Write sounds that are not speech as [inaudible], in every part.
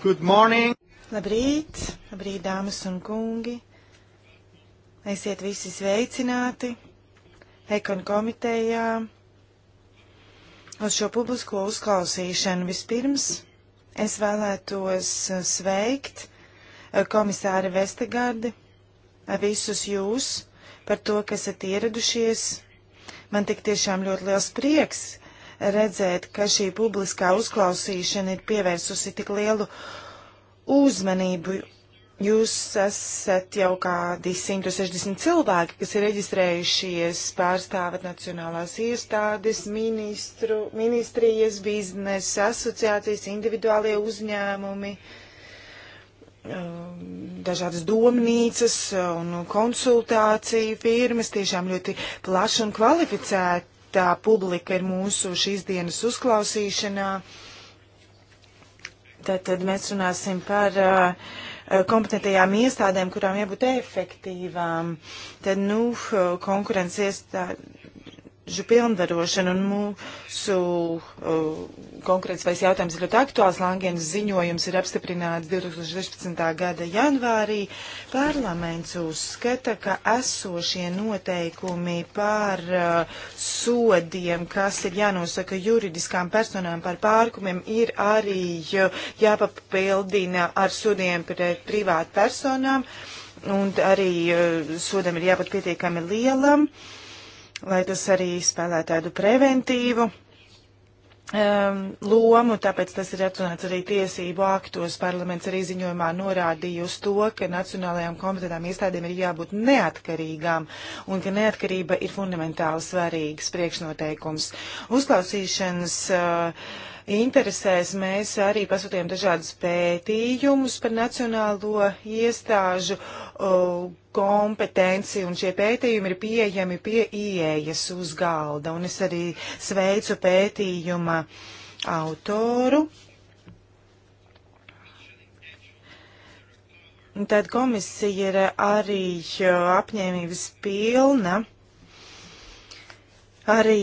Good morning! Labrīt! Labrīt, dāmas un kungi! Esiet visi sveicināti Ekon komitejā uz šo publisko uzklausīšanu. Vispirms es vēlētos sveikt eh, komisāri Vestegardi, visus jūs par to, ka esat ieradušies. Man tik tiešām ļoti liels prieks, redzēt, ka šī publiskā uzklausīšana ir pievērsusi tik lielu uzmanību. Jūs esat jau kādi 160 cilvēki, kas ir reģistrējušies, pārstāvat nacionālās iestādes, ministru, ministrijas, biznesa, asociācijas, individuālie uzņēmumi, um, dažādas domnīcas un konsultāciju firmas, tiešām ļoti plaši un kvalificēti tā publika ir mūsu šīs dienas uzklausīšanā. Tad, tad mēs runāsim par uh, kompetentajām iestādēm, kurām jābūt efektīvām. Tad, nu, konkurences iestāde robežu pilnvarošanu, un mūsu uh, konkrēts vai jautājums ir ļoti aktuāls. Langienas ziņojums ir apstiprināts 2016. gada janvārī. Parlaments uzskata, ka esošie noteikumi par uh, sodiem, kas ir jānosaka juridiskām personām par pārkumiem, ir arī uh, jāpapildina ar sodiem pret privātu personām. Un arī uh, sodam ir jābūt pietiekami lielam. Uh, lai tas arī spēlē tādu preventīvu um, lomu, tāpēc tas ir atrunāts arī tiesību aktos. Parlaments arī ziņojumā norādīja uz to, ka nacionālajām kompetentām iestādēm ir jābūt neatkarīgām un ka neatkarība ir fundamentāli svarīgs priekšnoteikums. Uzklausīšanas uh, interesēs mēs arī pasūtījām dažādus pētījumus par nacionālo iestāžu uh, kompetenci, un šie pētījumi ir pieejami pie ieejas uz galda, un es arī sveicu pētījuma autoru. Tad komisija ir arī apņēmības pilna arī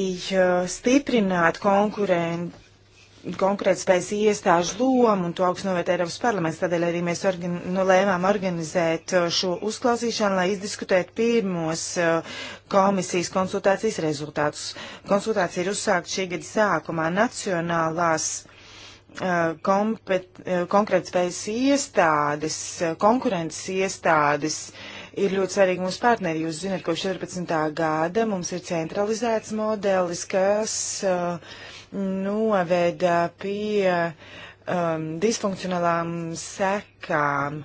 stiprināt konkurentu konkrētspējas iestāžu lomu un to augstu novērtē Eiropas parlaments. Tādēļ arī mēs organ, nu, lēmām organizēt uh, šo uzklausīšanu, lai izdiskutētu pirmos uh, komisijas konsultācijas rezultātus. Konsultācija ir uzsākta šī gada sākumā nacionālās uh, kompet, konkrētspējas iestādes, konkurences iestādes ir ļoti svarīgi mūsu partneri. Jūs zināt, kopš 14. gada mums ir centralizēts modelis, kas uh, noveda pie um, disfunkcionālām sekām.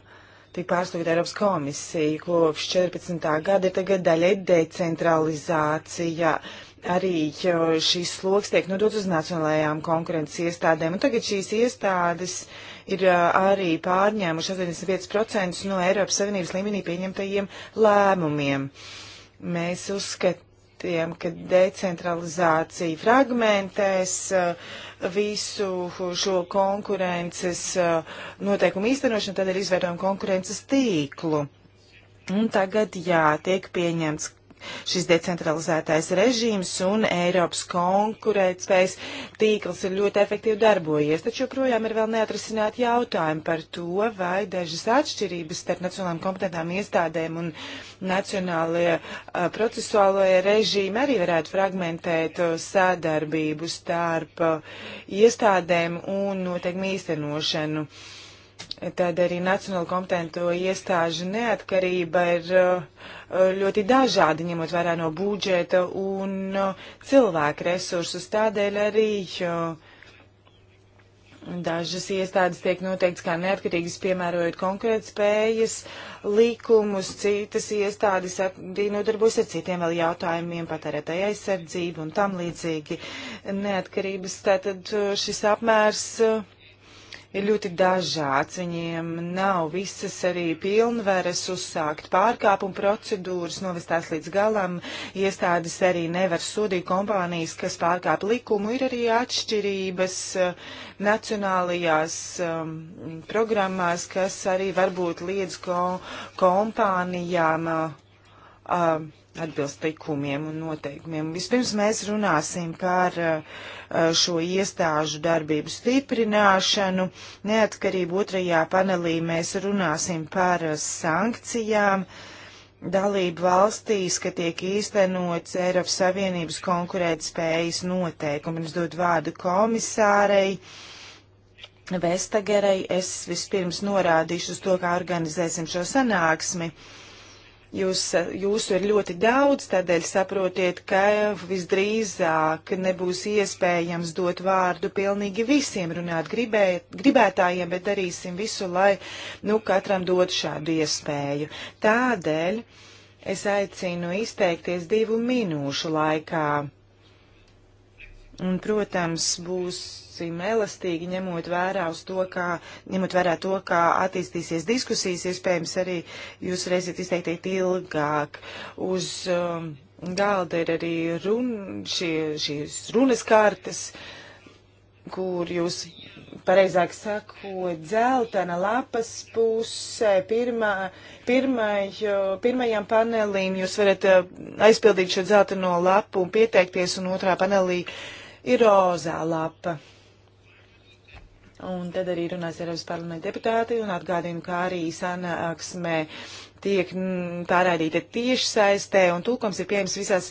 Tik pārstāvīta Eiropas komisija kopš 14. gada ir tagad daļai decentralizācija. Arī šīs sloks tiek nodots uz nacionālajām konkurences iestādēm, un tagad šīs iestādes ir uh, arī pārņēmuši 85% no Eiropas Savienības līmenī pieņemtajiem lēmumiem. Mēs uzskatām, tiem, ka decentralizācija fragmentēs uh, visu šo konkurences uh, noteikumu īstenošanu, tad ir izveidojama konkurences tīklu. Un tagad, jā, tiek pieņemts šis decentralizētais režīms un Eiropas konkurētspējas tīkls ir ļoti efektīvi darbojies, taču joprojām ir vēl neatrisināti jautājumi par to, vai dažas atšķirības starp nacionālām kompetentām iestādēm un nacionālajie procesuālajie režīmi arī varētu fragmentēt sadarbību starp iestādēm un noteikumu īstenošanu. Uh, Tad arī Nacionāla kompetento iestāžu neatkarība ir eh, ļoti dažāda, ņemot vērā no budžeta un eh, cilvēku resursus. Tādēļ arī eh, dažas iestādes tiek noteikts kā neatkarīgas, piemērojot konkrēt spējas, likumus, citas iestādes arī nodarbojas ar citiem vēl jautājumiem, patērētāja aizsardzību un tam līdzīgi. Neatkarības tātad šis apmērs. Uh, ir ļoti dažāds. Viņiem nav visas arī pilnveres uzsākt pārkāpumu procedūras, novestās līdz galam. Iestādes arī nevar sodīt kompānijas, kas pārkāp likumu. Ir arī atšķirības eh, nacionālajās um, programmās, kas arī varbūt liedz ko kompānijām. Uh, uh, atbilst likumiem un noteikumiem. Vispirms mēs runāsim par eh, šo iestāžu darbību stiprināšanu. Neatkarību otrajā panelī mēs runāsim par sankcijām dalību valstīs, ka tiek īstenots Eiropas Savienības konkurētspējas noteikumi. Es dodu vārdu komisārei. Vestagerai es vispirms norādīšu uz to, kā organizēsim šo sanāksmi. Uh, Jūs, jūsu ir ļoti daudz, tādēļ saprotiet, ka visdrīzāk nebūs iespējams dot vārdu pilnīgi visiem runāt gribē, gribētājiem, bet darīsim visu, lai nu, katram dot šādu iespēju. Tādēļ es aicinu izteikties divu minūšu laikā. Un, protams, būs būsim elastīgi, ņemot vērā, to, kā, ņemot vērā to, kā attīstīsies diskusijas, iespējams arī jūs reizit izteiktīt ilgāk. Uz um, galda ir arī run, šie, šīs runas kartes, kur jūs, pareizāk sakot, dzeltena lapas pusē pirmā, pirmai, pirmajam panelim jūs varat uh, aizpildīt šo dzelteno lapu un pieteikties, un otrā panelī ir rozā lapa. Un tad arī runās Eiropas parlamenta deputāti un atgādinu, kā arī sanāksmē tiek tā raidīta tiešsaistē un tulkums ir pieejams visās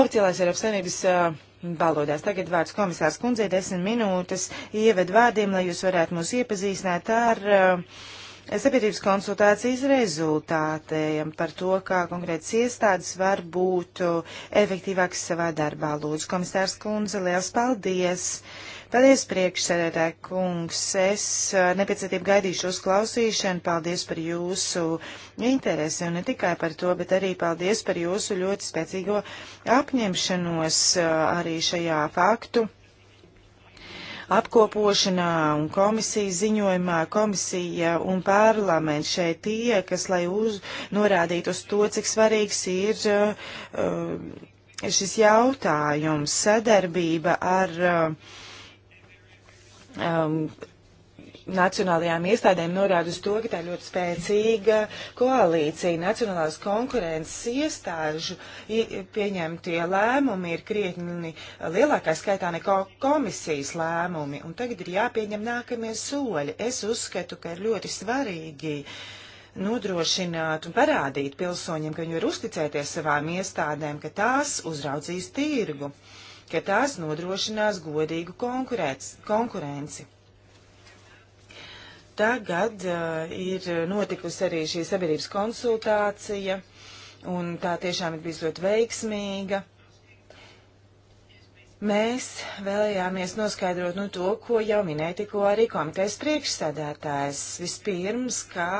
oficiālās Eiropas savienības uh, valodās. Tagad vārds komisārs kundzei desmit minūtes ieved vārdiem, lai jūs varētu mūs iepazīstināt ar uh, sabiedrības konsultācijas rezultātiem par to, kā konkrētas iestādes var būt efektīvākas savā darbā. Lūdzu, komisārs kundze, liels paldies! Paldies, priekšsēdētāji kungs. Es ar eh, nepacietību gaidīšu uzklausīšanu. Paldies par jūsu interesi un ne tikai par to, bet arī paldies par jūsu ļoti spēcīgo apņemšanos eh, arī šajā faktu apkopošanā un komisijas ziņojumā komisija un parlaments šeit tie, kas lai uz, norādītu uz to, cik svarīgs ir uh, šis jautājums sadarbība ar uh, um, nacionālajām iestādēm norāda uz to, ka tā ir ļoti spēcīga koalīcija. Nacionālās konkurences iestāžu pieņemtie lēmumi ir krietni lielākā skaitā nekā komisijas lēmumi, un tagad ir jāpieņem nākamie soļi. Es uzskatu, ka ir ļoti svarīgi nodrošināt un parādīt pilsoņiem, ka viņi var uzticēties savām iestādēm, ka tās uzraudzīs tirgu. Uh, ka tās nodrošinās godīgu konkurenci. Tagad uh, ir notikusi arī šī sabiedrības konsultācija, un tā tiešām ir bijusi ļoti veiksmīga. Mēs vēlējāmies noskaidrot nu, to, ko jau minēja tikko arī komitejas priekšsēdētājs. Vispirms, kā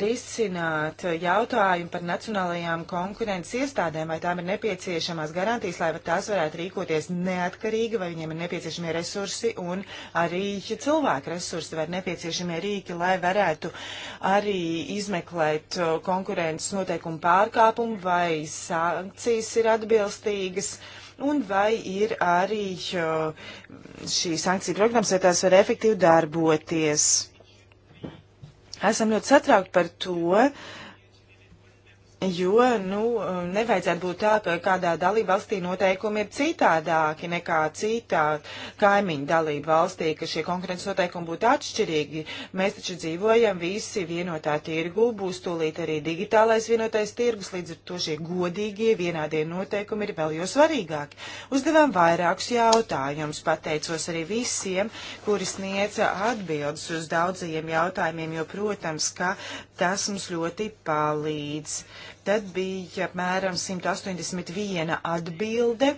risināt jautājumu par nacionālajām konkurences iestādēm, vai tām ir nepieciešamās garantijas, lai tās varētu rīkoties neatkarīgi, vai viņiem ir nepieciešamie resursi un arī cilvēku resursi, vai nepieciešamie rīki, lai varētu arī izmeklēt konkurences noteikumu pārkāpumu, vai sankcijas ir atbilstīgas. Un vai ir arī uh, šī sankcija programmas, vai tās var efektīvi darboties? Esam ļoti satraukti par to, Jo, nu, nevajadzētu būt tā, ka kādā dalība valstī noteikumi ir citādāki nekā citā kaimiņa dalība valstī, ka šie konkurences noteikumi būtu atšķirīgi. Mēs taču dzīvojam visi vienotā tirgu, būs tūlīt arī digitālais vienotais tirgus, līdz ar to šie godīgie vienādie noteikumi ir vēl jo svarīgāki. Uzdevām vairākus jautājumus, pateicos arī visiem, kuri sniedza atbildes uz daudzajiem jautājumiem, jo, protams, ka tas mums ļoti palīdz tad bija apmēram 181 atbilde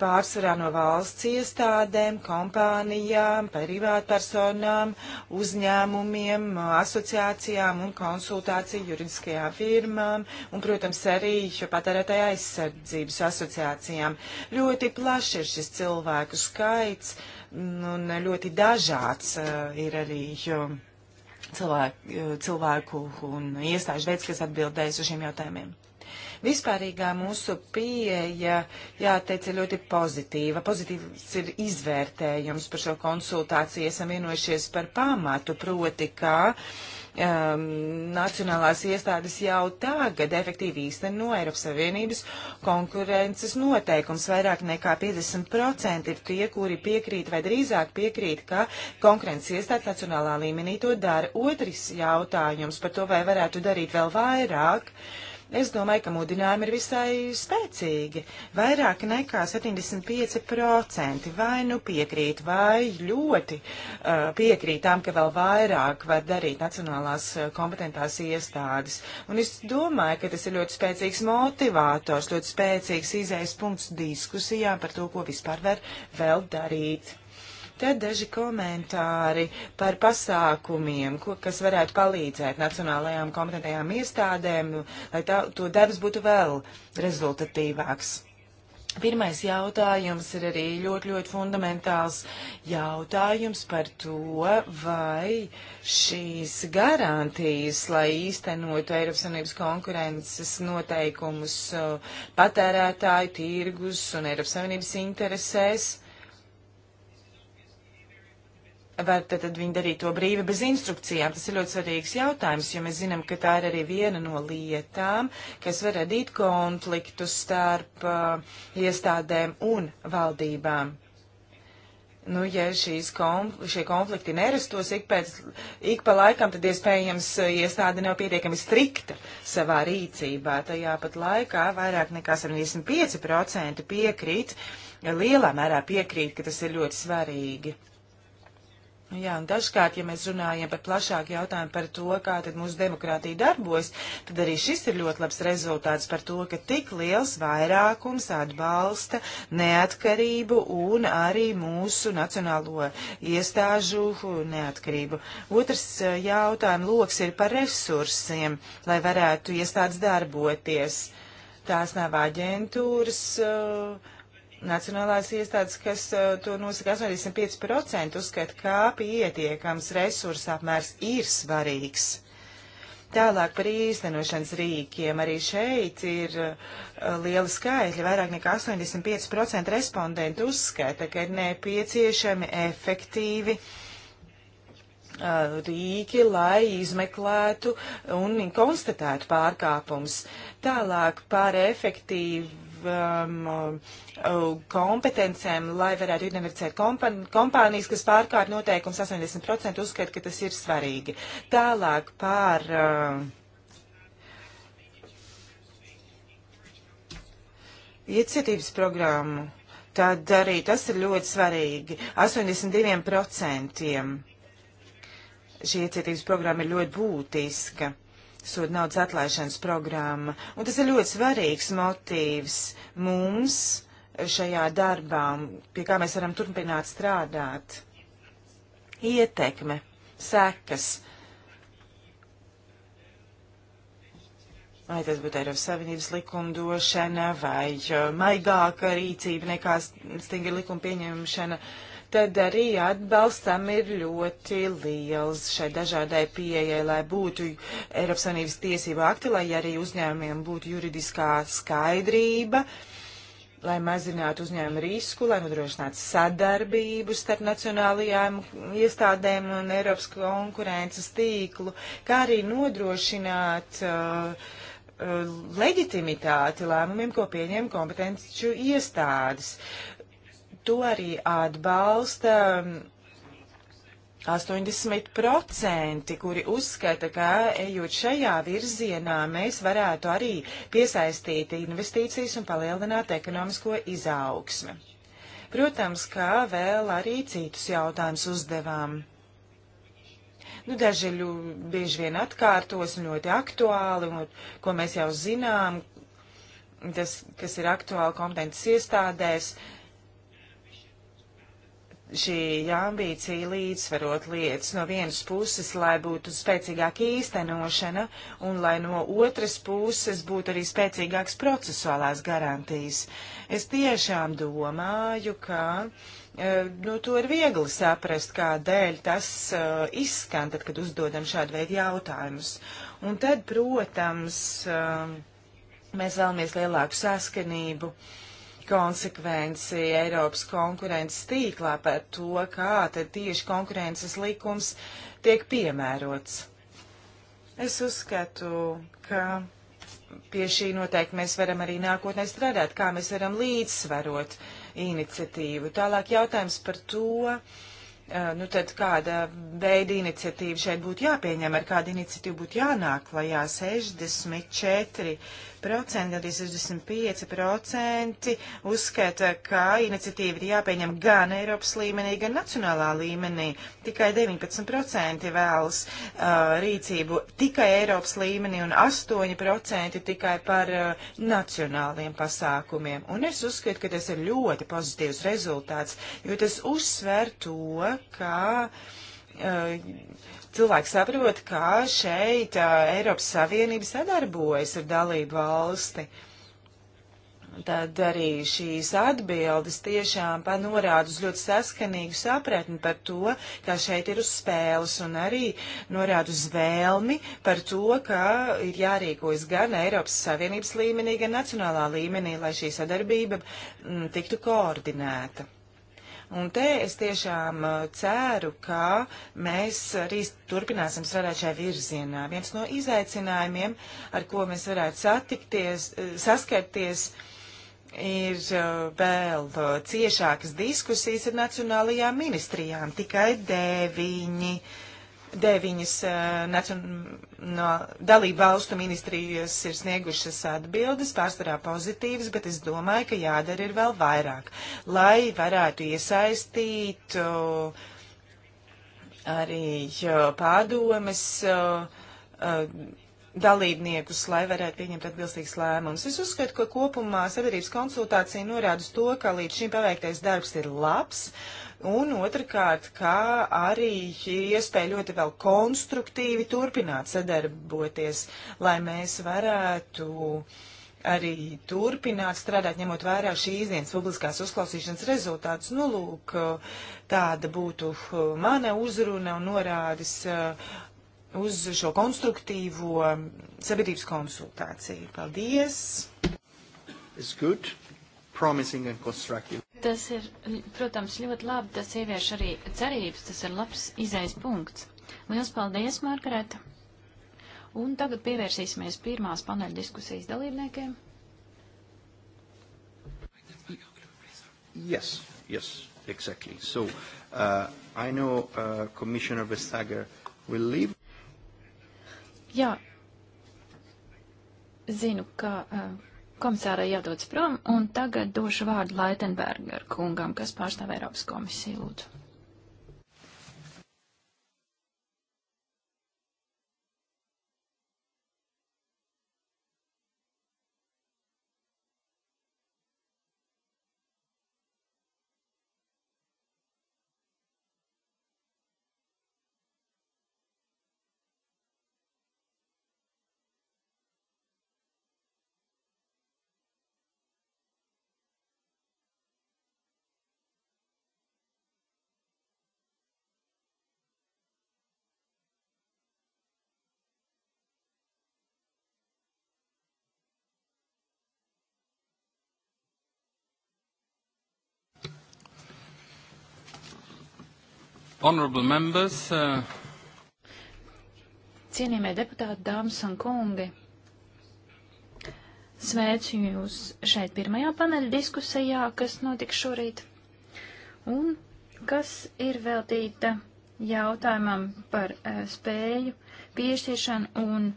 pārsvarā no valsts iestādēm, kompānijām, privātpersonām, uzņēmumiem, asociācijām un konsultāciju juridiskajām firmām un, protams, arī patērētāja aizsardzības asociācijām. Ļoti plašs ir šis cilvēku skaits un ļoti dažāds uh, ir arī. Uh, cilvēku, eh, cilvēku un iestāžu veids, kas atbildēs uz šiem jautājumiem. Vispārīgā mūsu pieeja, jāteic, ir ļoti pozitīva. Pozitīvs ir izvērtējums par šo konsultāciju. Esam vienojušies par pamatu, proti, kā um, nacionālās iestādes jau tagad efektīvi īsteno no Eiropas Savienības konkurences noteikums. Vairāk nekā 50% ir tie, kuri piekrīt vai drīzāk piekrīt, ka konkurences iestādes nacionālā līmenī to dara. Otrs jautājums par to, vai varētu darīt vēl vairāk. Uh, Es domāju, ka mudinājumi ir visai spēcīgi. Vairāk nekā 75% vai nu piekrīt, vai ļoti uh, piekrīt tam, ka vēl vairāk var darīt nacionālās uh, kompetentās iestādes. Un es domāju, ka tas ir ļoti spēcīgs motivators, ļoti spēcīgs izējas punkts diskusijām par to, ko vispār var vēl darīt. Tad daži komentāri par pasākumiem, ko, kas varētu palīdzēt nacionālajām kompetentajām iestādēm, lai tā, to darbs būtu vēl rezultatīvāks. Pirmais jautājums ir arī ļoti, ļoti fundamentāls jautājums par to, vai šīs garantijas, lai īstenotu Eiropas Savienības konkurences noteikumus uh, patērētāju tirgus un Eiropas Savienības interesēs, var tad, tad viņi darīt to brīvi bez instrukcijām. Tas ir ļoti svarīgs jautājums, jo mēs zinām, ka tā ir arī viena no lietām, kas var radīt konfliktu starp uh, iestādēm un valdībām. Nu, ja šīs konf šie konflikti nerastos ik, pēc, ik pa laikam, tad iespējams uh, iestāde nav pietiekami strikta savā rīcībā. Tajā pat laikā vairāk nekā 75% piekrīt, lielā mērā piekrīt, ka tas ir ļoti svarīgi Jā, un dažkārt, ja mēs runājam par plašāku jautājumu par to, kā tad mūsu demokrātija darbojas, tad arī šis ir ļoti labs rezultāts par to, ka tik liels vairākums atbalsta neatkarību un arī mūsu nacionālo iestāžu neatkarību. Otrs eh, jautājums loks ir par resursiem, lai varētu iestādes darboties. Tās nav aģentūras. Uh, Nacionālās iestādes, kas uh, to nosaka 85%, uzskata, kā pietiekams resursa apmērs ir svarīgs. Tālāk par īstenošanas rīkiem. Arī šeit ir uh, liela skaitļa. Vairāk nekā 85% respondentu uzskata, ka ir nepieciešami efektīvi uh, rīki, lai izmeklētu un konstatētu pārkāpums. Tālāk par efektīvu um, uh, kompetencēm, lai varētu identificēt kompānijas, kas pārkārt noteikums 80% uzskata, ka tas ir svarīgi. Tālāk par. Uh, Iecietības programmu, tad arī tas ir ļoti svarīgi. 82% šī iecietības programma ir ļoti būtiska soda naudas atlaišanas programma. Un tas ir ļoti svarīgs motīvs mums šajā darbā, pie kā mēs varam turpināt strādāt. Ietekme, sekas. Vai tas būtu Eiropas Savienības likumdošana vai uh, maigāka rīcība nekā stingra likuma pieņemšana. Uh, tad arī atbalstam ir ļoti liels šai dažādai pieejai, lai būtu Eiropas Savienības tiesība akti, lai arī uzņēmumiem būtu juridiskā skaidrība lai mazinātu uzņēmumu risku, lai nodrošinātu sadarbību starp nacionālajām iestādēm un Eiropas konkurences tīklu, kā arī nodrošināt uh, uh, leģitimitāti lēmumiem, ko pieņem kompetenci iestādes. Uh, to arī atbalsta 80%, um, kuri uzskata, ka ejot šajā virzienā, mēs varētu arī piesaistīt investīcijas un palielināt ekonomisko izaugsmi. Protams, kā vēl arī citus jautājumus uzdevām. Nu, daži bieži vien atkārtos un ļoti aktuāli, un, ko mēs jau zinām, tas, kas ir aktuāli kompetences iestādēs, uh, šī ambīcija līdzsvarot lietas no vienas puses, lai būtu spēcīgāka īstenošana un lai no otras puses būtu arī spēcīgāks procesuālās garantijas. Es tiešām domāju, ka e, nu, to ir viegli saprast, kādēļ tas uh, izskan, tad, kad uzdodam šādu veidu jautājumus. Un tad, protams, uh, mēs vēlamies lielāku saskanību. Uh, konsekvenci Eiropas konkurences tīklā par to, kā tad tieši konkurences likums tiek piemērots. Es uzskatu, ka pie šī noteikti mēs varam arī nākotnē strādāt, kā mēs varam līdzsvarot iniciatīvu. Tālāk jautājums par to, nu tad kāda veida iniciatīva šeit būtu jāpieņem, ar kādu iniciatīvu būtu jānāk lajā 64 procenti, gandrīz 65% uzskata, ka iniciatīva ir jāpieņem gan Eiropas līmenī, gan nacionālā līmenī. Tikai 19% vēlas uh, rīcību tikai Eiropas līmenī un 8% tikai par uh, nacionāliem pasākumiem. Un es uzskatu, ka tas ir ļoti pozitīvs rezultāts, jo tas uzsver to, ka. Uh, cilvēki saprot, kā šeit Eiropas Savienība sadarbojas ar dalību valsti. Tad arī šīs atbildes tiešām panorāda uz ļoti saskanīgu sapratni par to, kā šeit ir uz spēles, un arī norāda uz vēlmi par to, ka ir jārīkojas gan Eiropas Savienības līmenī, gan nacionālā līmenī, lai šī sadarbība m, tiktu koordinēta. Un te es tiešām uh, ceru, ka mēs arī turpināsim strādāt šajā virzienā. Viens no izaicinājumiem, ar ko mēs varētu satikties, uh, saskarties, ir uh, vēl ciešākas diskusijas ar nacionālajām ministrijām. Tikai deviņi. Uh, deviņas eh, no dalību valstu ministrijas ir sniegušas atbildes, pārsvarā pozitīvas, bet es domāju, ka jādara ir vēl vairāk, lai varētu iesaistīt eh, arī eh, pārdomas dalībniekus, lai varētu pieņemt atbilstīgas lēmumus. Es uzskatu, ka kopumā sabiedrības konsultācija norāda uz to, ka līdz šim paveiktais darbs ir labs. Uh, un otrkārt, kā arī ir iespēja ļoti vēl konstruktīvi turpināt sadarboties, lai mēs varētu arī turpināt strādāt, ņemot vērā šīs dienas publiskās uzklausīšanas rezultātus. Nu, lūk, tāda būtu mana uzruna un norādes uh, uz šo konstruktīvo sabiedrības konsultāciju. Paldies! It's good promising and constructive. Tas ir, protams, ļoti labi. Tas ievieš arī cerības. Tas ir labs izējas punkts. Liels paldies, Margareta! Un tagad pievērsīsimies pirmās paneļa diskusijas dalībniekiem. Yes, yes, exactly. So, uh, I know uh, Commissioner Vestager will leave. Jā, zinu, ka uh, komisārai jādodas prom, un tagad došu vārdu Laitenberger kungam, kas pārstāv Eiropas komisiju. Lūdzu. Honorable members. Uh... Cienījamie deputāti, dāmas un kungi. Sveicu jūs šeit pirmajā paneļa diskusijā, kas notiks šorīt. Un kas ir veltīta jautājumam par uh, spēju piešķiršanu un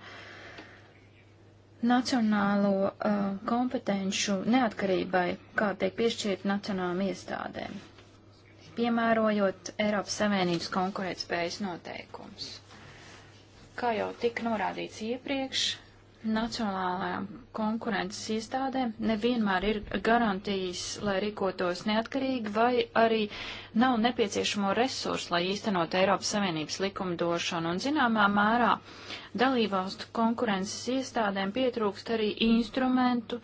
nacionālo uh, kompetenšu neatkarībai, kā tiek piešķirt nacionālām iestādēm piemērojot Eiropas Savienības konkurētspējas noteikums. Kā jau tika norādīts iepriekš, nacionālajām konkurences iestādēm nevienmēr ir garantijas, lai rīkotos neatkarīgi, vai arī nav nepieciešamo resursu, lai īstenot Eiropas Savienības likumdošanu, un zināmā mērā dalībvalstu konkurences iestādēm pietrūkst arī instrumentu,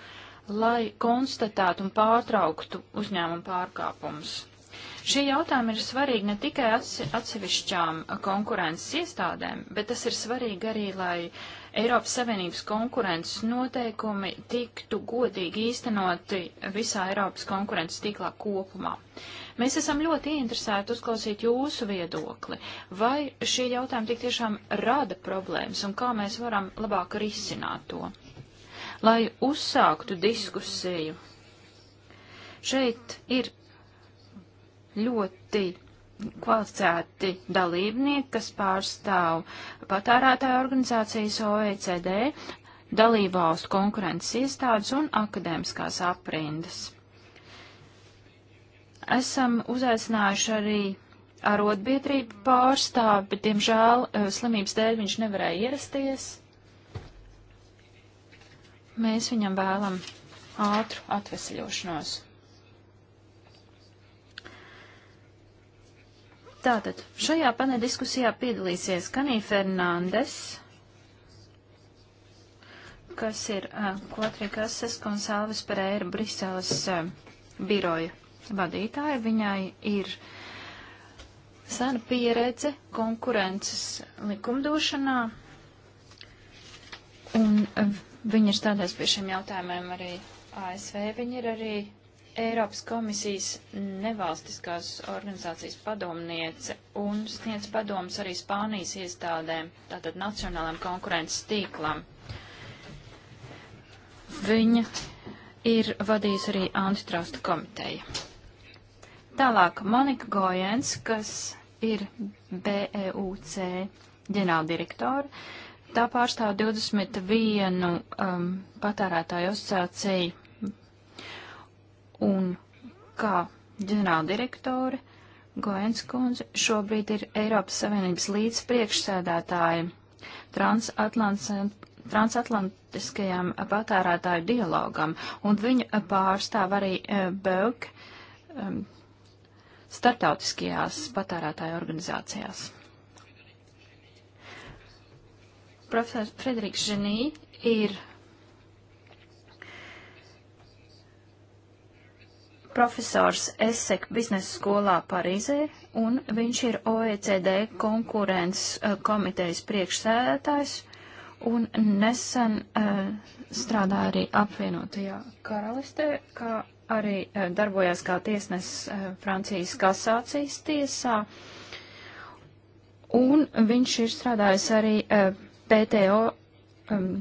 lai konstatētu un pārtrauktu uzņēmumu pārkāpumus. Šie jautājumi ir svarīgi ne tikai atsevišķām uh, konkurences iestādēm, bet tas ir svarīgi arī, lai Eiropas Savienības konkurences noteikumi tiktu godīgi īstenoti visā Eiropas konkurences tīklā kopumā. Mēs esam ļoti interesēti uzklausīt jūsu viedokli, vai šie jautājumi tik tiešām rada problēmas un kā mēs varam labāk risināt to, lai uzsāktu diskusiju. Šeit ir ļoti kvalificēti dalībnieki, kas pārstāv patērētāju organizācijas OECD, dalībvalstu konkurences iestādes un akadēmiskās aprindas. Esam uzaicinājuši arī arotbiedrību pārstāvi, bet, diemžēl, eh, slimības dēļ viņš nevarēja ierasties. Mēs viņam vēlam ātru atvesļošanos. Tātad šajā panē diskusijā piedalīsies Kanī Fernandes, kas ir uh, Kotrikas Seskonsāvis Pereira Briseles uh, biroja vadītāja. Viņai ir sena pieredze konkurences likumdošanā, un uh, viņa ir stādās pie šiem jautājumiem arī ASV. Viņa ir arī Eiropas komisijas nevalstiskās organizācijas padomniece un sniedz padomus arī Spānijas iestādēm, tātad Nacionālajam konkurences tīklam. Viņa ir vadījusi arī antitrusta komiteja. Tālāk Monika Gojens, kas ir BEUC ģenerāldirektora, tā pārstāv 21 um, patērētāju asociāciju Un kā ģenerāldirektore Goens kundze šobrīd ir Eiropas Savienības līdzpriekšsēdētāja transatlantiskajam patērētāju dialogam, un viņa pārstāv arī eh, BEUK ehm, startautiskajās patērētāju organizācijās. Profesors Frederiks Ženī ir profesors Esek biznesa skolā Parīzē, un viņš ir OECD konkurences uh, eh, komitejas priekšsēdētājs un nesen uh, eh, strādāja arī apvienotajā karalistē, kā arī uh, darbojās kā tiesnesis uh, Francijas kasācijas tiesā, un viņš ir strādājis arī uh, PTO um,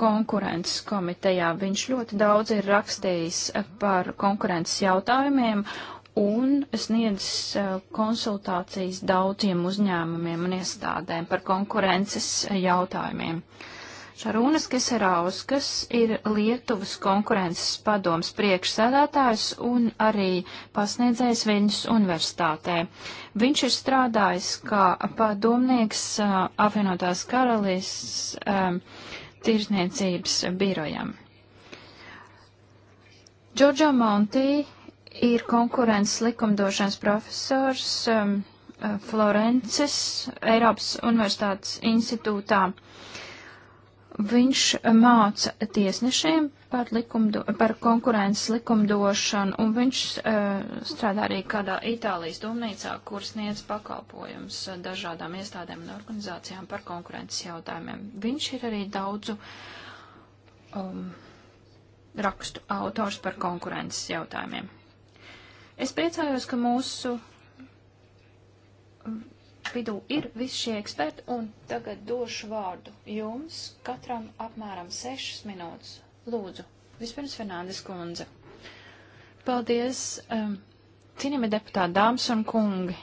konkurences komitejā. Viņš ļoti daudz ir rakstījis par konkurences jautājumiem un sniedz eh, konsultācijas daudziem uzņēmumiem un iestādēm par konkurences jautājumiem. Šarūnas Keserauskas ir Lietuvas konkurences padoms priekšsēdētājs un arī pasniedzējs viņas universitātē. Viņš ir strādājis kā padomnieks eh, apvienotās karalīs. Um, eh, tirzniecības birojam. Džordžo Monti ir konkurences likumdošanas profesors um, uh, Florences Eiropas Universitātes institūtā. Uh, Viņš māca tiesnešiem par, likumdo, par konkurences likumdošanu, un viņš uh, strādā arī kādā Itālijas domnīcā, kur sniedz pakalpojums eh, dažādām iestādēm un organizācijām par konkurences jautājumiem. Viņš ir arī daudzu um, rakstu autors par konkurences jautājumiem. Es priecājos, ka mūsu vidū ir visi šie eksperti, un tagad došu vārdu jums katram apmēram 6 minūtes. Lūdzu, vispirms Fernandes kundze. Paldies, um, cienījami deputāti, dāmas un kungi.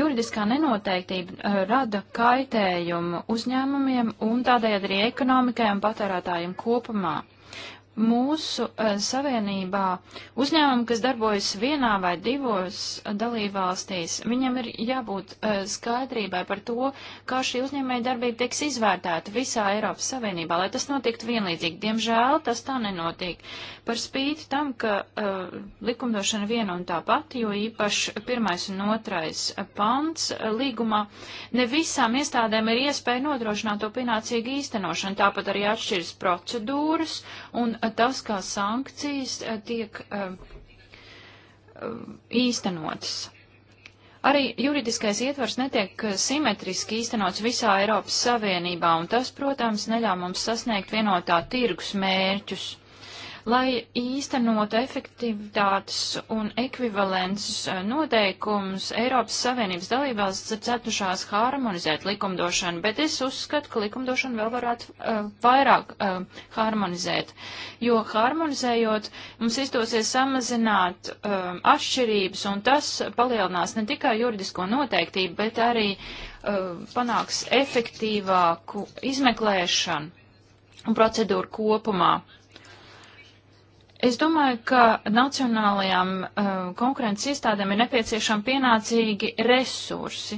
Juridiskā nenoteiktība uh, rada kaitējumu uzņēmumiem un tādējādi arī ekonomikai un patērētājiem kopumā mūsu uh, savienībā uzņēmumi, kas darbojas vienā vai divos eh, dalībvalstīs, viņam ir jābūt uh, skaidrībai par to, kā šī uzņēmēja darbība tiks izvērtēta visā Eiropas Savienībā, lai tas notiktu vienlīdzīgi. Diemžēl tas tā nenotiek. Par spīti tam, ka uh, likumdošana viena un tā pati, jo īpaši pirmais un otrais pants līgumā, ne visām iestādēm ir iespēja nodrošināt to pienācīgu īstenošanu. Tāpat arī atšķiras procedūras un tas, kā sankcijas eh, tiek eh, eh, īstenotas. Arī juridiskais ietvars netiek simetriski īstenots visā Eiropas Savienībā, un tas, protams, neļauj mums sasniegt vienotā tirgus mērķus. Lai īstenot efektivitātes un ekvivalences eh, noteikumus, Eiropas Savienības dalībvalsts ir cetušās harmonizēt likumdošanu, bet es uzskatu, ka likumdošanu vēl varētu uh, vairāk uh, harmonizēt, jo harmonizējot mums izdosies samazināt uh, atšķirības, un tas palielinās ne tikai juridisko noteiktību, bet arī uh, panāks efektīvāku izmeklēšanu un procedūru kopumā. Es domāju, ka nacionālajām uh, konkurences iestādēm ir nepieciešami pienācīgi resursi,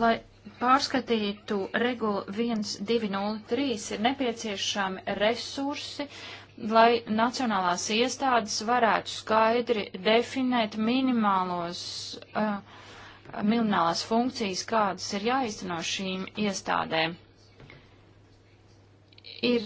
lai pārskatītu regulu 1203, ir nepieciešami resursi, lai nacionālās iestādes varētu skaidri definēt minimālos, uh, minimālās funkcijas, kādas ir jāizteno šīm iestādēm ir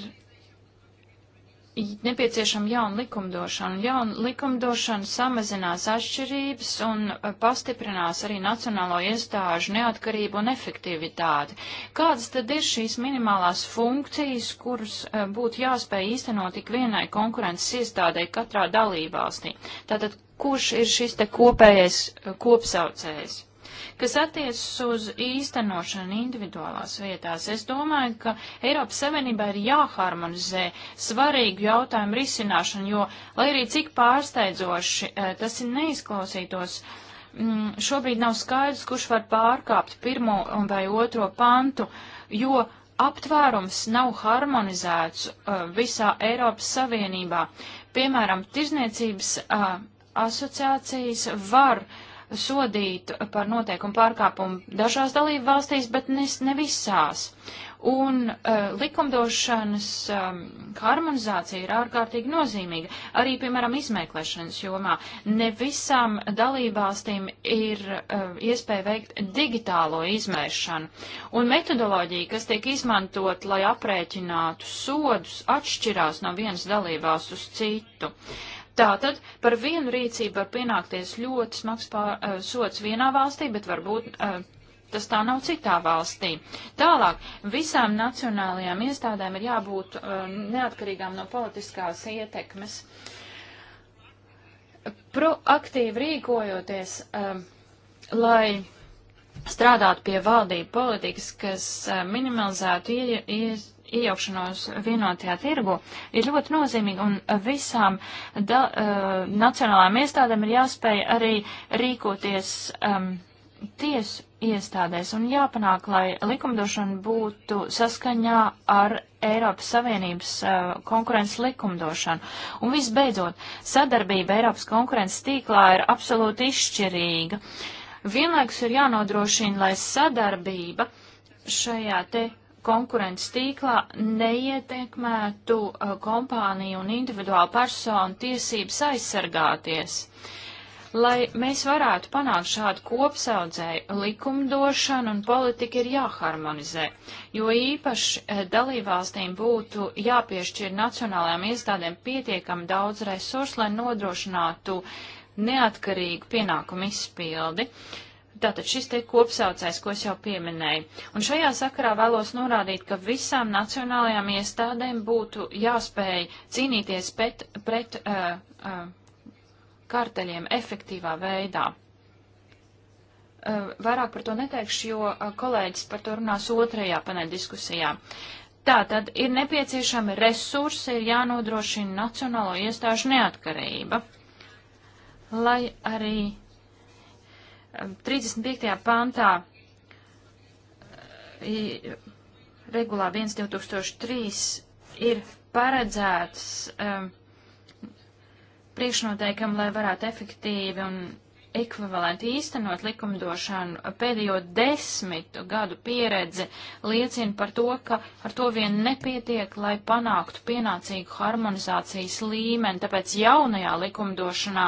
nepieciešama jauna likumdošana. Jauna likumdošana samazinās atšķirības un uh, pastiprinās arī nacionālo iestāžu neatkarību un efektivitāti. Kādas tad ir šīs minimālās funkcijas, kuras uh, būtu jāspēj īstenot tik vienai konkurences iestādē katrā dalībvalstī? Tātad, kurš ir šis te kopējais uh, kopsaucējs? Kas attiecas uz īstenošanu individuālās vietās, es domāju, ka Eiropas Savienībā ir jāharmonizē svarīgu jautājumu risināšanu, jo, lai arī cik pārsteidzoši eh, tas ir neizklausītos, mm, šobrīd nav skaidrs, kurš var pārkāpt pirmo vai otro pantu, jo aptvērums nav harmonizēts uh, visā Eiropas Savienībā. Piemēram, tirzniecības uh, asociācijas var sodītu par noteikumu pārkāpumu dažās dalību valstīs, bet ne, ne visās. Un uh, likumdošanas um, harmonizācija ir ārkārtīgi nozīmīga. Arī, piemēram, izmeklēšanas jomā ne visām dalībvalstīm ir uh, iespēja veikt digitālo izmēršanu. Un metodoloģija, kas tiek izmantot, lai aprēķinātu sodus, atšķirās no vienas dalībvalsts uz citu. Uh, Tātad par vienu rīcību var pienākties ļoti smags pār, uh, eh, sots vienā valstī, bet varbūt uh, Tas tā nav citā valstī. Tālāk, visām nacionālajām iestādēm ir jābūt uh, neatkarīgām no politiskās ietekmes. Proaktīvi rīkojoties, uh, lai strādātu pie valdību politikas, kas uh, minimalizētu ie, ie, iejaukšanos vienotajā tirgu ir ļoti nozīmīga un visām da, uh, eh, nacionālām iestādēm ir jāspēj arī rīkoties um, tiesu iestādēs un jāpanāk, lai likumdošana būtu saskaņā ar Eiropas Savienības uh, konkurences likumdošanu. Un visbeidzot, sadarbība Eiropas konkurences tīklā ir absolūti izšķirīga. Vienlaikus ir jānodrošina, lai sadarbība šajā te konkurences tīklā neietekmētu uh, kompāniju un individuālu personu tiesības aizsargāties. Lai mēs varētu panākt šādu kopsaudzēju likumdošanu un politika ir jāharmonizē, jo īpaši uh, dalībvalstīm būtu jāpiešķir nacionālajām iestādēm pietiekami daudz resursu, lai nodrošinātu neatkarīgu pienākumu izpildi. Uh, Tātad šis te kopsaucais, ko es jau pieminēju. Un šajā sakarā vēlos norādīt, ka visām nacionālajām iestādēm būtu jāspēj cīnīties pret, pret uh, uh, karteļiem efektīvā veidā. Uh, vairāk par to neteikšu, jo uh, kolēģis par to runās otrajā paneļa diskusijā. Tātad ir nepieciešami resursi, ir jānodrošina nacionālo iestāžu neatkarība, lai arī 35. pantā regulā 1.2003 ir paredzēts um, priekšnoteikam, lai varētu efektīvi un ekvivalenti īstenot likumdošanu pēdējo desmitu gadu pieredze liecina par to, ka ar to vien nepietiek, lai panāktu pienācīgu harmonizācijas līmeni. Tāpēc jaunajā likumdošanā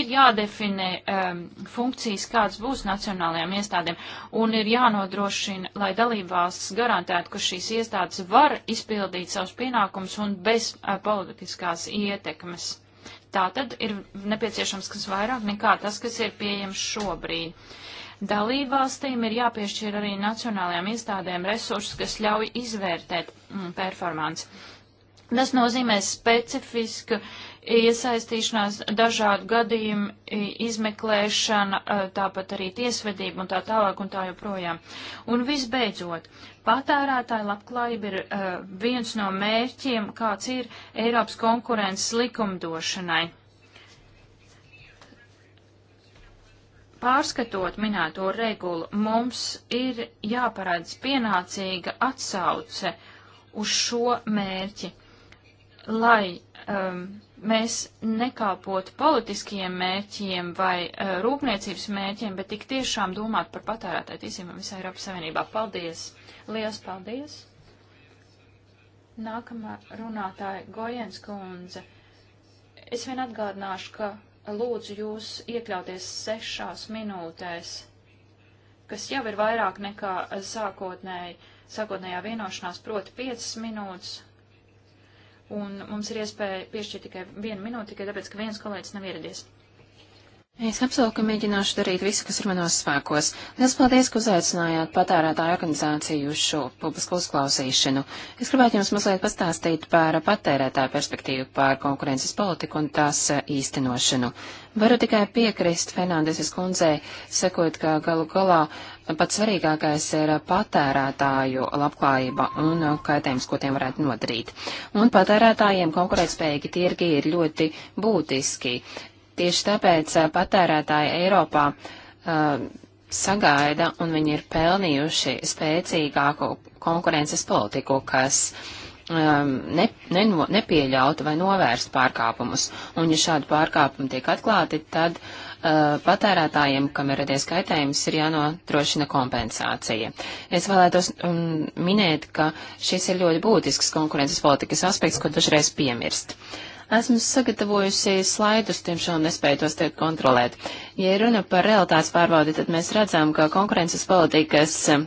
ir jādefinē um, funkcijas, kādas būs nacionālajām iestādēm, un ir jānodrošina, lai dalībvalsts garantētu, ka šīs iestādes var izpildīt savus pienākumus un bez uh, politiskās ietekmes. Tā tad ir nepieciešams kas vairāk nekā tas, kas ir pieejams šobrīd. Dalībvalstīm ir jāpiešķir arī nacionālajām iestādēm resursus, kas ļauj izvērtēt mm, performanci. Tas nozīmē specifisku iesaistīšanās, dažādu gadījumu izmeklēšana, e, tāpat arī tiesvedība un tā tālāk un tā joprojām. Un visbeidzot, patērētāja labklājība ir uh, viens no mērķiem, kāds ir Eiropas konkurences likumdošanai. Pārskatot minēto regulu, mums ir jāparādz pienācīga atsauce uz šo mērķi, lai um, mēs nekāpotu politiskajiem mērķiem vai uh, rūpniecības mērķiem, bet tik tiešām domāt par patērētāju tiesībām visā Eiropas Savienībā. Paldies! Lielas paldies! Nākamā runātāja Gojens kundze. Es vien atgādināšu, ka lūdzu jūs iekļauties sešās minūtēs, kas jau ir vairāk nekā sākotnēji, sākotnējā vienošanās, proti piecas minūtes, un mums ir iespēja piešķirt tikai vienu minūti, tikai tāpēc, ka viens kolēģis nav ieradies. Es apsolu, ka mēģināšu darīt visu, kas ir manos spēkos. Liels paldies, ka uzaicinājāt patērētāju organizāciju uz šo publisku uzklausīšanu. Es gribētu jums mazliet pastāstīt par patērētāju perspektīvu par konkurences politiku un tās eh, īstenošanu. Varu tikai piekrist Fernandeses kundzei, sekot, ka galu galā pats svarīgākais ir patērētāju labklājība un kaitējums, ko tiem varētu nodarīt. Un patērētājiem konkurētspējīgi tirgi ir ļoti būtiski. Tieši tāpēc patērētāji Eiropā uh, sagaida un viņi ir pelnījuši spēcīgāku konkurences politiku, kas um, ne, ne, nepieļaut vai novērst pārkāpumus. Un ja šādi pārkāpumi tiek atklāti, tad uh, Eh, patērētājiem, kam ir radies kaitējums, ir jānodrošina kompensācija. Es vēlētos um, minēt, ka šis ir ļoti būtisks konkurences politikas aspekts, ko dažreiz piemirst. Esmu sagatavojusi slaidus, tiemžēl nespēju tos tiek kontrolēt. Ja runa par realitātes pārbaudi, tad mēs redzam, ka konkurences politikas uh,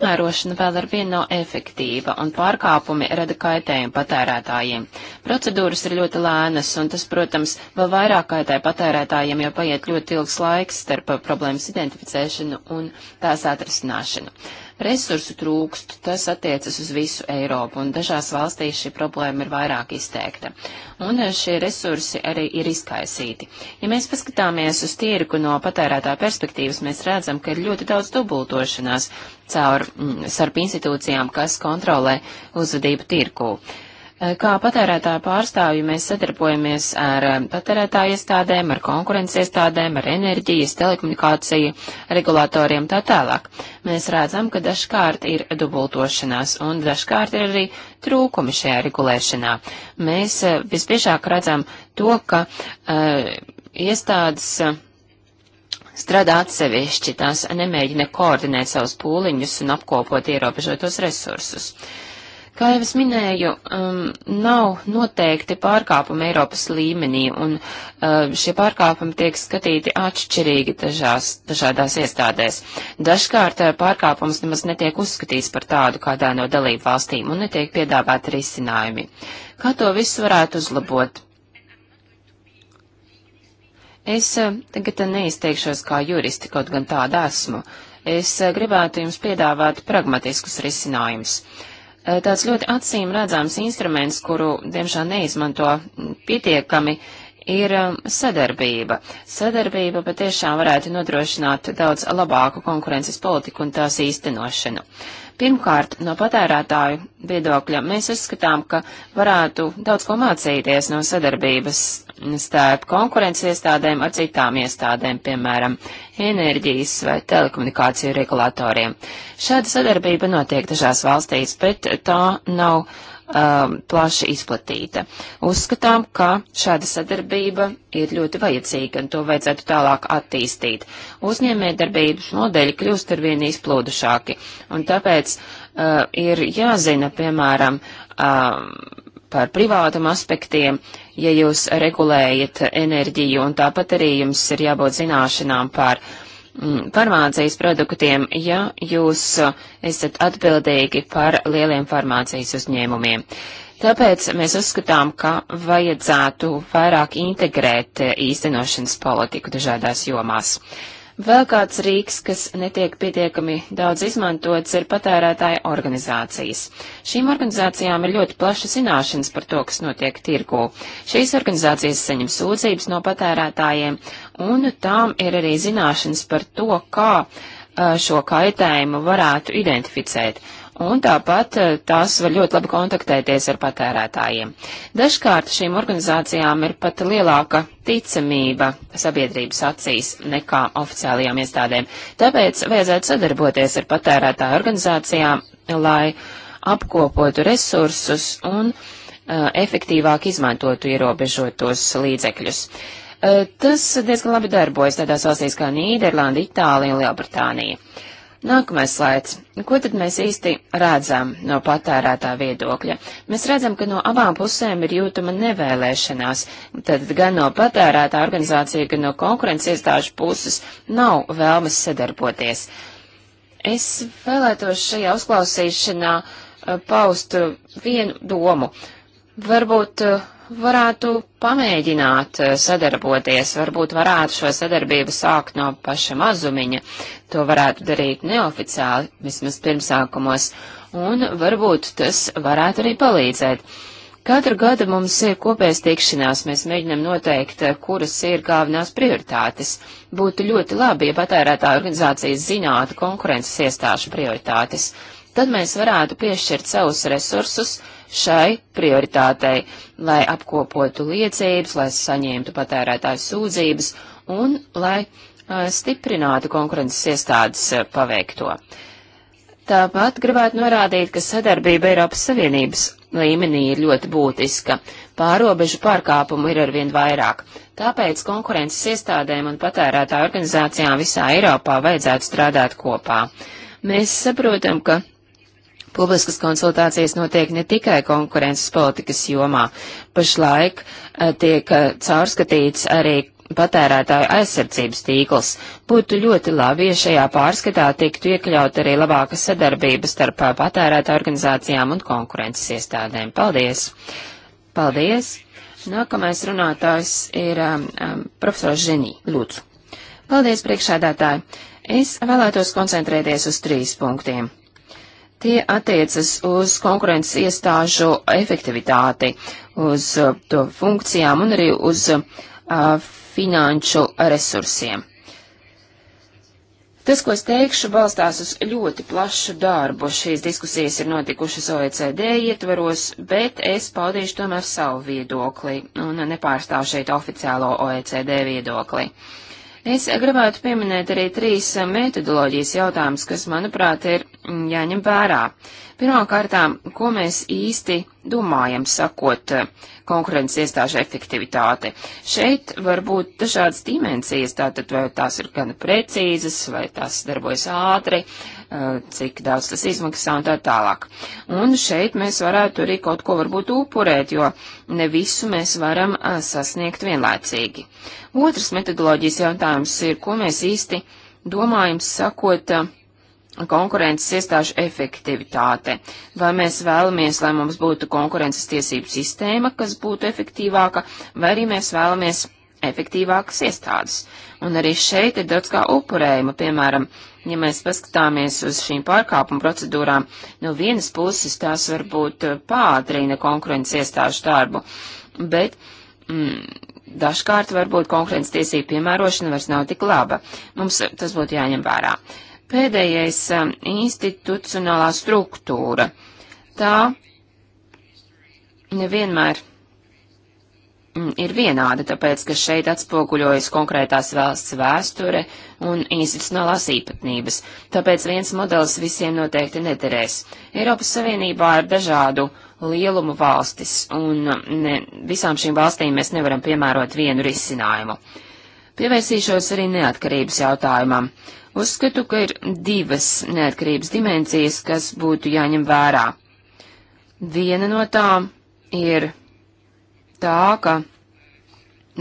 piemērošana vēl ar vienu nav efektīva un pārkāpumi rada kaitējumu patērētājiem. Procedūras ir ļoti lēnas un tas, protams, vēl vairāk kaitē patērētājiem, jo paiet ļoti ilgs laiks starp problēmas identificēšanu un tās atrisināšanu. Resursu trūkst, tas attiecas uz visu Eiropu, un dažās valstīs šī problēma ir vairāk izteikta. Un eh, šie resursi arī ir izkaisīti. Ja mēs paskatāmies uz tirgu no patērētā perspektīvas, mēs redzam, ka ir ļoti daudz dubultošanās caur mm, starp institūcijām, kas kontrolē uzvedību tirgu. Uh, Eh, kā patērētāju pārstāvju mēs sadarbojamies ar eh, patērētāju iestādēm, ar konkurences iestādēm, ar enerģijas, telekomunikāciju, regulātoriem tā tālāk. Mēs redzam, ka dažkārt ir dubultošanās un dažkārt ir arī trūkumi šajā regulēšanā. Mēs eh, visbiežāk redzam to, ka uh, iestādes. Uh, strādā atsevišķi, tās nemēģina koordinēt savus pūliņus un apkopot ierobežotos resursus. Uh, Kā jau es minēju, um, nav noteikti pārkāpumi Eiropas līmenī, un uh, šie pārkāpumi tiek skatīti atšķirīgi dažās, dažādās iestādēs. Dažkārt uh, pārkāpums nemaz netiek uzskatīts par tādu kādā no dalību valstīm, un netiek piedāvāti risinājumi. Kā to visu varētu uzlabot? Es uh, tagad neizteikšos kā juristi, kaut gan tāda esmu. Es uh, gribētu jums piedāvāt pragmatiskus risinājumus. Uh, Eh, tāds ļoti acīm redzams instruments, kuru, diemžēl, neizmanto pietiekami, ir um, sadarbība. Sadarbība patiešām varētu nodrošināt daudz labāku konkurences politiku un tās īstenošanu. Pirmkārt, no patērētāju viedokļa mēs uzskatām, ka varētu daudz ko mācīties no sadarbības starp konkurences iestādēm ar citām iestādēm, piemēram, enerģijas vai telekomunikāciju regulātoriem. Šāda sadarbība notiek dažās valstīs, bet tā nav um, plaši izplatīta. Uzskatām, ka šāda sadarbība ir ļoti vajadzīga un to vajadzētu tālāk attīstīt. Uzņēmējdarbības modeļi kļūst ar vien izplūdušāki, un tāpēc uh, ir jāzina, piemēram, um, par privātum aspektiem, ja jūs regulējat enerģiju, un tāpat arī jums ir jābūt zināšanām par uh, Mm, farmācijas produktiem, ja jūs uh, esat atbildīgi par lieliem farmācijas uzņēmumiem. Tāpēc mēs uzskatām, ka vajadzētu vairāk integrēt uh, īstenošanas politiku dažādās jomās. Uh, Vēl kāds rīks, kas netiek pietiekami daudz izmantots, ir patērētāja organizācijas. Šīm organizācijām ir ļoti plaša zināšanas par to, kas notiek tirgū. Šīs organizācijas saņem sūdzības no patērētājiem, un tām ir arī zināšanas par to, kā šo kaitējumu varētu identificēt un tāpat eh, tās var ļoti labi kontaktēties ar patērētājiem. Dažkārt šīm organizācijām ir pat lielāka ticamība sabiedrības acīs nekā oficiālajām iestādēm, tāpēc vajadzētu sadarboties ar patērētāju organizācijām, lai apkopotu resursus un uh, efektīvāk izmantotu ierobežotos līdzekļus. Uh, tas diezgan labi darbojas tādās valstīs kā Nīderlanda, Itālija un Lielbritānija. Uh, Nākamais slaids. Ko tad mēs īsti redzam no patērētā viedokļa? Mēs redzam, ka no abām pusēm ir jūtama nevēlēšanās. Tad gan no patērētā organizācija, gan no konkurences iestāžu puses nav vēlmes sadarboties. Es vēlētos šajā uzklausīšanā uh, paust uh, vienu domu. Varbūt uh, varētu pamēģināt eh, sadarboties, varbūt varētu šo sadarbību sākt no paša mazumiņa, to varētu darīt neoficiāli, vismaz pirmsākumos, un varbūt tas varētu arī palīdzēt. Katru gadu mums ir kopējas tikšanās, mēs mēģinam noteikt, eh, kuras ir galvenās prioritātes. Būtu ļoti labi, ja patērētāju organizācijas zinātu konkurences iestāšu prioritātes tad mēs varētu piešķirt savus resursus šai prioritātei, lai apkopotu liecības, lai saņemtu patērētāju sūdzības un lai uh, stiprinātu konkurences iestādes uh, paveikto. Tāpat gribētu norādīt, ka sadarbība Eiropas Savienības līmenī ir ļoti būtiska. Pārobežu pārkāpumu ir arvien vairāk. Tāpēc konkurences iestādēm un patērētāju organizācijām visā Eiropā vajadzētu strādāt kopā. Mēs saprotam, ka Publiskas konsultācijas notiek ne tikai konkurences politikas jomā. Pašlaik eh, tiek eh, caurskatīts arī patērētāju aizsardzības tīkls. Būtu ļoti labi, ja šajā pārskatā tiktu iekļaut arī labāka sadarbība starp eh, patērētāju organizācijām un konkurences iestādēm. Paldies! Paldies! Nākamais runātājs ir um, um, profesors Ženī. Lūdzu. Paldies, priekšādātāji! Es vēlētos koncentrēties uz trīs punktiem. Tie attiecas uz konkurences iestāžu efektivitāti, uz uh, to funkcijām un arī uz uh, finanšu resursiem. Tas, ko es teikšu, balstās uz ļoti plašu darbu. Šīs diskusijas ir notikušas OECD ietveros, bet es paudīšu tomēr savu viedokli un nepārstāvu šeit oficiālo OECD viedokli. Uh, Es gribētu pieminēt arī trīs metodoloģijas jautājumus, kas, manuprāt, ir jāņem vērā. Pirmkārtām, ko mēs īsti domājam, sakot konkurences iestāžu efektivitāte. Šeit var būt dažādas dimensijas, tātad vai tās ir gan precīzas, vai tās darbojas ātri, uh, Eh, cik daudz tas izmaksā un tā tālāk. Un šeit mēs varētu arī kaut ko varbūt upurēt, jo ne visu mēs varam eh, sasniegt vienlaicīgi. Otrs metodoloģijas jautājums ir, ko mēs īsti domājam sakot eh, konkurences iestāžu efektivitāte. Vai mēs vēlamies, lai mums būtu konkurences tiesību sistēma, kas būtu efektīvāka, vai arī mēs vēlamies efektīvākas iestādes. Un arī šeit ir daudz kā upurējuma, piemēram, ja mēs paskatāmies uz šīm pārkāpuma procedūrām, no vienas puses tās varbūt pātrina konkurences iestāžu darbu, bet mm, dažkārt varbūt konkurences tiesību piemērošana vairs nav tik laba. Mums tas būtu jāņem vērā. Pēdējais um, institucionālā struktūra. Tā nevienmēr Mm, ir vienāda, tāpēc, ka šeit atspoguļojas konkrētās valsts vēsture un institucionālās īpatnības, tāpēc viens modelis visiem noteikti nederēs. Eiropas Savienībā ir dažādu lielumu valstis, un mm, ne, visām šīm valstīm mēs nevaram piemērot vienu risinājumu. Pievērsīšos arī neatkarības jautājumam. Uzskatu, ka ir divas neatkarības dimensijas, kas būtu jāņem vērā. Viena no tām ir tā, ka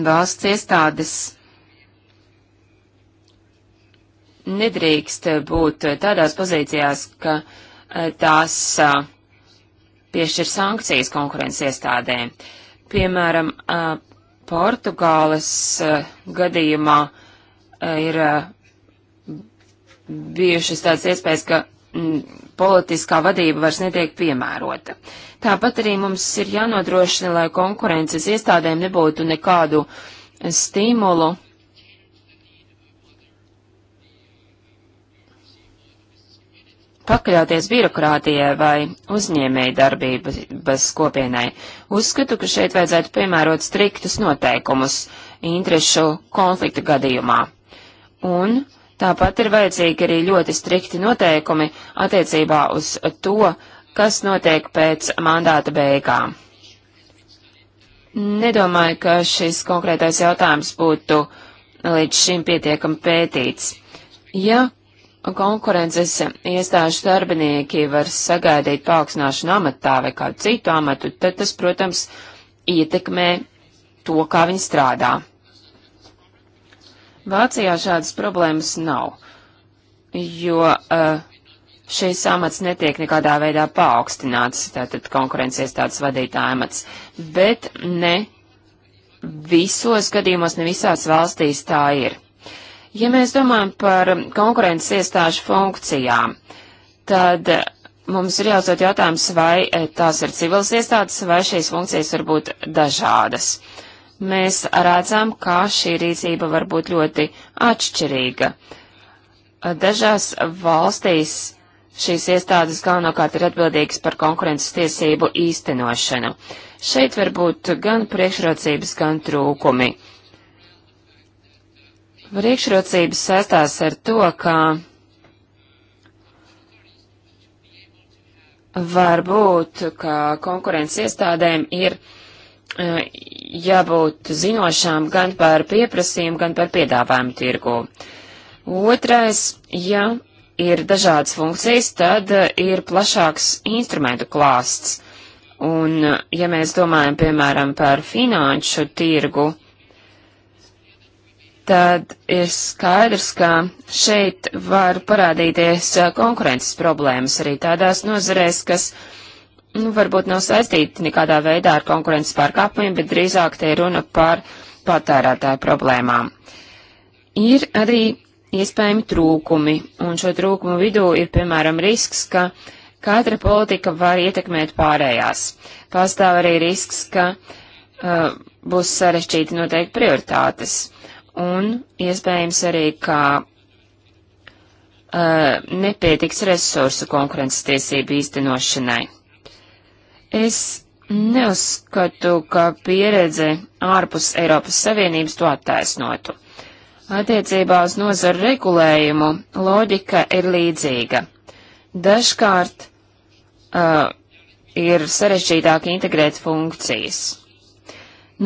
valsts iestādes nedrīkst būt tādās pozīcijās, ka eh, tās eh, piešķir sankcijas konkurences iestādēm. Piemēram, eh, Portugāles gadījumā ir bijušas tādas iespējas, ka mm, politiskā vadība vairs netiek piemērota. Tāpat arī mums ir jānodrošina, lai konkurences iestādēm nebūtu nekādu stimulu. Pakaļāties birokrātijai vai uzņēmēji darbības kopienai. Uzskatu, ka šeit vajadzētu piemērot striktus noteikumus interešu konflikta gadījumā. Un uh, Tāpat ir vajadzīgi arī ļoti strikti noteikumi attiecībā uz to, kas notiek pēc mandāta beigām. Nedomāju, ka šis konkrētais jautājums būtu līdz šim pietiekami pētīts. Ja konkurences iestāžu darbinieki var sagaidīt paaugstināšanu amatā vai kādu citu amatu, tad tas, protams, ietekmē to, kā viņi strādā. Vācijā šādas problēmas nav, jo uh, šīs amats netiek nekādā veidā paaugstināts, tātad konkurences iestādes vadītāja amats, bet ne visos gadījumos, ne visās valstīs tā ir. Ja mēs domājam par konkurences iestāžu funkcijām, tad mums ir jāuzdod jautājums, vai eh, tās ir civils iestādes, vai šīs funkcijas var būt dažādas. Uh, mēs redzam, kā šī rīcība var būt ļoti atšķirīga. Dažās valstīs šīs iestādes galvenokārt ir atbildīgas par konkurences tiesību īstenošanu. Šeit var būt gan priekšrocības, gan trūkumi. Priekšrocības saistās ar to, ka varbūt, ka konkurences iestādēm ir eh, jābūt zinošām gan par pieprasījumu, gan par piedāvājumu tirgu. Otrais, ja ir dažādas funkcijas, tad eh, ir plašāks instrumentu klāsts. Un, eh, ja mēs domājam, piemēram, par finanšu tirgu, tad ir skaidrs, ka šeit var parādīties eh, konkurences problēmas arī tādās nozarēs, kas uh, nu, varbūt nav saistīti nekādā veidā ar konkurences pārkāpumiem, bet drīzāk te ir runa par patērētāju problēmām. Ir arī iespējami trūkumi, un šo trūkumu vidū ir, piemēram, risks, ka katra politika var ietekmēt pārējās. Pastāv arī risks, ka uh, būs sarežģīti noteikti prioritātes, un iespējams arī, ka uh, nepietiks resursu konkurences tiesību īstenošanai. Es neuzskatu, ka pieredze ārpus Eiropas Savienības to attaisnotu. Attiecībā uz nozaru regulējumu loģika ir līdzīga. Dažkārt uh, ir sarežģītāk integrēt funkcijas.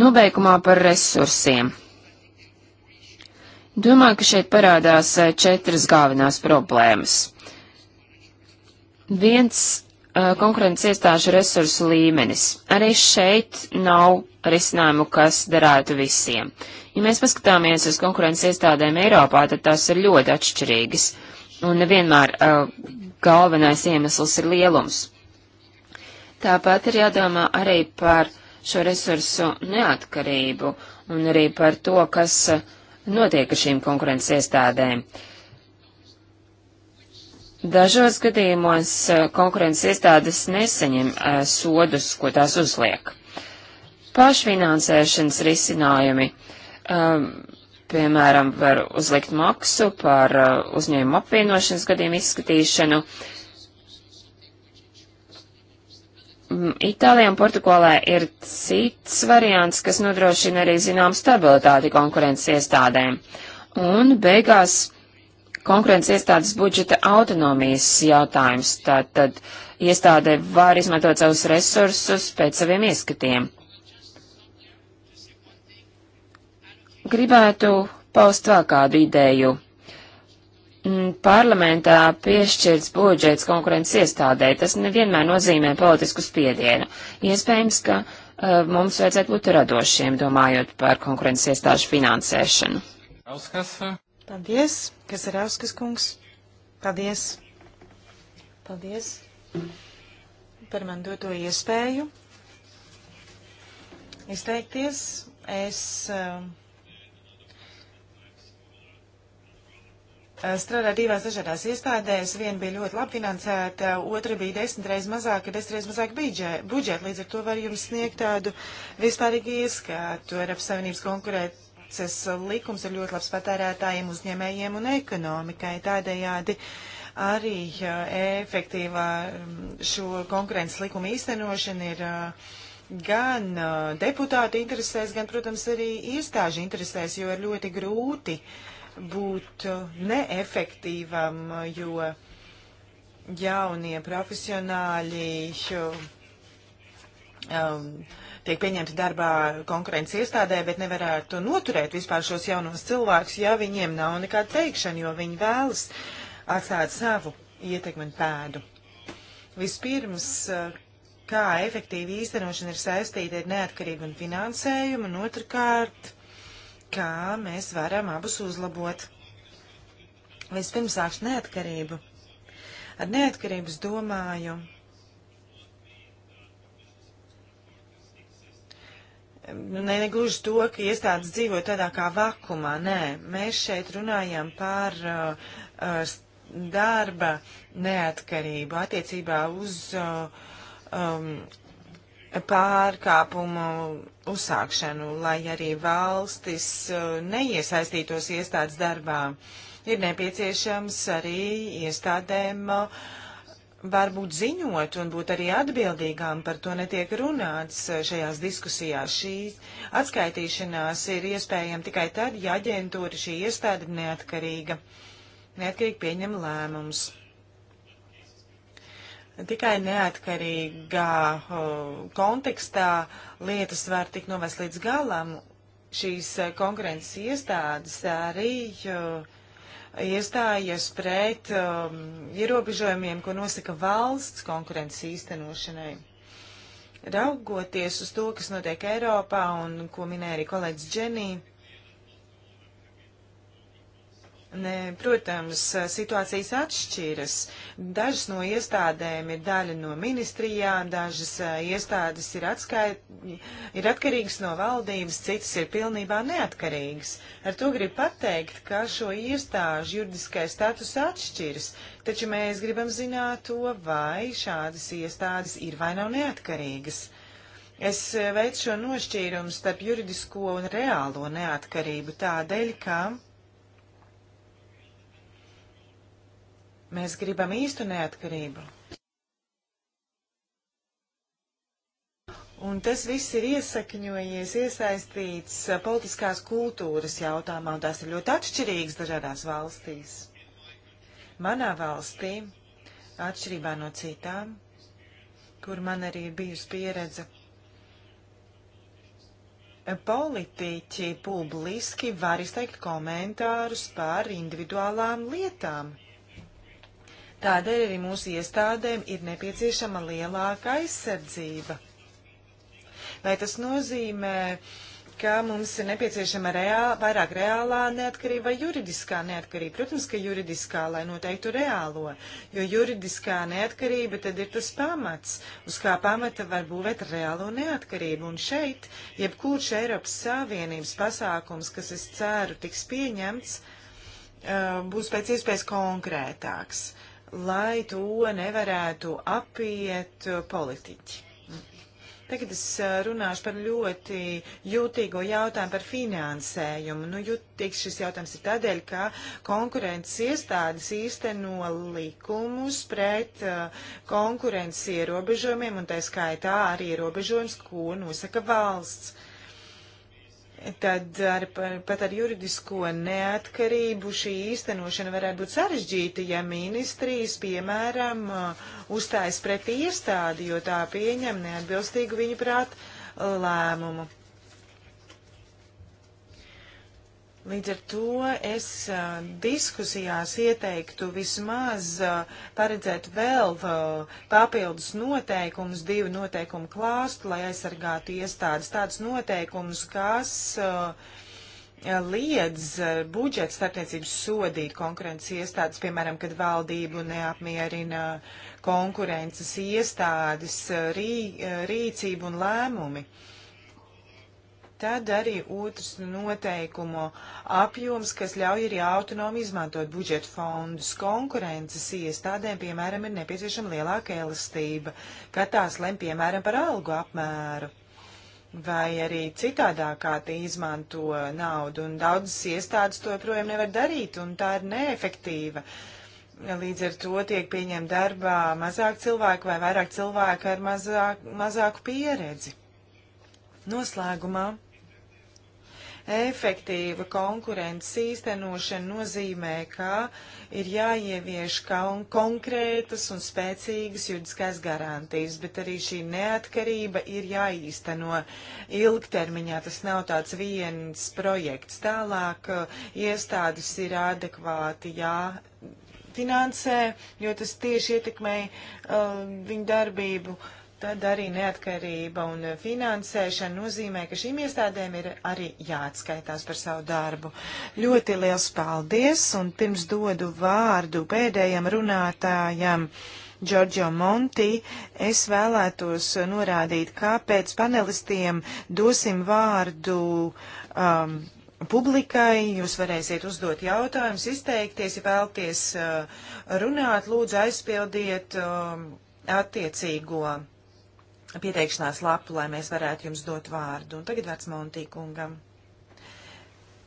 Nobeigumā par resursiem. Domāju, ka šeit parādās četras galvenās problēmas. Viens Uh, konkurences iestāžu resursu līmenis. Arī šeit nav risinājumu, kas derētu visiem. Ja mēs paskatāmies uz konkurences iestādēm Eiropā, tad tās ir ļoti atšķirīgas, un nevienmēr uh, galvenais iemesls ir lielums. Tāpat ir jādomā arī par šo resursu neatkarību un arī par to, kas uh, notiek ar šīm konkurences iestādēm. Uh, Dažos gadījumos eh, konkurences iestādes neseņem eh, sodus, ko tās uzliek. Pašfinansēšanas risinājumi, ehm, piemēram, var uzlikt maksu par eh, uzņēmumu apvienošanas gadījumu izskatīšanu. Mm, Itālijā un Portugālē ir cits variants, kas nodrošina arī zinām stabilitāti konkurences iestādēm. Un beigās konkurences iestādes budžeta autonomijas jautājums. Tātad iestāde var izmantot savus resursus pēc saviem ieskatiem. Gribētu paust vēl kādu ideju. Mm, parlamentā piešķirts budžets konkurences iestādē, tas nevienmēr nozīmē politisku spiedienu. Iespējams, ka uh, mums vajadzētu būt radošiem, domājot par konkurences iestāžu finansēšanu. Rauskas. Paldies, kas ir Auskas kungs. Paldies. Paldies par man doto iespēju izteikties. Es uh, strādāju divās dažādās iestādēs. Viena bija ļoti labi finansēta, otra bija desmitreiz mazāka, desmitreiz mazāk budžeta. Līdz ar to var jums sniegt tādu vispārīgu ieskatu Eiropas Savienības konkurēt taksas uh, likums ir ļoti labs patērētājiem, uzņēmējiem un ekonomikai. Tādējādi arī uh, efektīvā um, šo konkurences likumu īstenošana ir uh, gan deputāti interesēs, gan, protams, arī iestāžu interesēs, jo ir ļoti grūti būt neefektīvam, jo jaunie profesionāļi um, tiek pieņemti darbā konkurences iestādē, bet nevarētu noturēt vispār šos jaunos cilvēkus, ja viņiem nav nekāda teikšana, jo viņi vēlas atstāt savu ietekmi un pēdu. Vispirms, eh, kā efektīvi īstenošana ir saistīta ar neatkarību un finansējumu, un otrkārt, kā mēs varam abus uzlabot. Vispirms sākšu neatkarību. Ar neatkarības domāju ne, ne gluži to, ka iestādes dzīvo tādā kā vakumā. Nē, mēs šeit runājam par uh, uh, darba neatkarību attiecībā uz uh, um, pārkāpumu uzsākšanu, lai arī valstis uh, neiesaistītos iestādes darbā. Ir nepieciešams arī iestādēm uh, varbūt ziņot un būt arī atbildīgām par to netiek runāts eh, šajās diskusijās. Šī atskaitīšanās ir iespējama tikai tad, ja aģentūra šī iestāde neatkarīga, neatkarīgi pieņem lēmumus. Tikai neatkarīgā kontekstā lietas var tik novest līdz galam. Šīs eh, konkurences iestādes arī uh, iestājas pret um, ierobežojumiem, ko nosaka valsts konkurences īstenošanai. Raugoties uz to, kas notiek Eiropā un ko minēja arī kolēģis Dženija, Ne, protams, situācijas atšķiras. Dažas no iestādēm ir daļa no ministrijām, dažas eh, iestādes ir, atskait, ir atkarīgas no valdības, citas ir pilnībā neatkarīgas. Ar to gribu pateikt, ka šo iestāžu juridiskais status atšķiras, taču mēs gribam zināt to, vai šādas iestādes ir vai nav neatkarīgas. Es eh, veicu šo nošķīrumu starp juridisko un reālo neatkarību tādēļ, ka Mēs gribam īstu neatkarību. Un tas viss ir iesakņojies, iesaistīts politiskās kultūras jautājumā, un tās ir ļoti atšķirīgas dažādās valstīs. Manā valstī, atšķirībā no citām, kur man arī ir bijusi pieredze, politiķi publiski var izteikt komentārus par individuālām lietām. Tādēļ arī mūsu iestādēm ir nepieciešama lielāka aizsardzība. Vai tas nozīmē, ka mums ir nepieciešama reāla, vairāk reālā neatkarība vai juridiskā neatkarība? Protams, ka juridiskā, lai noteiktu reālo, jo juridiskā neatkarība tad ir tas pamats, uz kā pamata var būvēt reālo neatkarību. Un šeit, jebkurš Eiropas Savienības pasākums, kas es ceru tiks pieņemts, uh, būs pēc iespējas konkrētāks. Uh, lai to nevarētu apiet uh, politiķi. Tagad es uh, runāšu par ļoti jūtīgo jautājumu par finansējumu. Nu, jūtīgs šis jautājums ir tādēļ, ka konkurences iestādes īsteno likumus pret uh, konkurences ierobežojumiem, un tā skaitā arī ierobežojums, ko nosaka valsts. Uh, tad ar, pat ar juridisko neatkarību šī īstenošana varētu būt sarežģīta, ja ministrijas, piemēram, uzstājas pret iestādi, jo tā pieņem neatbilstīgu viņu prāt lēmumu. Līdz ar to es uh, diskusijās ieteiktu vismaz uh, paredzēt vēl uh, papildus noteikumus, divu noteikumu klāstu, lai aizsargātu iestādes tādus noteikumus, kas liedz budžeta starpniecības sodīt konkurences iestādes, piemēram, kad valdību neapmierina konkurences iestādes rī, rīcību un lēmumi. Uh, Tad arī otrs noteikumu apjoms, kas ļauj arī autonomi izmantot budžeta fondus. Konkurences iestādēm, piemēram, ir nepieciešama lielāka elastība, kad tās lem, piemēram, par algu apmēru. Vai arī citādāk tie izmanto naudu, un daudzas iestādes to joprojām nevar darīt, un tā ir neefektīva. Līdz ar to tiek pieņemta darbā mazāk cilvēku vai vairāk cilvēku ar mazāk, mazāku pieredzi. Noslēgumā efektīva konkurences īstenošana nozīmē, ka ir jāievieš kon konkrētas un spēcīgas juridiskās garantijas, bet arī šī neatkarība ir jāīsteno ilgtermiņā. Tas nav tāds viens projekts. Tālāk eh, iestādes ir adekvāti jā finansē, jo tas tieši ietekmē uh, viņu darbību. Uh, tad arī neatkarība un finansēšana nozīmē, ka šīm iestādēm ir arī jāatskaitās par savu darbu. Ļoti liels paldies, un pirms dodu vārdu pēdējam runātājam. Giorgio Monti, es vēlētos norādīt, kāpēc panelistiem dosim vārdu um, publikai, jūs varēsiet uzdot jautājumus, izteikties, ja vēlties uh, runāt, lūdzu aizpildiet uh, attiecīgo pieteikšanās lapu, lai mēs varētu jums dot vārdu. Un tagad vārds Montīkungam.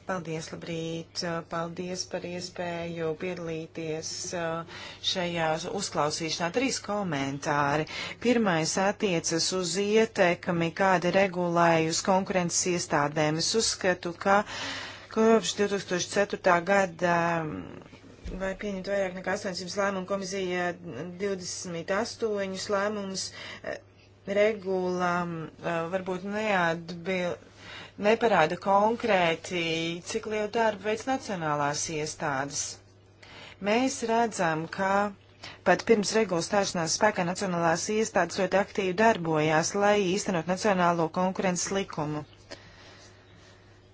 Paldies, labrīt! Paldies par iespēju piedalīties eh, šajā uzklausīšanā. Trīs komentāri. Pirmais attiecas uz ietekmi, kāda regulējusi konkurences iestādēm. Es uzskatu, ka kopš 2004. gada mm, vai pieņemt vairāk nekā 800 lēmumu, komisija 28 eh, lēmumus eh, regulām varbūt neatbil, neparāda konkrēti, cik lielu darbu veids nacionālās iestādes. Mēs redzam, ka Pat pirms regulas stāšanās spēkā nacionālās iestādes ļoti aktīvi darbojās, lai īstenot nacionālo konkurences likumu.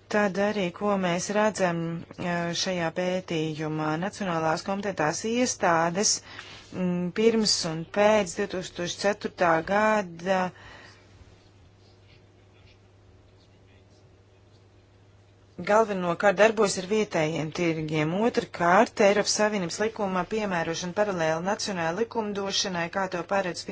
Tad arī, ko mēs redzam šajā pētījumā, nacionālās kompetentās iestādes uh, Mm, pirms un pēc 2004. gada galvenokārt darbos ar vietējiem tirgiem. Otrakārt, Eiropas Savienības likuma piemērošana paralēli nacionālajai likumdošanai, kā to paredz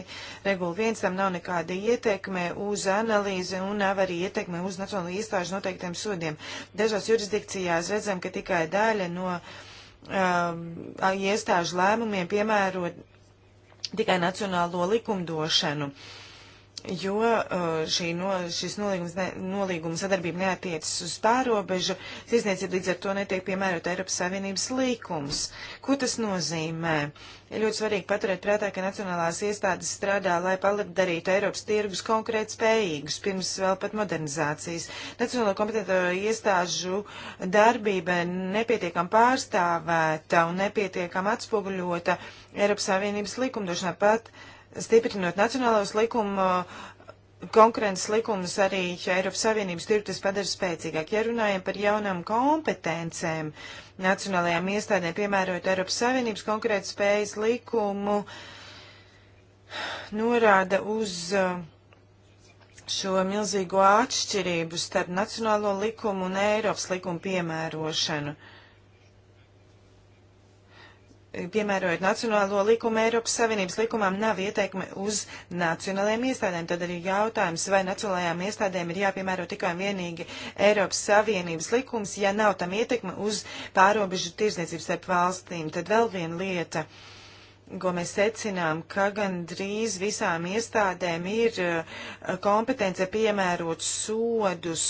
regula viens, tam nav nekāda ietekme uz analīzi un nav arī ietekme uz nacionālo iestāžu noteiktiem sodiem. Dažās jurisdikcijās redzam, ka tikai daļa no uh, um, iestāžu lēmumiem piemērot tikai nacionālo likumdošanu. Uh, jo uh, no, šis nolīgums, ne, nolīguma sadarbība neatiecas uz pārobežu tiesniecību, līdz ar to netiek piemērot Eiropas Savienības līkums. Ko tas nozīmē? Ir ļoti svarīgi paturēt prātā, ka nacionālās iestādes strādā, lai padarītu Eiropas tirgus konkrēt spējīgus pirms vēl pat modernizācijas. Nacionālo kompetento iestāžu darbība nepietiekam pārstāvēta un nepietiekam atspoguļota Eiropas Savienības likumdošanā pat. Uh, stiprinot nacionālos likuma konkurences likumus arī Eiropas Savienības tirgu tas padara spēcīgāk. Ja runājam par jaunām kompetencēm nacionālajām iestādēm, piemērojot Eiropas Savienības konkurētas spējas likumu, norāda uz uh, šo milzīgo atšķirību starp nacionālo likumu un Eiropas likumu piemērošanu. Uh, piemērojot nacionālo likumu Eiropas Savienības likumām, nav ieteikumi uz nacionālajām iestādēm. Tad arī jautājums, vai nacionālajām iestādēm ir jāpiemēro tikai un vienīgi Eiropas Savienības likums, ja nav tam ietekme uz pārobežu tirzniecības starp valstīm. Tad vēl viena lieta ko mēs secinām, ka gandrīz visām iestādēm ir eh, kompetence piemērot sodus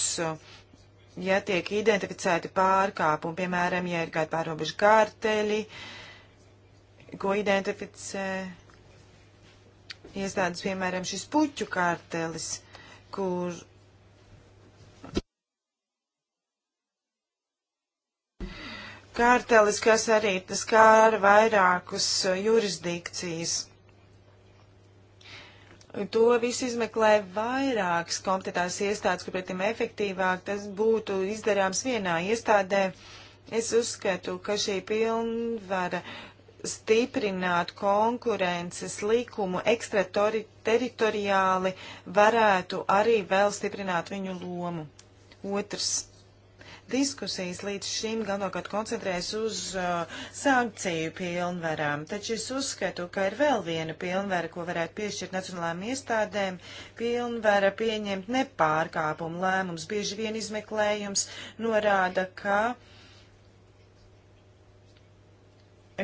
ja tiek identificēti pārkāpumi, piemēram, ja ir kādi pārobežu kārteļi, uh, ko identificē iestādes, piemēram, šis puķu kārtelis, kur kārtelis, kas arī tas kāra vairākus jurisdikcijas. To visu izmeklē vairākas kompetentās iestādes, kur pretim efektīvāk tas būtu izdarāms vienā iestādē. Es uzskatu, ka šī pilnvara uh, stiprināt konkurences likumu ekstrateritoriāli, varētu arī vēl stiprināt viņu lomu. Otrs. Diskusijas līdz šim galvenokārt koncentrējas uz uh, sankciju pilnvarām, taču es uzskatu, ka ir vēl viena pilnvara, ko varētu piešķirt nacionālām iestādēm - pilnvara pieņemt nepārkāpumu lēmums. Bieži vien izmeklējums norāda, ka uh,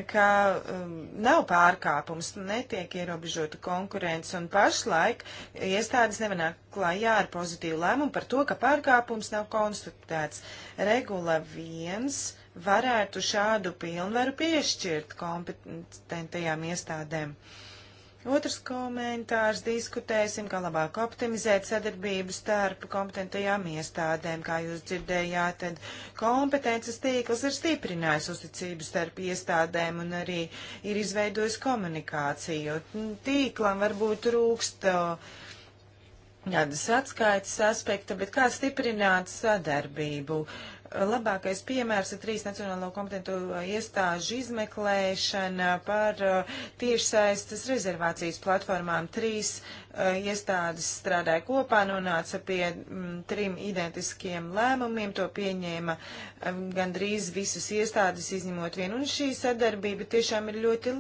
ka um, nav pārkāpums, netiek ierobežota konkurence, un pašlaik iestādes nevanāk klājā ar pozitīvu lēmumu par to, ka pārkāpums nav konstatēts. Regula viens varētu šādu pilnvaru piešķirt kompetentajām iestādēm. Uh, Otrs komentārs - diskutēsim, kā labāk optimizēt sadarbību starp kompetentajām iestādēm. Kā jūs dzirdējāt, tad kompetences tīkls ir stiprinājis uzticību starp iestādēm un arī ir izveidojis komunikāciju. Tīklam varbūt rūkst tādas atskaites aspekta, bet kā stiprināt sadarbību? Uh, Labākais piemērs ir trīs nacionālo kompetentu iestāžu izmeklēšana par uh, tiešsaistes rezervācijas platformām. Trīs uh, iestādes strādāja kopā, nonāca pie mm, trim identiskiem lēmumiem, to pieņēma um, gandrīz visas iestādes, izņemot vienu, un šī sadarbība tiešām ir ļoti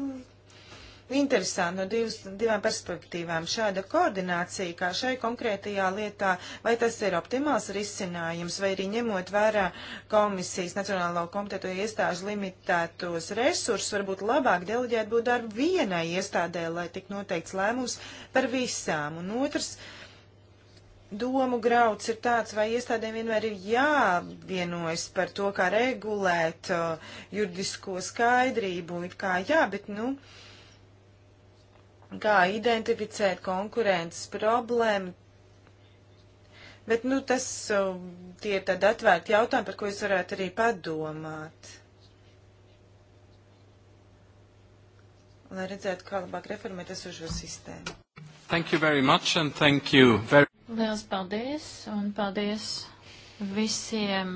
interesanti no divas, divām perspektīvām. Šāda koordinācija, kā šai konkrētajā lietā, vai tas ir optimāls risinājums, vai arī ņemot vērā komisijas Nacionālo komiteto iestāžu limitētos resursus, varbūt labāk deleģēt būtu darbu vienai iestādē, lai tik noteikts lēmums par visām. Un otrs, domu grauds ir tāds, vai iestādēm vienmēr ir jāvienojas par to, kā regulēt uh, juridisko skaidrību, it kā jā, bet, nu, uh, kā identificēt konkurences problēmu. Bet, nu, tas, uh, tie ir tādi atvērti jautājumi, par ko jūs varētu arī padomāt. Lai redzētu, kā labāk reformēt esošo sistēmu. Thank you very much and thank you very. Liels paldies un paldies visiem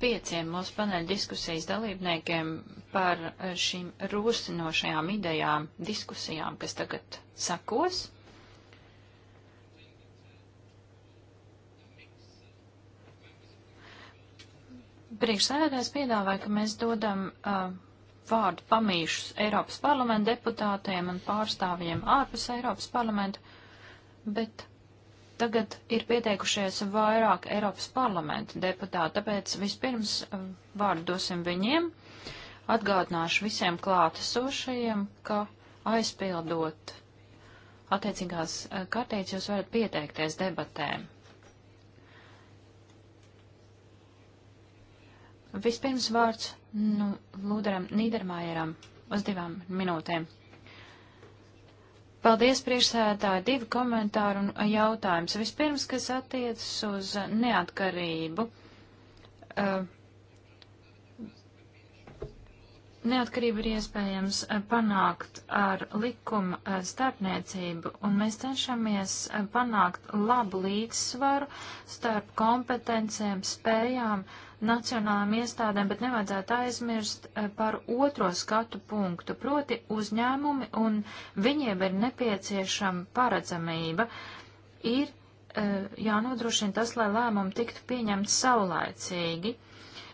pieciem mūsu paneļa diskusijas dalībniekiem par eh, šīm rūsinošajām idejām, diskusijām, kas tagad sakos. Priekšsēdētājs piedāvāja, ka mēs dodam uh, vārdu pamīšus Eiropas parlamenta deputātiem un pārstāvjiem ārpus Eiropas parlamenta, bet Tagad ir pieteikušies vairāk Eiropas parlamenta deputāti, tāpēc vispirms um, vārdu dosim viņiem. Atgādināšu visiem klātesošajiem, ka aizpildot attiecīgās uh, kartītes jūs varat pieteikties debatēm. Vispirms vārds nu, Lūderam Nīdermājeram uz divām minūtēm. Paldies, priekšsēdētāji. Divi komentāri un jautājums. Vispirms, kas attiecas uz neatkarību. Eh, neatkarību ir iespējams eh, panākt ar likuma eh, starpniecību, un mēs cenšamies panākt labu līdzsvaru starp kompetencēm, spējām, uh, nacionālām iestādēm, bet nevajadzētu aizmirst e, par otro skatu punktu, proti uzņēmumi un viņiem ir nepieciešama paredzamība. Ir e, jānodrošina tas, lai lēmumi tiktu pieņemti saulēcīgi.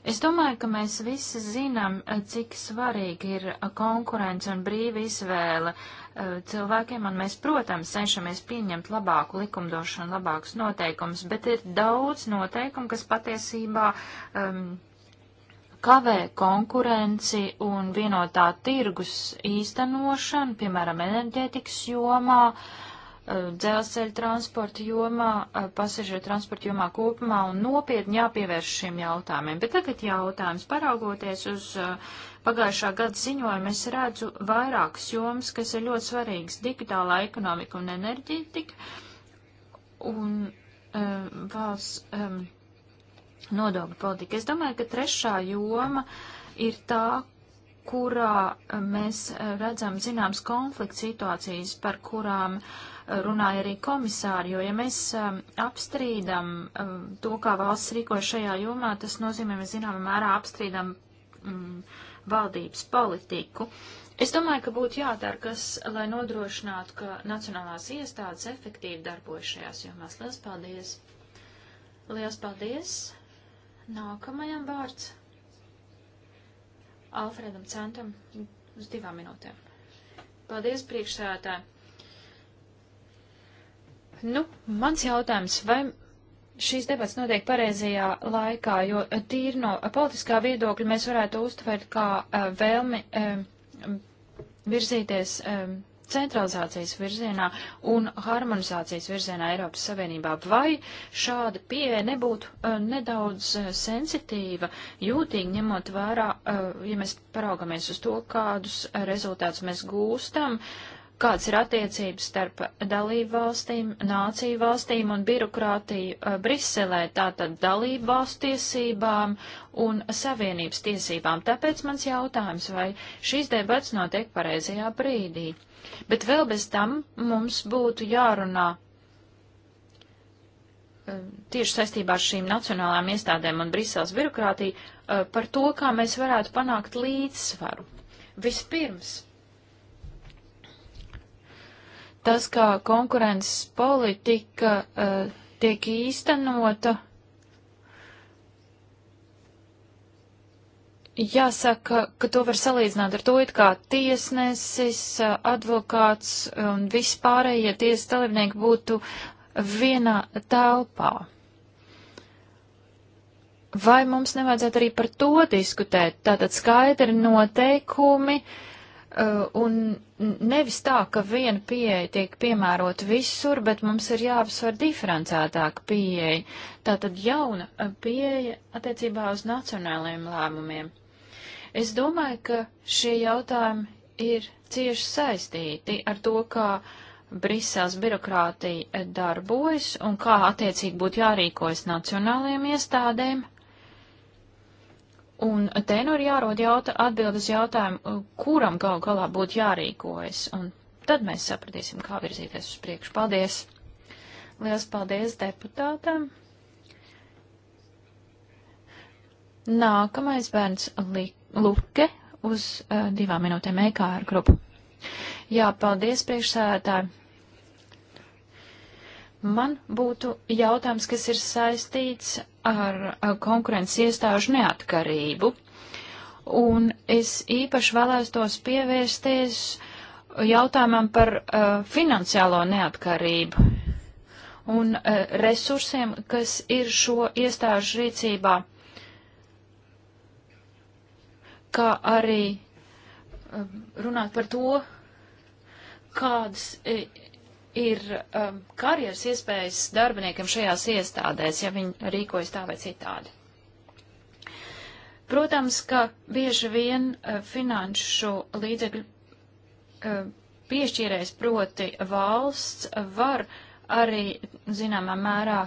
Es domāju, ka mēs visi zinām, eh, cik svarīgi ir eh, konkurence un brīva izvēle eh, cilvēkiem, un mēs, protams, cenšamies pieņemt labāku likumdošanu, labākus noteikumus, bet ir daudz noteikumu, kas patiesībā um, kavē konkurenci un vienotā tirgus īstenošanu, piemēram, enerģētikas jomā. Uh, dzelzceļa transporta jomā, pasažieru transporta jomā kopumā un nopietni jāpievērš šiem jautājumiem. Bet tagad jautājums, paraugoties uz pagājušā gada ziņojumu, es redzu vairākas jomas, kas ir ļoti svarīgas - digitālā ekonomika un enerģītika un um, valsts um, nodokļu politika. Es domāju, ka trešā joma ir tā, kurā mēs redzam zināms konflikts situācijas, par kurām uh, runāja arī komisāri, jo ja mēs um, apstrīdam um, to, kā valsts rīkojas šajā jomā, tas nozīmē, mēs zināmā mērā apstrīdam mm, valdības politiku. Es domāju, ka būtu jādara kas, lai nodrošinātu, ka nacionālās iestādes efektīvi darbojas šajās jomās. Lielas paldies! Lielas paldies! Nākamajam vārds Alfredam Centam uz divām minūtēm. Paldies, priekšsēdētāji! Nu, mans jautājums, vai šīs debats notiek pareizajā laikā, jo tīri no politiskā viedokļa mēs varētu uztvert kā uh, vēlmi uh, virzīties uh, centralizācijas virzienā un harmonizācijas virzienā Eiropas Savienībā. Vai šāda pieeja nebūtu uh, nedaudz uh, sensitīva, jūtīgi ņemot vērā, uh, ja mēs paraugamies uz to, kādus rezultātus mēs gūstam, uh, kādas ir attiecības starp dalību valstīm, nāciju valstīm un birokrātiju uh, Briselē, tātad dalību valstu tiesībām un savienības tiesībām. Tāpēc mans jautājums, vai šīs debats notiek pareizajā brīdī. Bet vēl bez tam mums būtu jārunā uh, tieši saistībā ar šīm nacionālām iestādēm un Briseles birokrātiju uh, par to, kā mēs varētu panākt līdzsvaru. Vispirms tas, kā konkurences politika uh, tiek īstenota, jāsaka, ka to var salīdzināt ar to, it kā tiesnesis, eh, advokāts un vispārējie tiesas dalībnieki būtu vienā telpā. Vai mums nevajadzētu arī par to diskutēt? Tātad skaidri noteikumi, uh, Uh, un nevis tā, ka viena pieeja tiek piemērota visur, bet mums ir jāapsver diferencētāka pieeja. Tātad jauna uh, pieeja attiecībā uz nacionālajiem lēmumiem. Es domāju, ka šie jautājumi ir cieši saistīti ar to, kā Brisels birokrātija darbojas un kā attiecīgi būtu jārīkojas nacionālajiem iestādēm Un te nu ir jārod jauta, atbildes jautājumu, uh, kuram gal galā būtu jārīkojas. Un tad mēs sapratīsim, kā virzīties uz priekšu. Paldies! Liels paldies deputātam! Nākamais bērns Li Luke uz uh, divām minūtēm EKR grupu. Jā, paldies priekšsēdētāji! Man būtu jautājums, kas ir saistīts ar konkurences iestāžu neatkarību. Un es īpaši vēlētos pievērsties jautājumam par uh, finansiālo neatkarību un uh, resursiem, kas ir šo iestāžu rīcībā, kā arī uh, runāt par to, kādas. Uh, ir um, karjeras iespējas darbiniekam šajās iestādēs, ja viņi rīkojas tā vai citādi. Protams, ka bieži vien uh, finanšu līdzekļu uh, piešķīrējs proti valsts var arī zināmā mērā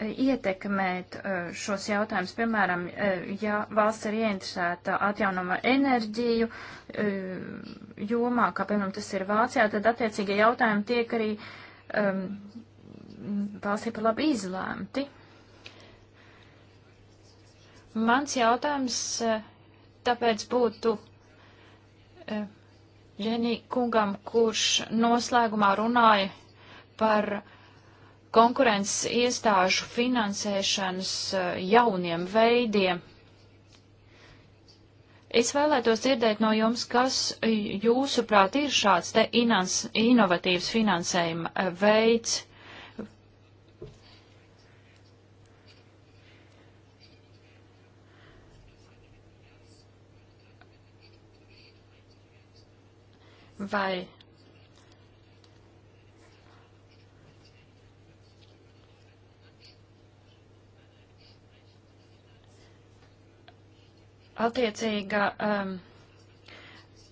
ietekmēt e, šos jautājumus. Piemēram, e, ja valsts ir ieinteresēta atjaunama enerģiju e, jomā, kā piemēram tas ir Vācijā, tad attiecīgie jautājumi tiek arī um, valstī par labi izlēmti. Mans jautājums tāpēc būtu Ļenī kungam, kurš noslēgumā runāja par uh, konkurences iestāžu finansēšanas eh, jauniem veidiem. Es vēlētos dzirdēt no jums, kas eh, jūsuprāt ir šāds te inans, inovatīvs finansējuma eh, veids. Vai attiecīga um,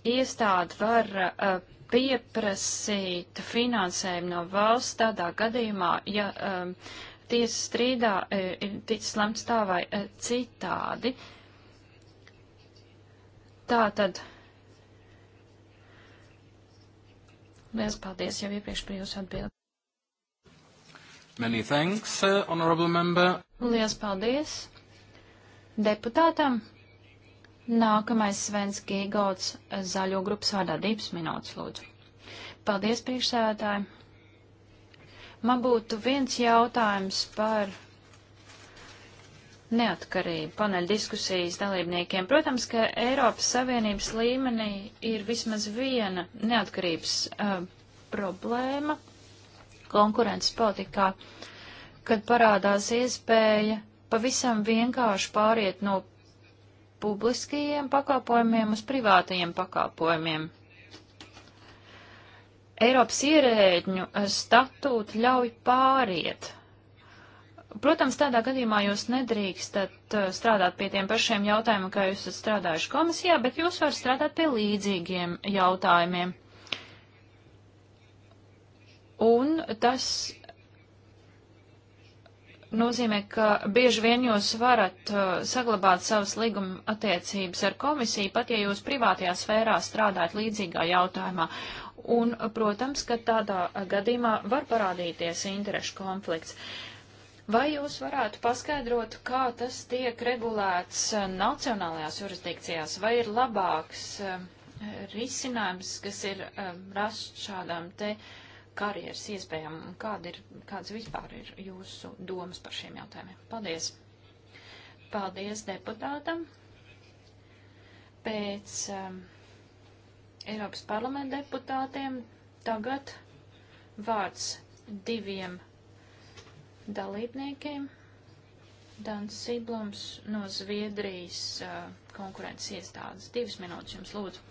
iestāde var uh, pieprasīt finansējumu no valsts tādā gadījumā, ja um, tiesas strīdā uh, ir ticis lemts tā vai uh, citādi. Tātad. Liels paldies jau iepriekš par jūsu atbildi. Many thanks, uh, honorable member. Liels paldies deputātam. Nākamais Svens Gīgauts zaļo grupas vārdā divas minūtes, lūdzu. Paldies, priekšsēdētāji. Man būtu viens jautājums par neatkarību paneļa diskusijas dalībniekiem. Protams, ka Eiropas Savienības līmenī ir vismaz viena neatkarības uh, problēma konkurences politikā, kad parādās iespēja pavisam vienkārši pāriet no publiskajiem pakalpojumiem uz privātajiem pakalpojumiem. Eiropas ierēģņu statūti ļauj pāriet. Protams, tādā gadījumā jūs nedrīkstat uh, strādāt pie tiem pašiem jautājumiem, kā jūs esat strādājuši komisijā, bet jūs varat strādāt pie līdzīgiem jautājumiem. Un tas nozīmē, ka bieži vien jūs varat uh, saglabāt savas līguma attiecības ar komisiju, pat ja jūs privātajā sfērā strādājat līdzīgā jautājumā. Un, protams, ka tādā gadījumā var parādīties interešu konflikts. Vai jūs varētu paskaidrot, kā tas tiek regulēts uh, nacionālajās jurisdikcijās, vai ir labāks uh, risinājums, kas ir uh, rasts šādām te uh, karjeras iespējām un kāda ir, kādas vispār ir jūsu domas par šiem jautājumiem. Paldies! Paldies deputātam! Pēc um, Eiropas parlamenta deputātiem tagad vārds diviem dalībniekiem. Dans Siblums no Zviedrijas uh, konkurences iestādes. Divas minūtes jums lūdzu.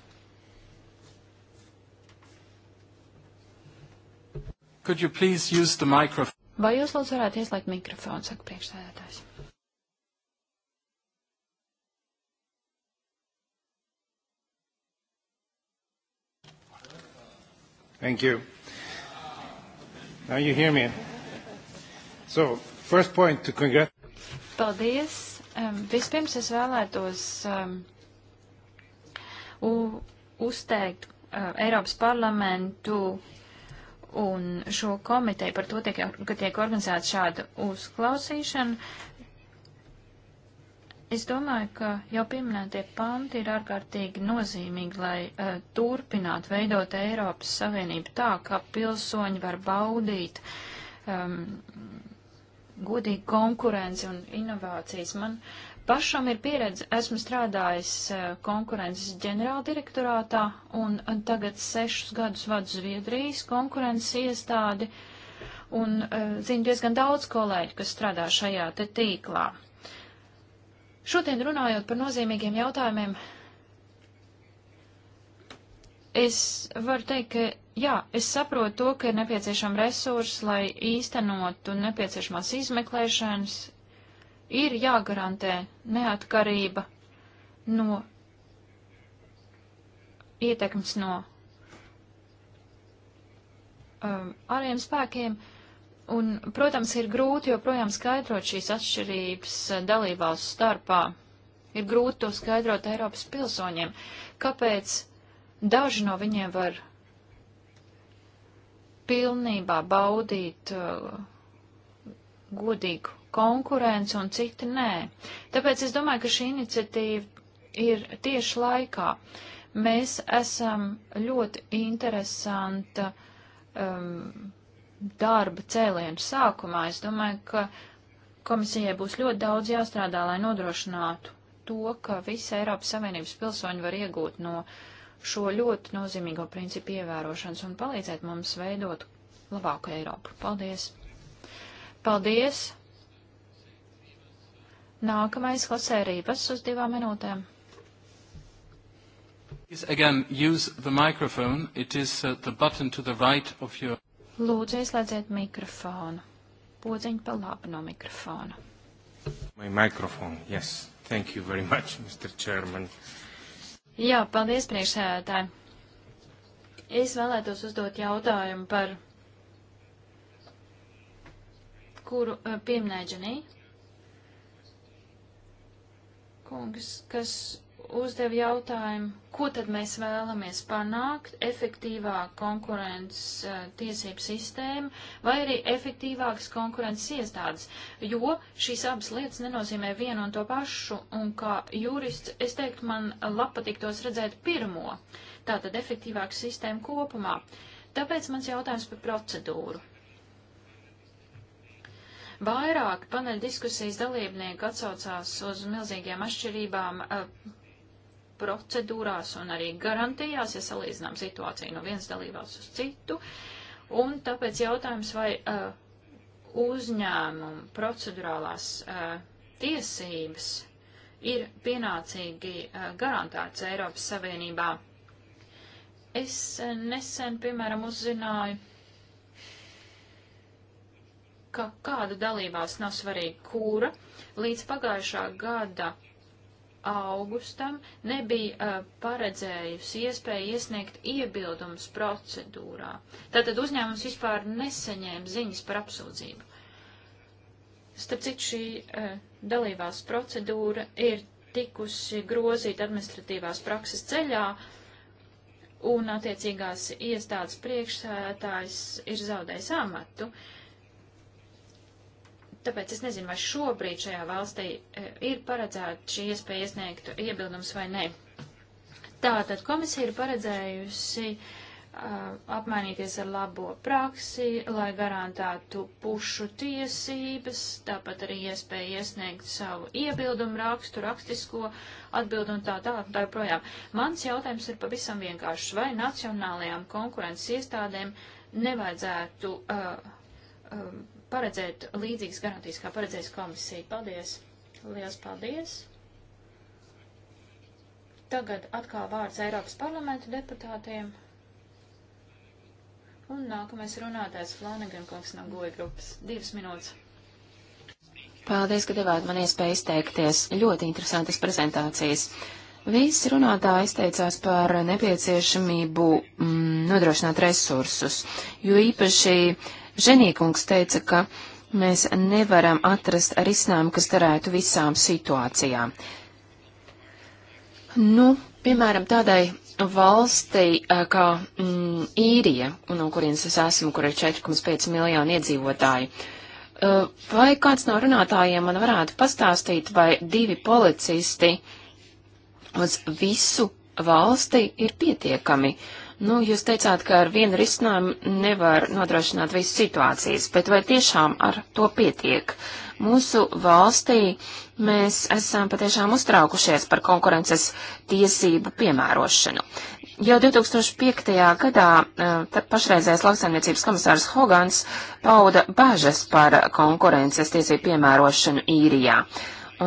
Could you please use the microphone? Vai jūs lūdzu varētu ieslēgt mikrofonu, saka priekšsēdētājs? Thank you. Now you hear me. So, first point to congrat. Paldies. Um, vispirms es vēlētos um, u, uzteikt uh, Eiropas parlamentu un šo komiteju par to, tiek, ka tiek organizēta šāda uzklausīšana. Es domāju, ka jau pieminētie panti ir ārkārtīgi nozīmīgi, lai uh, turpinātu veidot Eiropas Savienību tā, ka pilsoņi var baudīt um, ehm, godīgi konkurenci un inovācijas. Man uh, Pašam ir pieredze, esmu strādājis eh, konkurences ģenerāldirektorātā un tagad sešus gadus vadu Zviedrijas konkurences iestādi un eh, zinu diezgan daudz kolēģi, kas strādā šajā te tīklā. Šodien runājot par nozīmīgiem jautājumiem, es varu teikt, ka jā, es saprotu to, ka ir nepieciešama resursa, lai īstenotu nepieciešamās izmeklēšanas, ir jāgarantē neatkarība no ietekmes no um, ārējiem spēkiem. Un, protams, ir grūti joprojām skaidrot šīs atšķirības uh, dalībās starpā. Ir grūti to skaidrot Eiropas pilsoņiem, kāpēc daži no viņiem var pilnībā baudīt uh, godīgu konkurence un citi nē. Tāpēc es domāju, ka šī iniciatīva ir tieši laikā. Mēs esam ļoti interesanta um, darba cēlienu sākumā. Es domāju, ka komisijai būs ļoti daudz jāstrādā, lai nodrošinātu to, ka visi Eiropas Savienības pilsoņi var iegūt no šo ļoti nozīmīgo principu ievērošanas un palīdzēt mums veidot labāku Eiropu. Paldies! Paldies! Nākamais Hosē Rības uz divām minūtēm. Please again use the microphone. It is uh, the button to the right of your. Lūdzu, ieslēdziet mikrofonu. Podziņ pa labi no mikrofona. My microphone, yes. Thank you very much, [laughs] Mr. Chairman. Jā, paldies priekšsēdētāji. Es vēlētos uzdot jautājumu par kuru uh, pieminēja Džanija kungs, kas uzdev jautājumu, ko tad mēs vēlamies panākt - efektīvāk konkurences uh, tiesību sistēma vai arī efektīvākas konkurences iestādes, jo šīs abas lietas nenozīmē vienu un to pašu, un kā jurists es teiktu, man labpatiktos redzēt pirmo, tātad efektīvāku sistēmu kopumā. Tāpēc mans jautājums par procedūru. Vairāk paneļa diskusijas dalībnieki atsaucās uz milzīgiem atšķirībām eh, procedūrās un arī garantijās, ja salīdzinām situāciju no vienas dalībās uz citu. Un tāpēc jautājums, vai uh, uzņēmumu procedurālās uh, tiesības ir pienācīgi uh, garantētas Eiropas Savienībā. Es nesen, piemēram, uzzināju, ka kāda dalībās nav svarīga kūra, līdz pagājušā gada augustam nebija uh, paredzējusi iespēju iesniegt iebildumus procedūrā. Tātad uzņēmums vispār nesaņēma ziņas par apsūdzību. Starp citu, šī uh, dalībās procedūra ir tikusi grozīta administratīvās prakses ceļā, un attiecīgās iestādes priekšsētājs ir zaudējis amatu. Uh, Tāpēc es nezinu, vai šobrīd šajā valstī e, ir paredzēta šī iespēja iesniegt iebildums vai nē. Tātad komisija ir paredzējusi uh, apmainīties ar labo praksi, lai garantētu pušu tiesības, tāpat arī iespēja iesniegt savu iebildumu rakstu, rakstisko atbildu un tā tālāk un tā joprojām. Mans jautājums ir pavisam vienkāršs. Vai nacionālajām konkurences iestādēm nevajadzētu uh, uh, paredzēt līdzīgas garantijas, kā paredzēs komisija. Paldies! Lielas paldies! Tagad atkal vārds Eiropas parlamenta deputātiem. Un nākamais runātājs Flanagan kungs no goja grupas. Divas minūtes. Paldies, ka devāt man iespēju izteikties. Ļoti interesantas prezentācijas. Visi runātāji izteicās par nepieciešamību mm, nodrošināt resursus, jo īpaši uh, Ženīkungs teica, ka mēs nevaram atrast risinājumu, kas darētu visām situācijām. Nu, piemēram, tādai valstī kā mm, īrija, no kurienes es esmu, kur ir 4,5 miljoni iedzīvotāji. Vai kāds no runātājiem man varētu pastāstīt, vai divi policisti uz visu valsti ir pietiekami? Uh, Nu, jūs teicāt, ka ar vienu risinājumu nevar nodrošināt visas situācijas, bet vai tiešām ar to pietiek? Mūsu valstī mēs esam patiešām uztraukušies par konkurences tiesību piemērošanu. Jau 2005. gadā eh, pašreizējais lauksaimniecības komisārs Hogans pauda bažas par konkurences tiesību piemērošanu īrijā.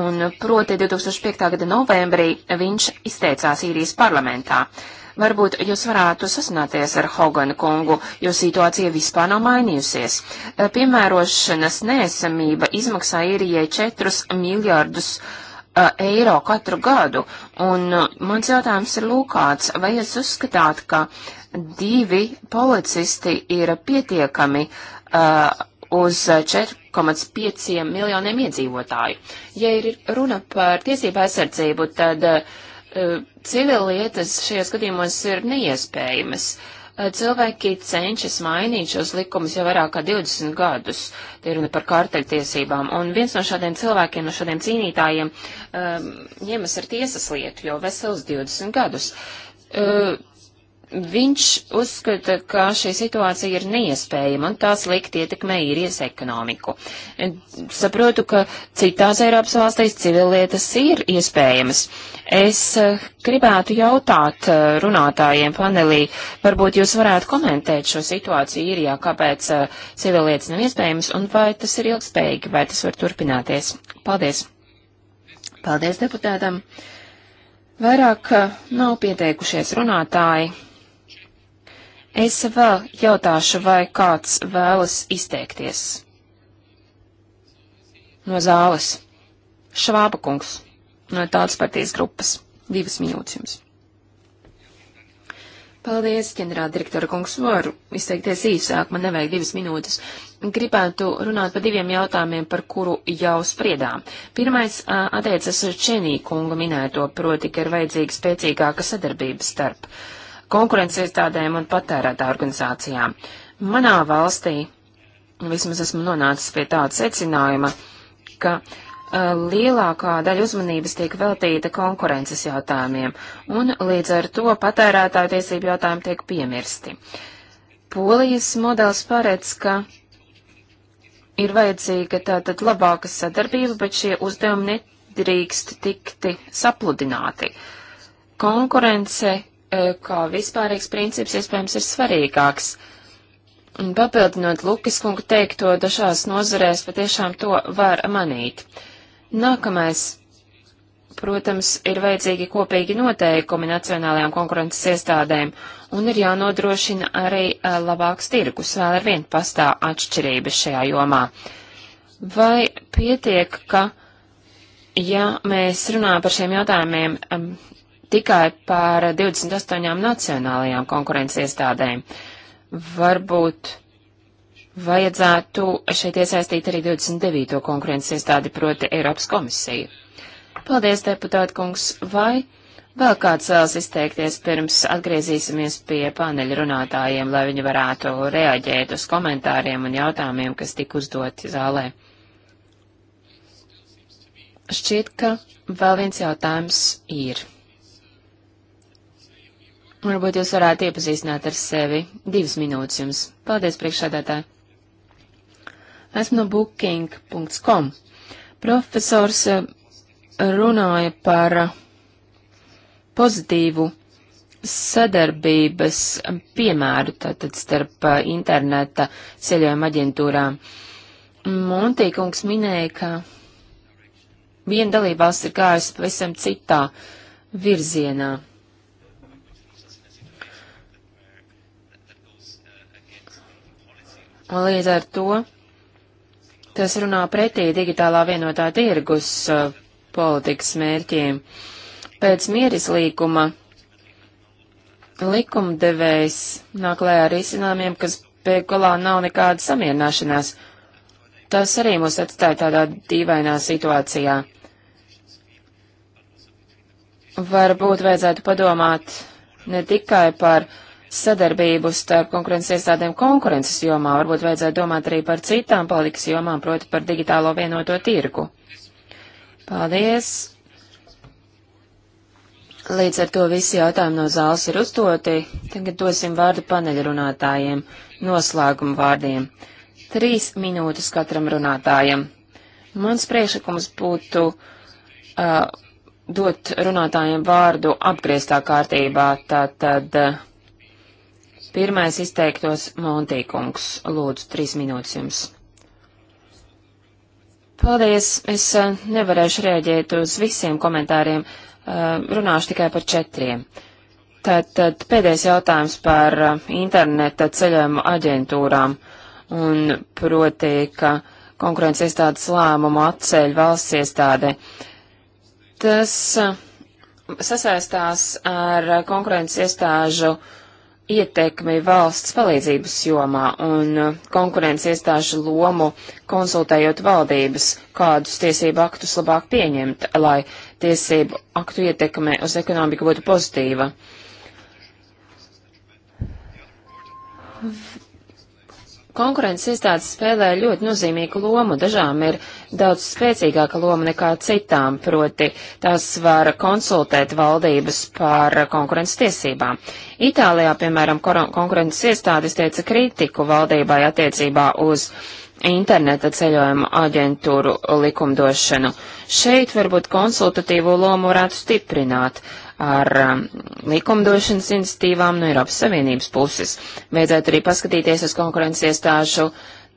Un proti 2005. gada novembrī viņš izteicās īrijas parlamentā. Uh, Varbūt jūs varētu sasināties ar Hoganu kungu, jo situācija vispār nav mainījusies. E, piemērošanas neesamība izmaksā īrijai 4 miljārdus e, eiro katru gadu, un e, mans jautājums ir lūkāts, vai jūs uzskatāt, ka divi policisti ir pietiekami uh, uz 4,5 miljoniem iedzīvotāju? Ja ir runa par tiesību aizsardzību, tad uh, civilietas šajos gadījumos ir neiespējamas. Cilvēki cenšas mainīt šos likumus jau vairāk kā 20 gadus, tie runa par kārteļtiesībām, un viens no šādiem cilvēkiem, no šādiem cīnītājiem, um, ņemas ar tiesas lietu jau vesels 20 gadus. Uh, Viņš uzskata, ka šī situācija ir neiespējama un tā slikti ietekmē īrijas ekonomiku. Saprotu, ka citās Eiropas valstīs civilietas ir iespējamas. Es eh, gribētu jautāt eh, runātājiem panelī, varbūt jūs varētu komentēt šo situāciju īrijā, kāpēc eh, civilietas nav iespējamas un vai tas ir ilgspējīgi, vai tas var turpināties. Paldies! Paldies deputētam! Vairāk nav pieteikušies runātāji. Es vēl jautāšu, vai kāds vēlas izteikties. No zāles. Švāba kungs. No tādas partijas grupas. Divas minūtes jums. Paldies, ģenerāla direktora kungs. Varu izteikties īsāk, man nevajag divas minūtes. Gribētu runāt par diviem jautājumiem, par kuru jau spriedām. Pirmais attiecas uz Čenī kungu minēto, proti, ka ir vajadzīga spēcīgāka sadarbība starp uh, konkurences iestādēm un patērētā organizācijām. Manā valstī vismaz esmu nonācis pie tāda secinājuma, ka uh, lielākā daļa uzmanības tiek veltīta konkurences jautājumiem, un līdz ar to patērētāju tiesību jautājumi tiek piemirsti. Polijas modelis paredz, ka ir vajadzīga tātad labāka sadarbība, bet šie uzdevumi nedrīkst tikti sapludināti. Konkurence Uh, kā vispārīgs princips iespējams ir svarīgāks. Un papildinot Lukas kungu teikto, dažās nozarēs patiešām to var manīt. Nākamais. Protams, ir vajadzīgi kopīgi noteikumi nacionālajām konkurences iestādēm, un ir jānodrošina arī uh, labāks tirgus, vēl ar vien pastāv atšķirības šajā jomā. Vai pietiek, ka, ja mēs runājam par šiem jautājumiem um, tikai par 28 nacionālajām konkurences iestādēm. Varbūt vajadzētu šeit iesaistīt arī 29. konkurences iestādi, proti Eiropas komisiju. Paldies, deputāta kungs, vai vēl kāds vēlas izteikties pirms atgriezīsimies pie paneļa runātājiem, lai viņi varētu reaģēt uz komentāriem un jautājumiem, kas tika uzdoti zālē? Šķiet, ka vēl viens jautājums ir. Varbūt jūs varētu iepazīstināt ar sevi. Divas minūtes jums. Paldies, priekšsādātāji. Esmu no booking.com. Profesors eh, runāja par eh, pozitīvu sadarbības eh, piemēru tātad starp interneta ceļojuma aģentūrām. Montīkungs minēja, ka viena dalībvalsts ir gājusi pavisam citā virzienā. Līdz ar to tas runā pretī digitālā vienotā tirgus uh, politikas mērķiem. Pēc mieris līguma likumdevējs nāk lē ar izcinājumiem, kas pēkolā nav nekāda samierināšanās. Tas arī mūs atstāja tādā dīvainā situācijā. Varbūt vajadzētu padomāt ne tikai par uh, sadarbību starp konkurences iestādēm konkurences jomā. Varbūt vajadzētu domāt arī par citām politikas jomām, proti par digitālo vienoto tirgu. Paldies! Līdz ar to visi jautājumi no zāles ir uzdoti. Tagad dosim vārdu paneļrunātājiem, noslēguma vārdiem. Trīs minūtes katram runātājam. Mans priekšlikums būtu uh, dot runātājiem vārdu apgrieztā kārtībā, tātad uh, Pirmais izteiktos Montīkungs. Lūdzu, trīs minūtes jums. Paldies! Es eh, nevarēšu rēģēt uz visiem komentāriem, eh, runāšu tikai par četriem. Tātad pēdējais jautājums par eh, interneta ceļojumu aģentūrām un proti, ka konkurences iestādes lēmumu atceļ valsts iestāde. Tas sasaistās ar konkurences iestāžu uh, ietekmi valsts palīdzības jomā un uh, konkurences iestāžu lomu konsultējot valdības, kādus tiesību aktus labāk pieņemt, lai tiesību aktu ietekme uz ekonomiku būtu pozitīva. Konkurences iestādes spēlē ļoti nozīmīgu lomu, dažām ir daudz spēcīgāka loma nekā citām, proti tās var konsultēt valdības par konkurences tiesībām. Itālijā, piemēram, konkurences iestādes teica kritiku valdībai attiecībā uz interneta ceļojumu aģentūru likumdošanu. Šeit varbūt konsultatīvo lomu varētu stiprināt. Uh, ar um, likumdošanas iniciatīvām no Eiropas Savienības puses. Vajadzētu arī paskatīties uz konkurences iestāžu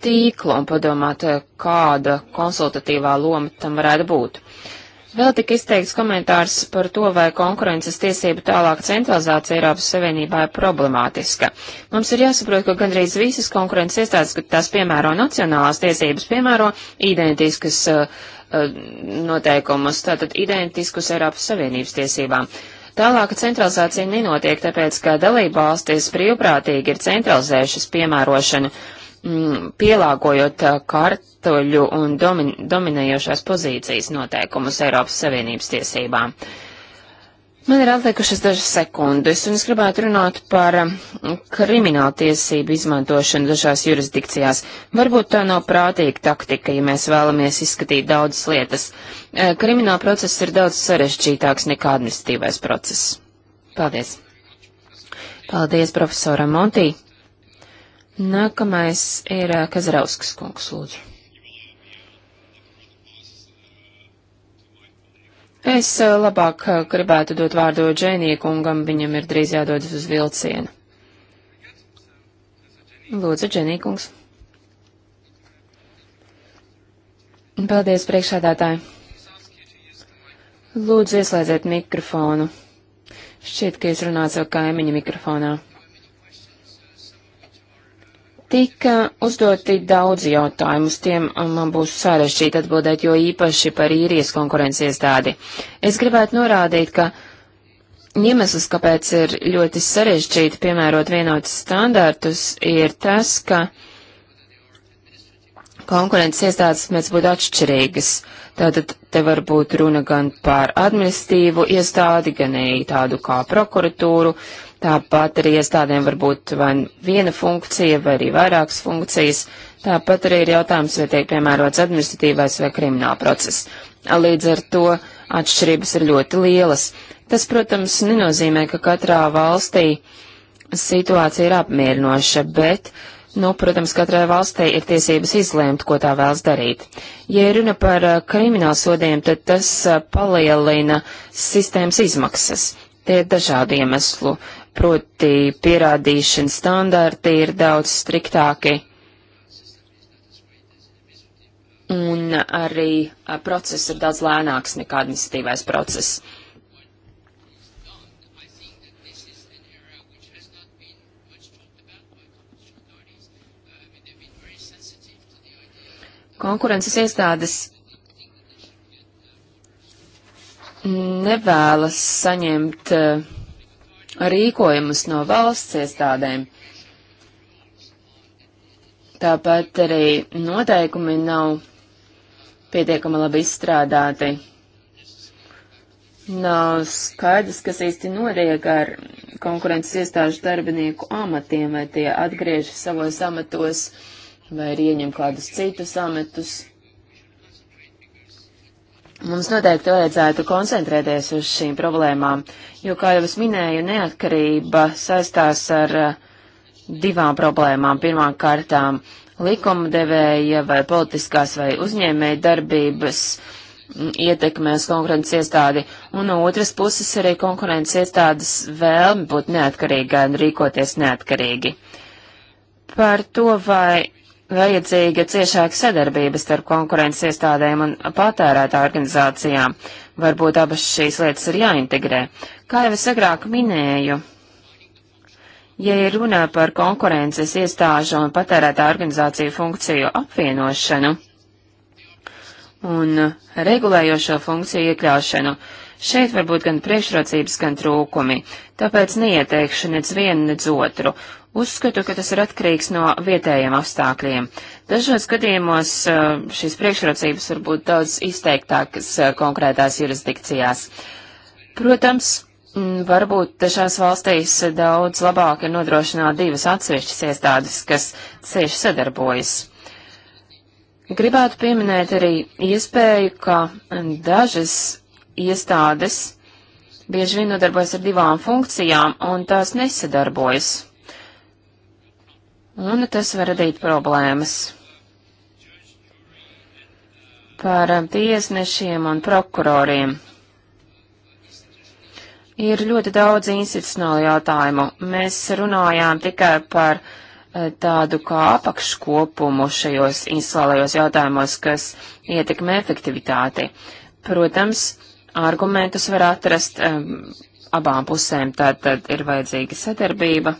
tīklu un padomāt, eh, kāda konsultatīvā loma tam varētu būt. Uh, Vēl tika izteikts komentārs par to, vai konkurences tiesību tālāk centralizācija Eiropas Savienībā ir problemātiska. Mums ir jāsaprot, ka gandrīz visas konkurences iestādes, kad tās piemēro nacionālās tiesības, piemēro identiskas uh, uh noteikumus, tātad identiskus Eiropas Savienības tiesībām. Tālāka centralizācija nenotiek, tāpēc, ka dalība valstis brīvprātīgi ir centralizējušas piemērošanu mm, pielāgojot uh, kartuļu un domin, dominējošās pozīcijas noteikumus Eiropas Savienības tiesībām. Man ir atlikušas dažas sekundes, un es gribētu runāt par um, krimināltiesību izmantošanu dažās jurisdikcijās. Varbūt tā nav prātīga taktika, ja mēs vēlamies izskatīt daudzas lietas. Uh, krimināla process ir daudz sarežģītāks nekā administratīvais process. Paldies! Paldies profesoram Montī! Nākamais ir Kazarauskas kungs, lūdzu. Es labāk gribētu dot vārdu Džēnija kungam, viņam ir drīz jādodas uz vilcienu. Lūdzu, Džēnija kungs. Paldies, priekšādātāji. Lūdzu, ieslēdziet mikrofonu. Šķiet, ka es runāju savu kaimiņu mikrofonā. Tika uzdoti daudz jautājumu, uz tiem um, man būs sarežģīti atbildēt, jo īpaši par īrijas konkurences iestādi. Es gribētu norādīt, ka iemesls, kāpēc ir ļoti sarežģīti piemērot vienotus standartus, ir tas, ka konkurences iestādes mēs būtu atšķirīgas. Tātad te var būt runa gan par administīvu iestādi, gan arī tādu kā prokuratūru. Tāpat arī iestādēm var būt vai viena funkcija, vai arī vairākas funkcijas. Tāpat arī ir jautājums, vai tiek piemērots administratīvais vai krimināla process. Līdz ar to atšķirības ir ļoti lielas. Tas, protams, nenozīmē, ka katrā valstī situācija ir apmierinoša, bet Nu, protams, katrai valstī ir tiesības izlēmt, ko tā vēlas darīt. Ja runa par kriminālu sodiem, tad tas palielina sistēmas izmaksas. Tie ir dažādi iemeslu proti pierādīšanas standarti ir daudz striktāki. Un arī a, process ir daudz lēnāks nekā administratīvais process. Konkurences iestādes nevēlas saņemt uh, rīkojumus no valsts iestādēm. Tāpat arī noteikumi nav pietiekami labi izstrādāti. Nav skaidrs, kas īsti notiek ar konkurences iestāžu darbinieku amatiem, vai tie atgriežas savos amatos, vai ir ieņem kādus citus amatus. Mums noteikti vajadzētu koncentrēties uz šīm problēmām, jo, kā jau es minēju, neatkarība saistās ar eh, divām problēmām. Pirmām kārtām likumdevēja vai politiskās vai uzņēmēja darbības mm, ietekmē uz konkurences iestādi, un no otras puses arī konkurences iestādes vēlme būt neatkarīgai un rīkoties neatkarīgi. Par to, vai vajadzīga ciešāka sadarbība starp konkurences iestādēm un patērētā organizācijām. Varbūt abas šīs lietas ir jāintegrē. Kā jau es agrāk minēju, ja ir runa par konkurences iestāžu un patērētā organizāciju funkciju apvienošanu un regulējošo funkciju iekļaušanu, Šeit var būt gan priekšrocības, gan trūkumi, tāpēc neieteikšu nec vienu, nec otru, Uzskatu, ka tas ir atkarīgs no vietējiem apstākļiem. Dažos gadījumos eh, šīs priekšrocības var būt daudz izteiktākas eh, konkrētās jurisdikcijās. Protams, mm, varbūt dažās valstīs daudz labāk ir nodrošināt divas atsevišķas iestādes, kas cieši sadarbojas. Gribētu pieminēt arī iespēju, ka dažas iestādes bieži vien nodarbojas ar divām funkcijām, un tās nesadarbojas un tas var radīt problēmas. Par tiesnešiem un prokuroriem. Ir ļoti daudz institucionālu jautājumu. Mēs runājām tikai par eh, tādu kā apakškopumu šajos institucionālajos jautājumos, kas ietekmē efektivitāti. Protams, argumentus var atrast um, abām pusēm, tātad ir vajadzīga sadarbība.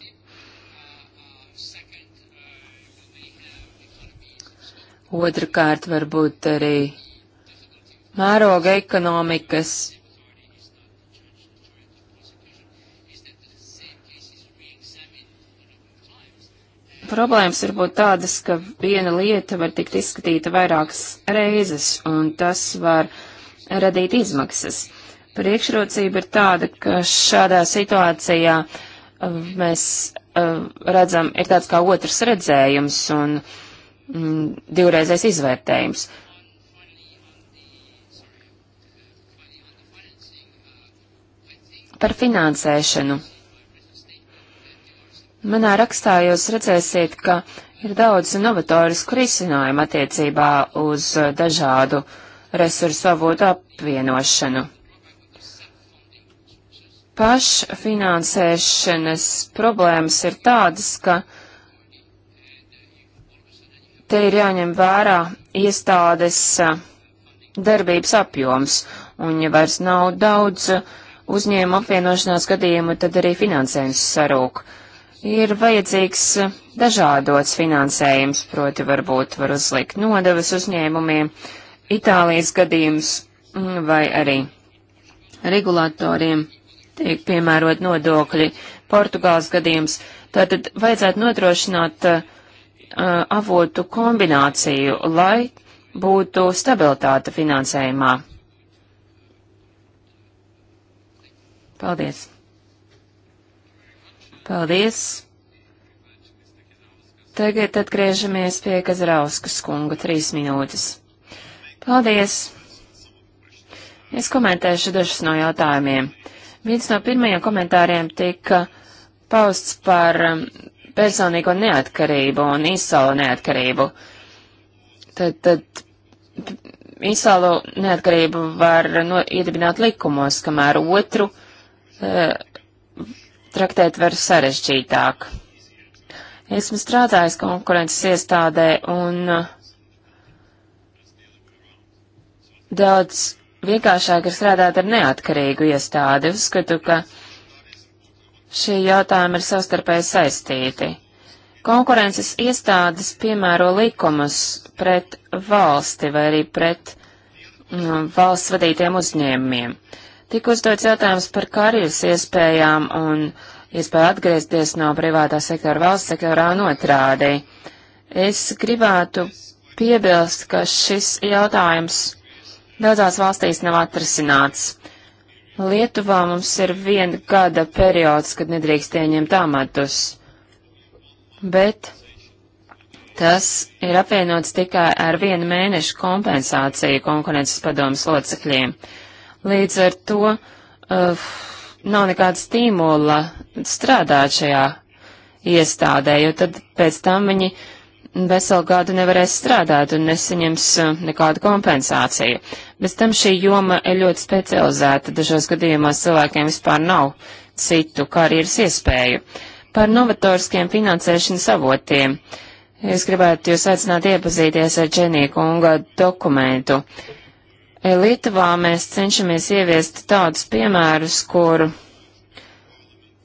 Otrakārt, varbūt arī mēroga ekonomikas problēmas var būt tādas, ka viena lieta var tikt izskatīta vairākas reizes, un tas var radīt izmaksas. Priekšrocība ir tāda, ka šādā situācijā uh, mēs uh, redzam, ir tāds kā otrs redzējums, un mm, divreizais izvērtējums. Par finansēšanu. Manā rakstā jūs redzēsiet, ka ir daudz novatorisku risinājumu attiecībā uz dažādu resursu avotu apvienošanu. Pašfinansēšanas problēmas ir tādas, ka uh, Te ir jāņem vērā iestādes darbības apjoms, un ja vairs nav daudz uzņēmuma apvienošanās gadījumu, tad arī finansējums sarūk. Ir vajadzīgs dažādots finansējums, proti varbūt var uzlikt nodevas uzņēmumiem, Itālijas gadījums mm, vai arī regulatoriem tiek piemērot nodokļi, Portugāles gadījums. Tātad vajadzētu nodrošināt uh, Uh, avotu kombināciju, lai būtu stabilitāte finansējumā. Paldies! Paldies! Tagad atgriežamies pie Kazrauskas kunga trīs minūtes. Paldies! Es komentēšu dažus no jautājumiem. Viens no pirmajiem komentāriem tika pausts par um, personīgo neatkarību un izsalu neatkarību. Tad, tad izsalu neatkarību var no, iedibināt likumos, kamēr otru e, traktēt var sarežģītāk. Esmu strādājis konkurences iestādē un daudz vienkāršāk ir strādāt ar neatkarīgu iestādi. Uzskatu, ka Šie jautājumi ir savstarpēji saistīti. Konkurences iestādes piemēro likumus pret valsti vai arī pret mm, valsts vadītiem uzņēmumiem. Tik uzdots jautājums par karjeras iespējām un iespēju atgriezties no privātā sektora valsts sektorā un otrādi. Es gribētu piebilst, ka šis jautājums daudzās valstīs nav atrisināts. Lietuvā mums ir viena gada periods, kad nedrīkst ieņemt amatus, bet tas ir apvienots tikai ar vienu mēnešu kompensāciju konkurences padomas locekļiem. Līdz ar to uh, nav nekāda stimula strādāt šajā iestādē, jo tad pēc tam viņi uh, veselu gadu nevarēs strādāt un nesaņems eh, nekādu kompensāciju. Bez tam šī joma ir ļoti specializēta, dažos gadījumos cilvēkiem vispār nav citu karjeras iespēju. Par novatoriskiem finansēšanas avotiem. Es gribētu jūs aicināt iepazīties ar Dženija kunga dokumentu. Lietuvā mēs cenšamies ieviest tādus piemērus, kur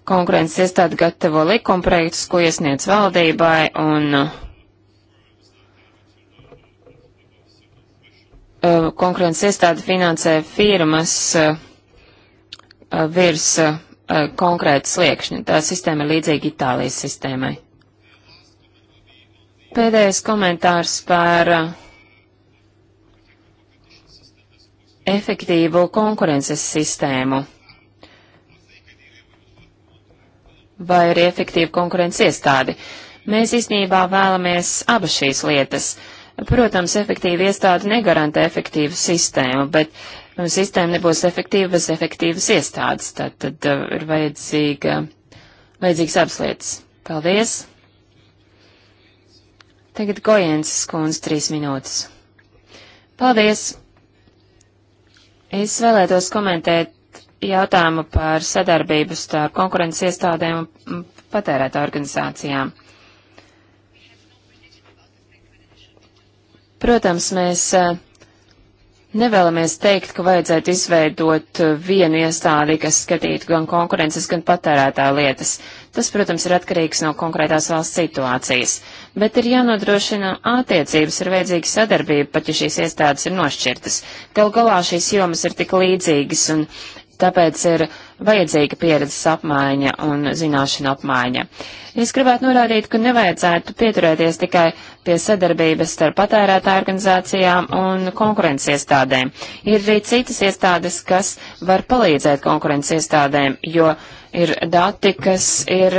konkurences iestāde gatavo likumprojektus, ko iesniedz valdībai, un uh, konkurences iestāde finansē firmas uh, virs uh, konkrēta sliekšņa. Tā sistēma ir līdzīga Itālijas sistēmai. Pēdējais komentārs par efektīvu konkurences sistēmu. Vai ir efektīva konkurences iestādi? Mēs īstenībā vēlamies abas šīs lietas. Uh, Protams, efektīva iestāde negarantē efektīvu sistēmu, bet um, sistēma nebūs efektīva bez efektīvas iestādes. Tad, tad uh, ir vajadzīga, vajadzīgs abas lietas. Paldies! Tagad Gojens skundz trīs minūtes. Paldies! Es vēlētos komentēt jautājumu par sadarbību starp konkurences iestādēm un patērēta organizācijām. Protams, mēs nevēlamies teikt, ka vajadzētu izveidot vienu iestādi, kas skatītu gan konkurences, gan patērētāju lietas. Tas, protams, ir atkarīgs no konkrētās valsts situācijas. Bet ir jānodrošina attiecības, ir vajadzīga sadarbība, pat ja šīs iestādes ir nošķirtas. Gal galā šīs jomas ir tik līdzīgas un tāpēc ir vajadzīga pieredzes apmaiņa un zināšana apmaiņa. Es gribētu norādīt, ka nevajadzētu pieturēties tikai pie sadarbības starp patērētāju organizācijām un konkurences iestādēm. Ir arī citas iestādes, kas var palīdzēt konkurences iestādēm, jo ir dati, kas ir,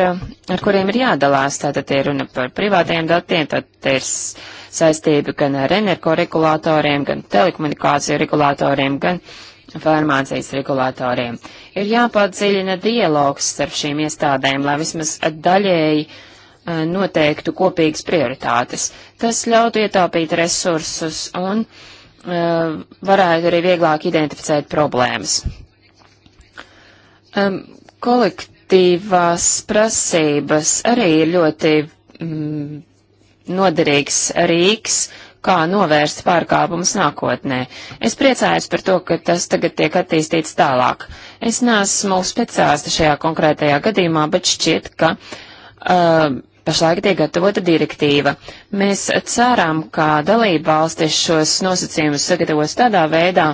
ar kuriem ir jādalās. Tātad ir runa par privātajiem datiem, tad ir saistība gan ar energoregulātoriem, gan telekomunikāciju regulātoriem, gan farmācijas regulātoriem. Ir jāpadziļina dialogs starp šīm iestādēm, lai vismaz daļēji e, noteiktu kopīgas prioritātes. Tas ļautu ietaupīt resursus un uh, varētu arī vieglāk identificēt problēmas. Um, kolektīvās prasības arī ir ļoti mm, noderīgs rīks, kā novērst pārkāpumus nākotnē. Es priecājos par to, ka tas tagad tiek attīstīts tālāk. Es neesmu speciālista šajā konkrētajā gadījumā, bet šķiet, ka uh, pašlaik tiek gatavota direktīva. Mēs ceram, ka dalība valstis šos nosacījumus sagatavos tādā veidā,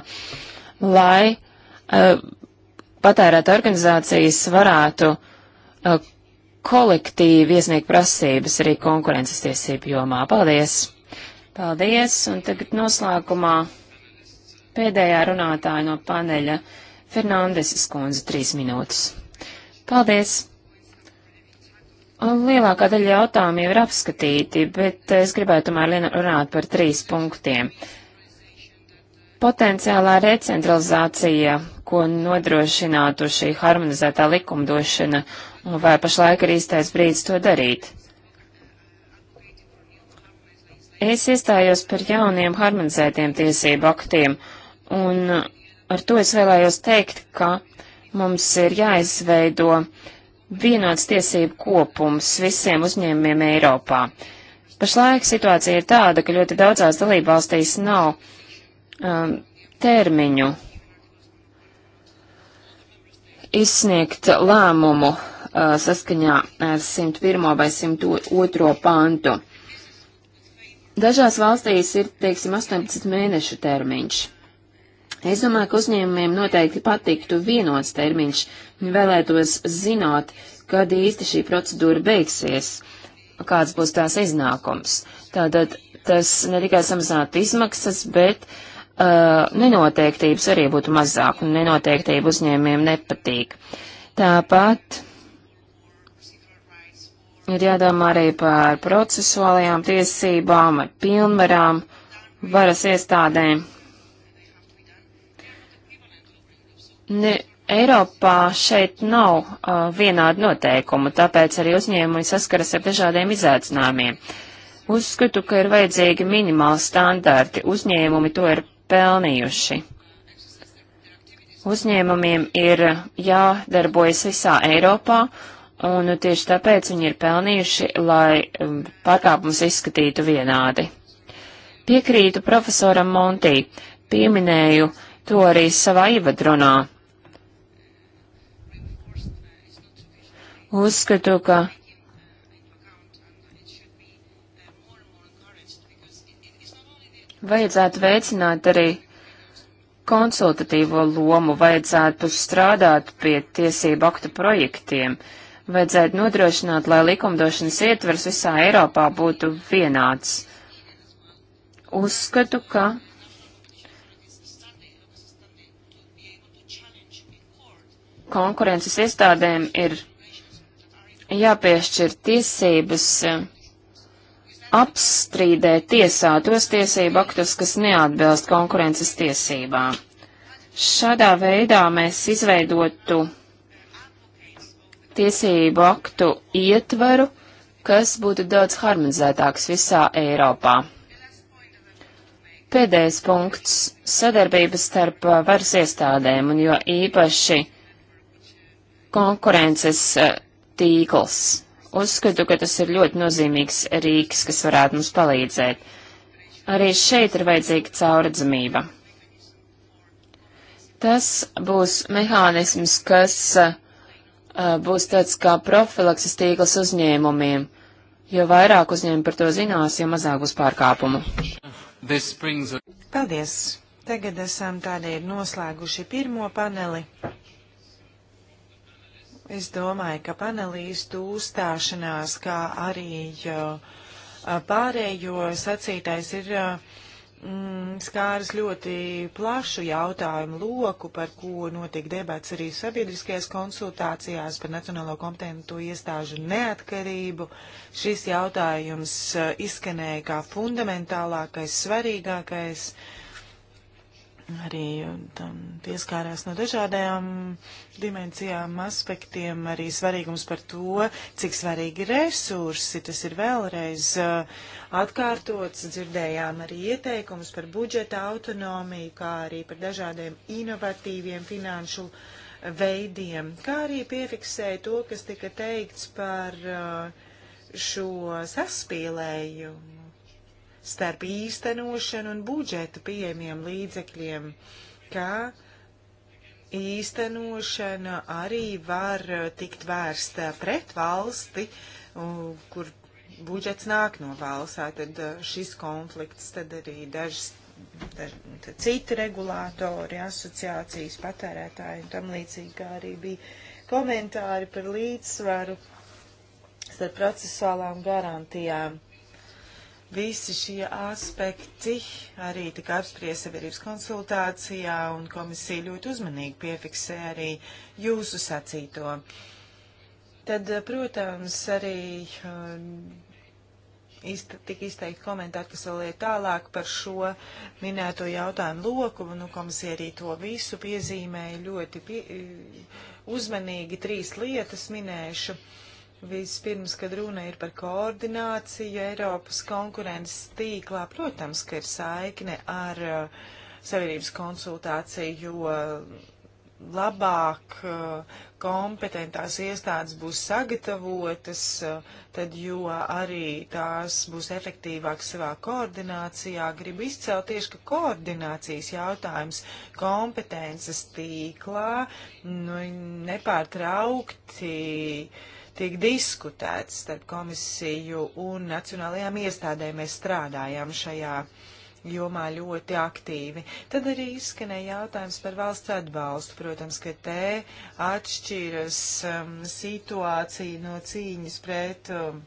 lai uh, patērēta organizācijas varētu uh, kolektīvi iesniegt prasības arī konkurences tiesību jomā. Paldies! Paldies, un tagad noslēgumā pēdējā runātāja no paneļa Fernandeses kundze trīs minūtes. Paldies! Lielākā daļa jautājumu jau ir apskatīti, bet es gribētu tomēr runāt par trīs punktiem. Potenciālā recentralizācija, ko nodrošinātu šī harmonizētā likumdošana, vai pašlaik ir īstais brīdis to darīt? Es iestājos par jauniem harmonizētiem tiesību aktiem, un ar to es vēlējos teikt, ka mums ir jāizveido vienots tiesību kopums visiem uzņēmumiem Eiropā. Pašlaik situācija ir tāda, ka ļoti daudzās dalībvalstīs nav um, termiņu izsniegt lēmumu uh, saskaņā ar 101. vai 102. pantu. Dažās valstīs ir, teiksim, 18 mēnešu termiņš. Es domāju, ka uzņēmumiem noteikti patiktu vienots termiņš. Viņi vēlētos zināt, kad īsti šī procedūra beigsies, kāds būs tās iznākums. Tātad tas ne tikai samazinātu izmaksas, bet uh, nenoteiktības arī būtu mazāk, un nenoteiktība uzņēmumiem nepatīk. Tāpat Ir jādomā arī par procesuālajām tiesībām, pilnvarām, varas iestādēm. Ne, Eiropā šeit nav uh, vienāda noteikuma, tāpēc arī uzņēmumi saskaras ar dažādiem izaicinājumiem. Uzskatu, ka ir vajadzīgi minimāli standarti, uzņēmumi to ir pelnījuši. Uzņēmumiem ir jādarbojas visā Eiropā, un tieši tāpēc viņi ir pelnījuši, lai um, pārkāpums izskatītu vienādi. Piekrītu profesoram Montī, pieminēju to arī savā ievadrunā. Uzskatu, ka vajadzētu veicināt arī konsultatīvo lomu, vajadzētu strādāt pie tiesību aktu projektiem. Uh, vajadzētu nodrošināt, lai likumdošanas ietvers visā Eiropā būtu vienāds. Uzskatu, ka konkurences iestādēm ir jāpiešķir tiesības eh, apstrīdē tiesā tos tiesību aktus, kas neatbilst konkurences tiesībām. Šādā veidā mēs izveidotu tiesību aktu ietveru, kas būtu daudz harmonizētāks visā Eiropā. Pēdējais punkts - sadarbības starp uh, varas iestādēm un jo īpaši konkurences uh, tīkls. Uzskatu, ka tas ir ļoti nozīmīgs rīks, kas varētu mums palīdzēt. Arī šeit ir vajadzīga cauradzamība. Tas būs mehānisms, kas uh, Uh, būs tāds kā profilakses tīkls uzņēmumiem. Jo vairāk uzņēmumi par to zinās, jo mazāk būs pārkāpumu. Paldies! Tagad esam tādēļ noslēguši pirmo paneli. Es domāju, ka panelīstu uzstāšanās, kā arī uh, pārējo sacītais ir uh, mm, skāras ļoti plašu jautājumu loku, par ko notiek debats arī sabiedriskajās konsultācijās par Nacionālo kompetentu iestāžu neatkarību. Šis jautājums uh, izskanēja kā fundamentālākais, svarīgākais. Uh, arī um, tam pieskārās no dažādajām dimensijām, aspektiem, arī svarīgums par to, cik svarīgi resursi, tas ir vēlreiz uh, atkārtots, dzirdējām arī ieteikumus par budžeta autonomiju, kā arī par dažādiem inovatīviem finanšu uh, veidiem, kā arī piefiksēja to, kas tika teikts par uh, šo saspīlējumu starp īstenošanu un budžetu pieejamiem līdzekļiem, ka īstenošana arī var tikt vērsta pret valsti, kur budžets nāk no valsts, tad uh, šis konflikts, tad arī dažas daž, citi regulātori, asociācijas, patērētāji un tam līdzīgi, kā arī bija komentāri par līdzsvaru starp procesuālām garantijām. Visi šie aspekti arī tika apspriesti sabiedrības konsultācijā, un komisija ļoti uzmanīgi piefiksē arī jūsu sacīto. Tad, eh, protams, arī eh, izte, tika izteikti komentāri, kas vēl ir tālāk par šo minēto jautājumu loku. Nu, komisija arī to visu piezīmēja ļoti pie, eh, uzmanīgi. Trīs lietas minēšu. Uh, Vispirms, kad runa ir par koordināciju Eiropas konkurences tīklā, protams, ka ir saikne ar uh, sabiedrības konsultāciju, jo uh, labāk uh, kompetentās iestādes būs sagatavotas, uh, tad jo arī tās būs efektīvākas savā koordinācijā. Gribu izcelt tieši, ka koordinācijas jautājums kompetences tīklā nu, nepārtraukti uh, tiek diskutēts starp komisiju un nacionālajām iestādēm. Mēs strādājām šajā jomā ļoti aktīvi. Tad arī izskanēja jautājums par valsts atbalstu. Protams, ka te atšķiras um, situācija no cīņas pret um,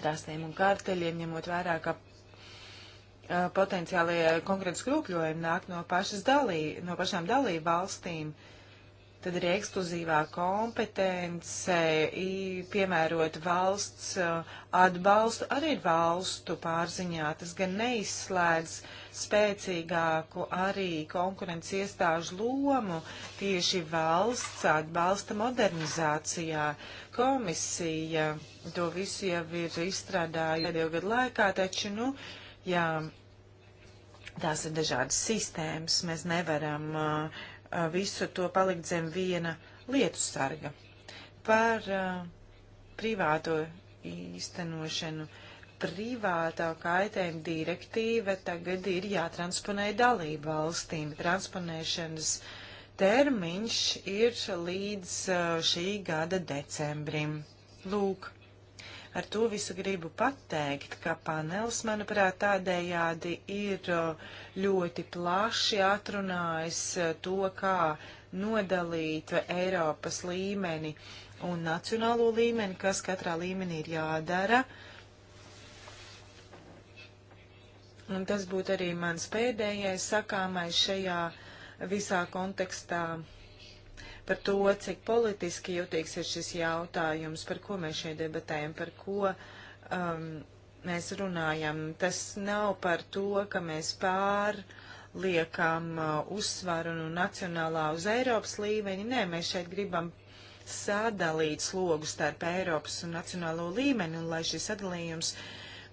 trāstiem un karteļiem, ņemot vērā, ka uh, potenciālie konkrēti skrūpļojumi nāk no, dalī, no pašām dalību valstīm. Uh, Tad ir ekskluzīvā kompetence, piemērot valsts uh, atbalstu, arī ir valstu pārziņā. Tas gan neizslēdz spēcīgāku arī konkurences iestāžu lomu tieši valsts atbalsta modernizācijā. Komisija to visu jau ir izstrādājusi pēdējo gadu laikā, taču, nu, jā, tās ir dažādas sistēmas. Mēs nevaram uh, visu to palikt zem viena lietu sarga. Par uh, privāto īstenošanu. Privātā kaitējuma direktīva tagad ir jātransponē dalību valstīm. Transponēšanas termiņš ir līdz uh, šī gada decembrim. Lūk, Ar to visu gribu pateikt, ka panels, manuprāt, tādējādi ir ļoti plaši atrunājis to, kā nodalīt Eiropas līmeni un nacionālo līmeni, kas katrā līmenī ir jādara. Un tas būtu arī mans pēdējais sakāmais šajā visā kontekstā par to, cik politiski jūtīgs ir šis jautājums, par ko mēs šeit debatējam, par ko um, mēs runājam. Tas nav par to, ka mēs pār liekam uh, uzsvaru no nu, nacionālā uz Eiropas līmeņa. Nē, mēs šeit gribam sadalīt slogu starp Eiropas un nacionālo līmeni, un lai šis sadalījums uh,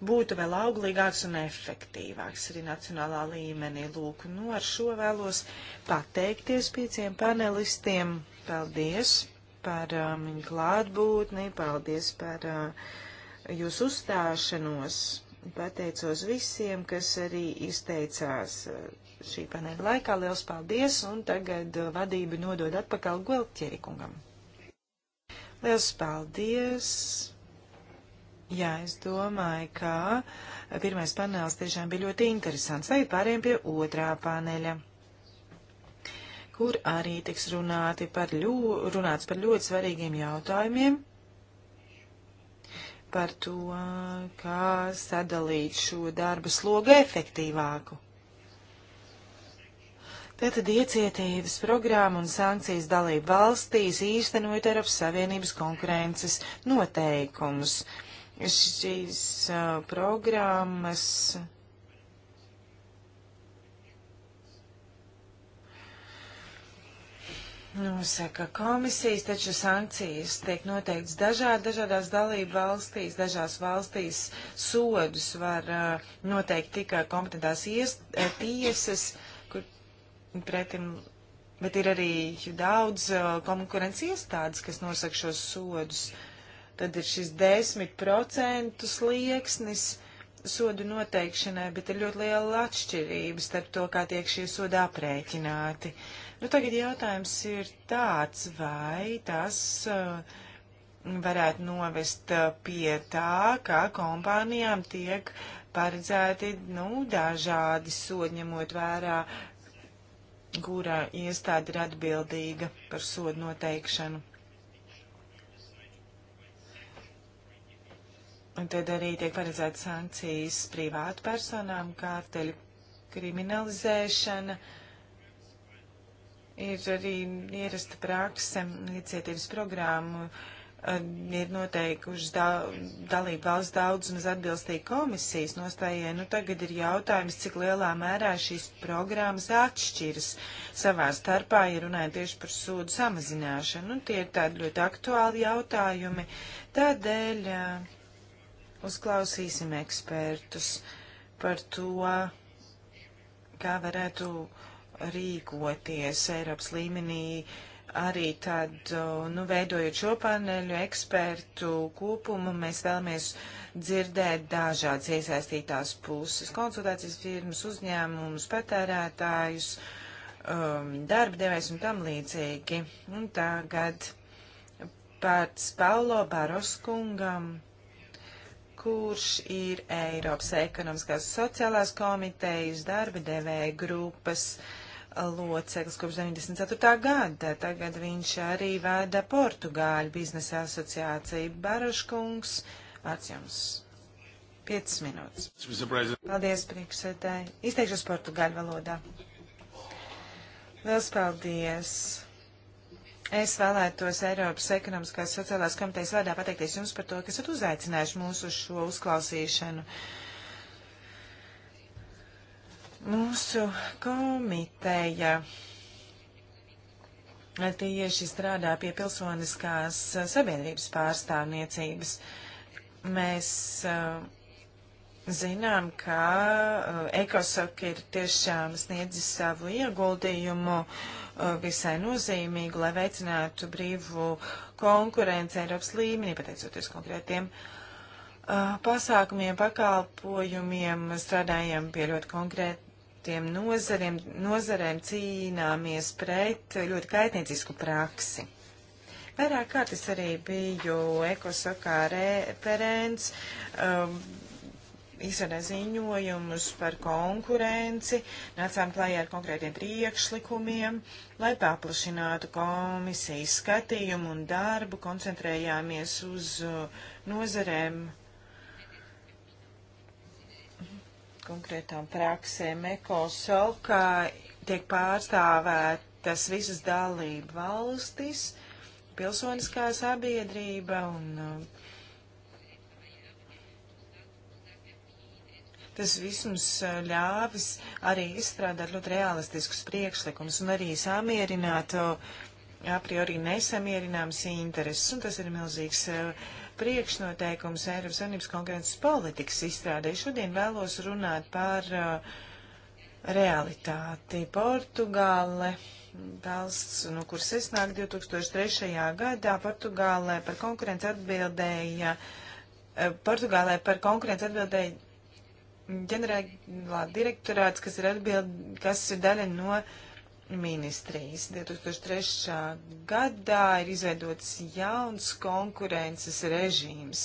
būtu vēl auglīgāks un efektīvāks arī nacionālā līmenī. Lūk, nu ar šo vēlos pateikties pieciem panelistiem. Paldies par um, viņu klātbūtni, paldies par uh, jūsu uzstāšanos. Pateicos visiem, kas arī izteicās uh, šī paneļa laikā. Liels paldies, un tagad uh, vadību nodod atpakaļ Gueltjeri kungam. Liels paldies! Jā, es domāju, ka pirmais panels tiešām bija ļoti interesants. Tagad pārējiem pie otrā paneļa, kur arī tiks runāti par ļo, runāts par ļoti svarīgiem jautājumiem, par to, kā sadalīt šo darba slogu efektīvāku. Tātad iecietības programma un sankcijas dalība valstīs īstenojot Eiropas Savienības konkurences noteikumus. Uh, šīs uh, programmas. Nosaka komisijas, taču sankcijas tiek noteikts dažādi, dažādās dalību valstīs, dažās valstīs sodus var uh, noteikt tikai kompetentās iest, uh, tiesas, kur pretim, bet ir arī daudz uh, konkurences iestādes, kas nosaka šos sodus. Uh, Tad ir šis 10% slieksnis sodu noteikšanai, bet ir ļoti liela atšķirība starp to, kā tiek šie sodi aprēķināti. Nu, tagad jautājums ir tāds, vai tas uh, varētu novest uh, pie tā, ka kompānijām tiek paredzēti nu, dažādi sodi, ņemot vērā, kurā iestāde ir atbildīga par sodu noteikšanu. Un tad arī tiek paredzētas sankcijas privātu personām, kārteļu kriminalizēšana. Ir arī ierasta prakse, iniciatīvas programma ir noteikuši da dalību valsts daudzums atbilstīgi komisijas nostājai. Nu, tagad ir jautājums, cik lielā mērā šīs programmas atšķiras savā starpā, ja runājam tieši par sūdu samazināšanu. Nu, tie ir tādi ļoti aktuāli jautājumi. Tādēļ. Uh, uzklausīsim ekspertus par to, kā varētu rīkoties Eiropas līmenī, arī tad, nu, veidojot šo paneļu ekspertu kopumu, mēs vēlamies dzirdēt dažādas iesaistītās puses - konsultācijas firmas, uzņēmumus, patērētājus, um, darba devējs un tam līdzīgi. Un tagad pats Paulo Baroskungam kurš ir Eiropas ekonomiskās sociālās komitejas darba devēja grupas loceklis kopš 94. gada. Tagad viņš arī vada Portugāļu biznesa asociāciju Baraškungs. Vārds jums. 5 minūtes. Paldies, priekšsēdētāji. Izteikšos portugāļu valodā. Liels paldies Es vēlētos Eiropas ekonomiskās sociālās komitejas vārdā pateikties jums par to, ka esat uzaicinājuši mūs uz šo uzklausīšanu. Mūsu komiteja tieši strādā pie pilsoniskās sabiedrības pārstāvniecības. Mēs uh, zinām, ka uh, ECOSOC ir tiešām sniedzis savu ieguldījumu uh, Uh, visai nozīmīgu, lai veicinātu brīvu konkurenci Eiropas līmenī, pateicoties konkrētiem uh, pasākumiem, pakalpojumiem, strādājam pie ļoti konkrētiem nozariem, nozarēm cīnāmies pret ļoti kaitniecisku praksi. Vairāk kārt es arī biju ekosokā referents. Um, izvada ziņojumus par konkurenci, nācām klājā ar konkrētiem priekšlikumiem, lai paplašinātu komisijas skatījumu un darbu, koncentrējāmies uz uh, nozarēm konkrētām praksēm. Ekosoka tiek pārstāvētas visas dalību valstis, pilsoniskā sabiedrība un uh, Tas visums ļāvis arī izstrādāt ļoti realistiskus priekšlikumus un arī samierināt a priori nesamierināmas intereses, un tas ir milzīgs priekšnoteikums Eiropas Savienības konkurences politikas izstrādē. Šodien vēlos runāt par uh, realitāti. Portugāle, valsts, no kuras es nāku 2003. gadā, Portugālē par konkurenci atbildēja. Portugālē par konkurenci atbildēja ģenerālā direktorāts, kas ir atbild, kas ir daļa no ministrijas. 2003. gadā ir izveidots jauns konkurences režīms.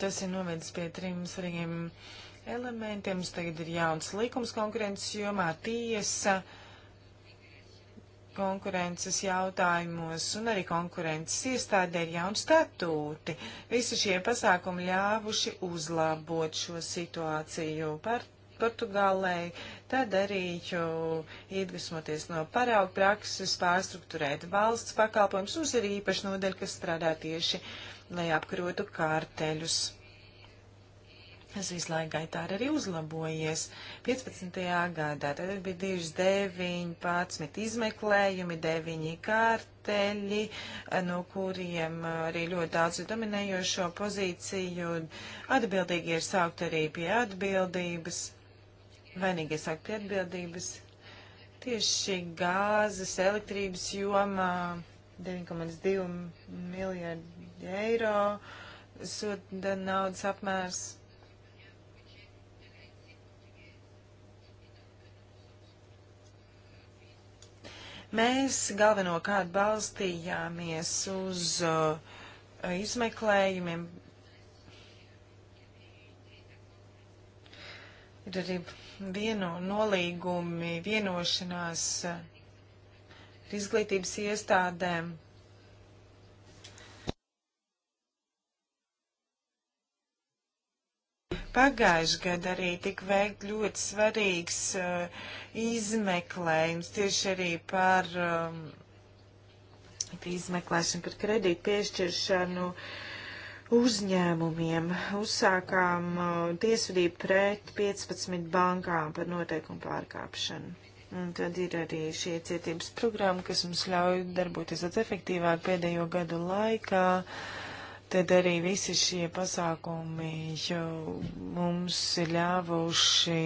Tas ir novedis pie trim svarīgiem elementiem. Mums tagad ir jauns likums konkurences jomā, tiesa. Uh, konkurences jautājumos un arī konkurences iestādē ir jauni statūti. Visi šie pasākumi ļāvuši uzlabot šo situāciju par Portugālei, tad arī iedvesmoties no paraugu prakses, pārstruktūrēt valsts pakalpojumus. Mums ir īpaši nodeļa, kas strādā tieši, lai apkarotu kārteļus. Tas visu laiku gaitā arī uzlabojies. 15. gadā tad bija 219 izmeklējumi, 9 kārteļi, eh, no kuriem eh, arī ļoti daudz dominējošo pozīciju. Atbildīgi ir saukt arī pie atbildības, vainīgi ir saukt pie atbildības. Tieši gāzes, elektrības jomā 9,2 miljardi eiro soda naudas apmērs. Mēs galvenokārt balstījāmies uz uh, izmeklējumiem. Ir arī vieno nolīgumi, vienošanās uh, ar izglītības iestādēm Pagājuši gadu arī tika veikt ļoti svarīgs uh, izmeklējums tieši arī par um, izmeklēšanu par kredītu piešķiršanu uzņēmumiem. Uzsākām uh, tiesvedību pret 15 bankām par noteikumu pārkāpšanu. Un tad ir arī šie cietības programma, kas mums ļauj darboties efektīvāk pēdējo gadu laikā. Uh, tad arī visi šie pasākumi jau mums ir ļāvuši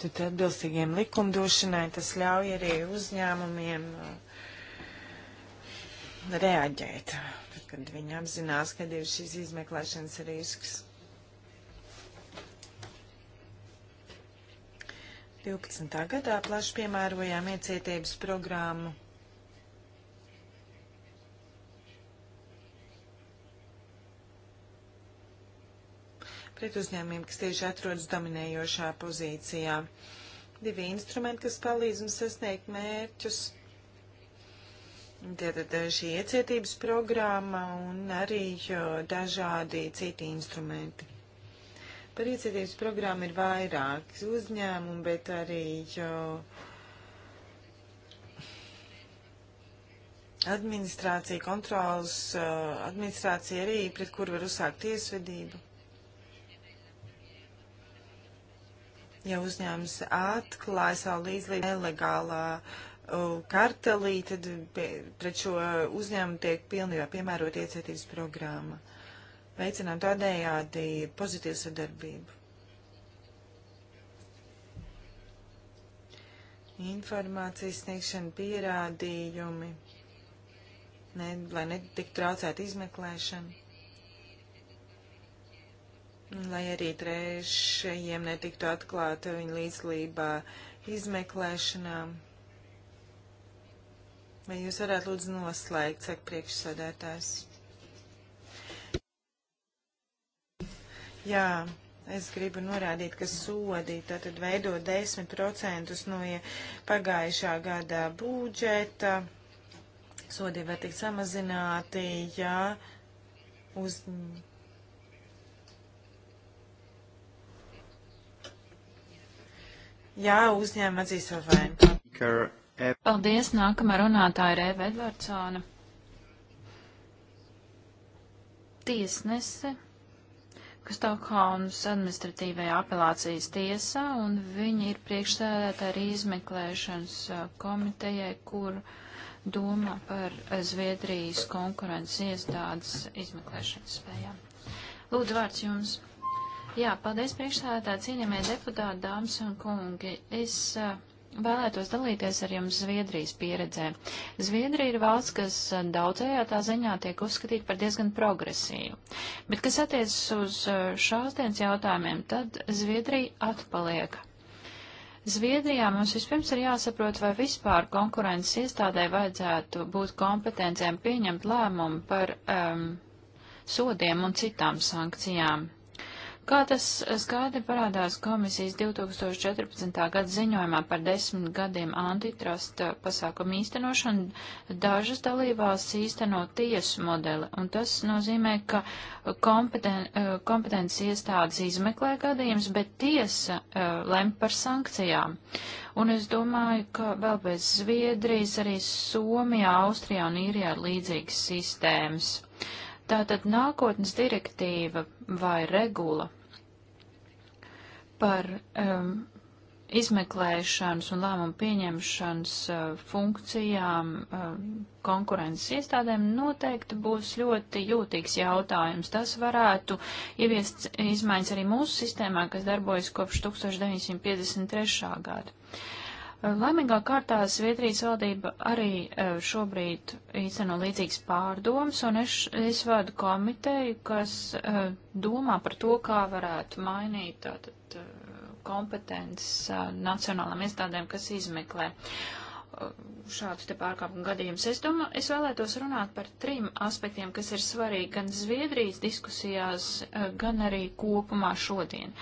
tad atbilstīgiem likumdošanai, tas ļauj arī uzņēmumiem uh, reaģēt, tad, kad viņi apzinās, kad ir šis izmeklēšanas risks. 12. gadā plaši piemērojām iecietības programmu. pret uzņēmumiem, kas tieši atrodas dominējošā pozīcijā. Divi instrumenti, kas palīdz mums sasniegt mērķus. Tātad eh, šī iecietības programma un arī eh, dažādi citi instrumenti. Par iecietības programmu ir vairākas uzņēmumi, bet arī jau administrācija, kontrolas administrācija arī, pret kur var uzsākt tiesvedību. Ja uzņēmums atklāja savu līdzlību nelegālā kartelī, tad pret šo uzņēmumu tiek pilnībā piemērot iecietības programma veicinām tādējādi pozitīvu sadarbību. Informācijas sniegšana, pierādījumi, ne, lai netiktu traucēt izmeklēšanu, lai arī trešajiem netiktu atklāta viņa līdzlībā izmeklēšanām. Vai jūs varētu lūdzu noslēgt, saka priekšsādētājs? Jā, es gribu norādīt, ka sodi tātad veido 10% no pagājušā gada budžeta. Sodi var tikt samazināti, ja uz. Jā, uzņēma atzīs savu vainu. Paldies, nākamā runātāja ir Eva Edvardsona. Tiesnese Stokholmas administratīvajā apelācijas tiesā, un viņi ir priekšsēdētāji arī izmeklēšanas uh, komitejai, kur domā par uh, Zviedrijas konkurences iestādes izmeklēšanas spējām. Lūdzu, vārds jums. Jā, paldies priekšsēdētāji, cienījamie deputāti, dāmas un kungi. Es uh, Vēlētos dalīties ar jums Zviedrijas pieredzē. Zviedrija ir valsts, kas daudzējā tā ziņā tiek uzskatīta par diezgan progresīvu. Bet, kas attiecas uz uh, šās dienas jautājumiem, tad Zviedrija atpaliek. Zviedrijā mums vispirms ir jāsaprot, vai vispār konkurences iestādē vajadzētu būt kompetencijām pieņemt lēmumu par um, sodiem un citām sankcijām. Kā tas eh, skaidri parādās komisijas 2014. gada ziņojumā par desmit gadiem antitrusta eh, pasākumu īstenošanu, dažas dalībās īsteno tiesu modeli, un tas nozīmē, ka kompeten, eh, kompetences iestādes izmeklē gadījumus, bet tiesa lem par sankcijām. Un es domāju, ka vēl bez Zviedrijas arī Somijā, Austrijā un Īrijā ir līdzīgas sistēmas. Tātad nākotnes direktīva vai regula par um, izmeklēšanas un lēmumu pieņemšanas uh, funkcijām uh, konkurences iestādēm noteikti būs ļoti jūtīgs jautājums. Tas varētu ieviest izmaiņas arī mūsu sistēmā, kas darbojas kopš 1953. gada. Laimīgā kārtā Zviedrijas valdība arī e, šobrīd īsteno līdzīgas pārdomas, un es, es vadu komiteju, kas e, domā par to, kā varētu mainīt tātad e, kompetences nacionālām iestādēm, kas izmeklē šādus te pārkāpumu gadījumus. Es domāju, es vēlētos runāt par trim aspektiem, kas ir svarīgi gan Zviedrijas diskusijās, gan arī kopumā šodien.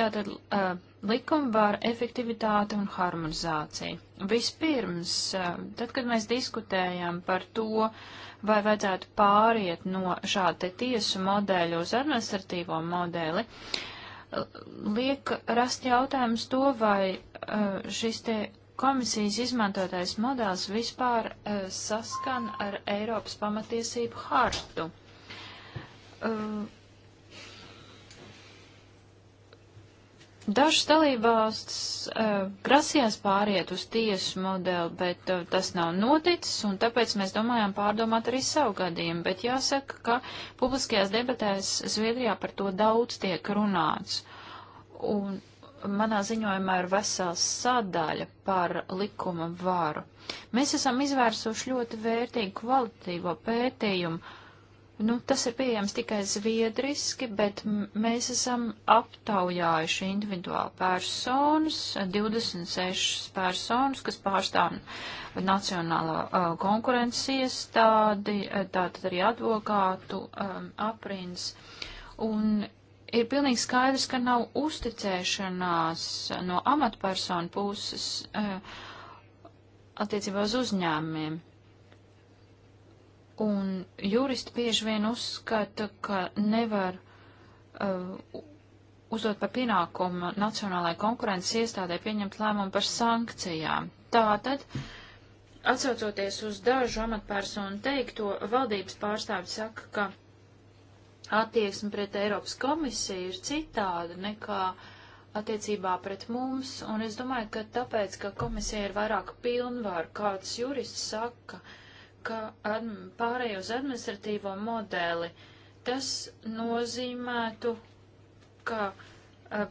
Tātad uh, likumvāra efektivitāte un harmonizācija. Vispirms, eh, tad, kad mēs diskutējam par to, vai vajadzētu pāriet no šāda tiesu modeļa uz administratīvo modeli, liek rast jautājums to, vai eh, šis te komisijas izmantotais modelis vispār eh, saskan ar Eiropas pamatiesību hartu. Uh, Dažas dalībvalstis uh, grasījās pāriet uz tiesu modeli, bet uh, tas nav noticis, un tāpēc mēs domājām pārdomāt arī savu gadījumu. Bet jāsaka, ka publiskajās debatēs Zviedrijā par to daudz tiek runāts. Un manā ziņojumā ir vesels sadaļa par likuma varu. Mēs esam izvērsuši ļoti vērtīgu kvalitīvo pētījumu Nu, tas ir pieejams tikai zviedriski, bet mēs esam aptaujājuši individuāli personas, 26 personas, kas pārstāv Nacionālo uh, konkurences iestādi, uh, tātad arī advokātu um, aprins. Un ir pilnīgi skaidrs, ka nav uzticēšanās no amatpersonu puses uh, attiecībā uz uzņēmumiem. Un juristi bieži vien uzskata, ka nevar uh, uzdot par pienākumu Nacionālajai konkurences iestādē pieņemt lēmumu par sankcijām. Tātad, atsaucoties uz dažu amatpersonu teikto, valdības pārstāvis saka, ka attieksme pret Eiropas komisiju ir citāda nekā attiecībā pret mums, un es domāju, ka tāpēc, ka komisija ir vairāk pilnvaru, kāds jurists saka, uh, ka pārēj uz administratīvo modeli, tas nozīmētu, ka a,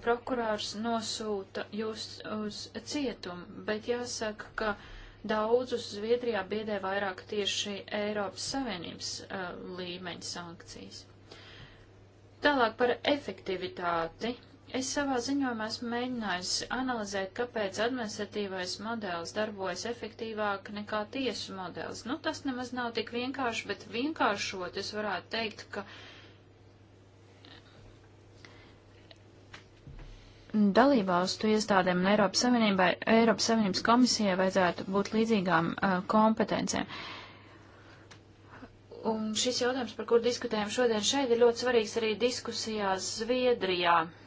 prokurārs nosūta jūs uz cietumu, bet jāsaka, ka daudzus Zviedrijā biedē vairāk tieši Eiropas Savienības a, līmeņa sankcijas. Tālāk par efektivitāti. Es savā ziņojumā esmu mēģinājis analizēt, kāpēc administratīvais modelis darbojas efektīvāk nekā tiesu modelis. Nu, tas nemaz nav tik vienkārši, bet vienkāršot es varētu teikt, ka dalībvalstu iestādēm un Eiropas Savienībai, Eiropas Savienības komisijai vajadzētu būt līdzīgām uh, kompetencēm. Un šis jautājums, par kur diskutējam šodien šeit, ir ļoti svarīgs arī diskusijās Zviedrijā. Uh,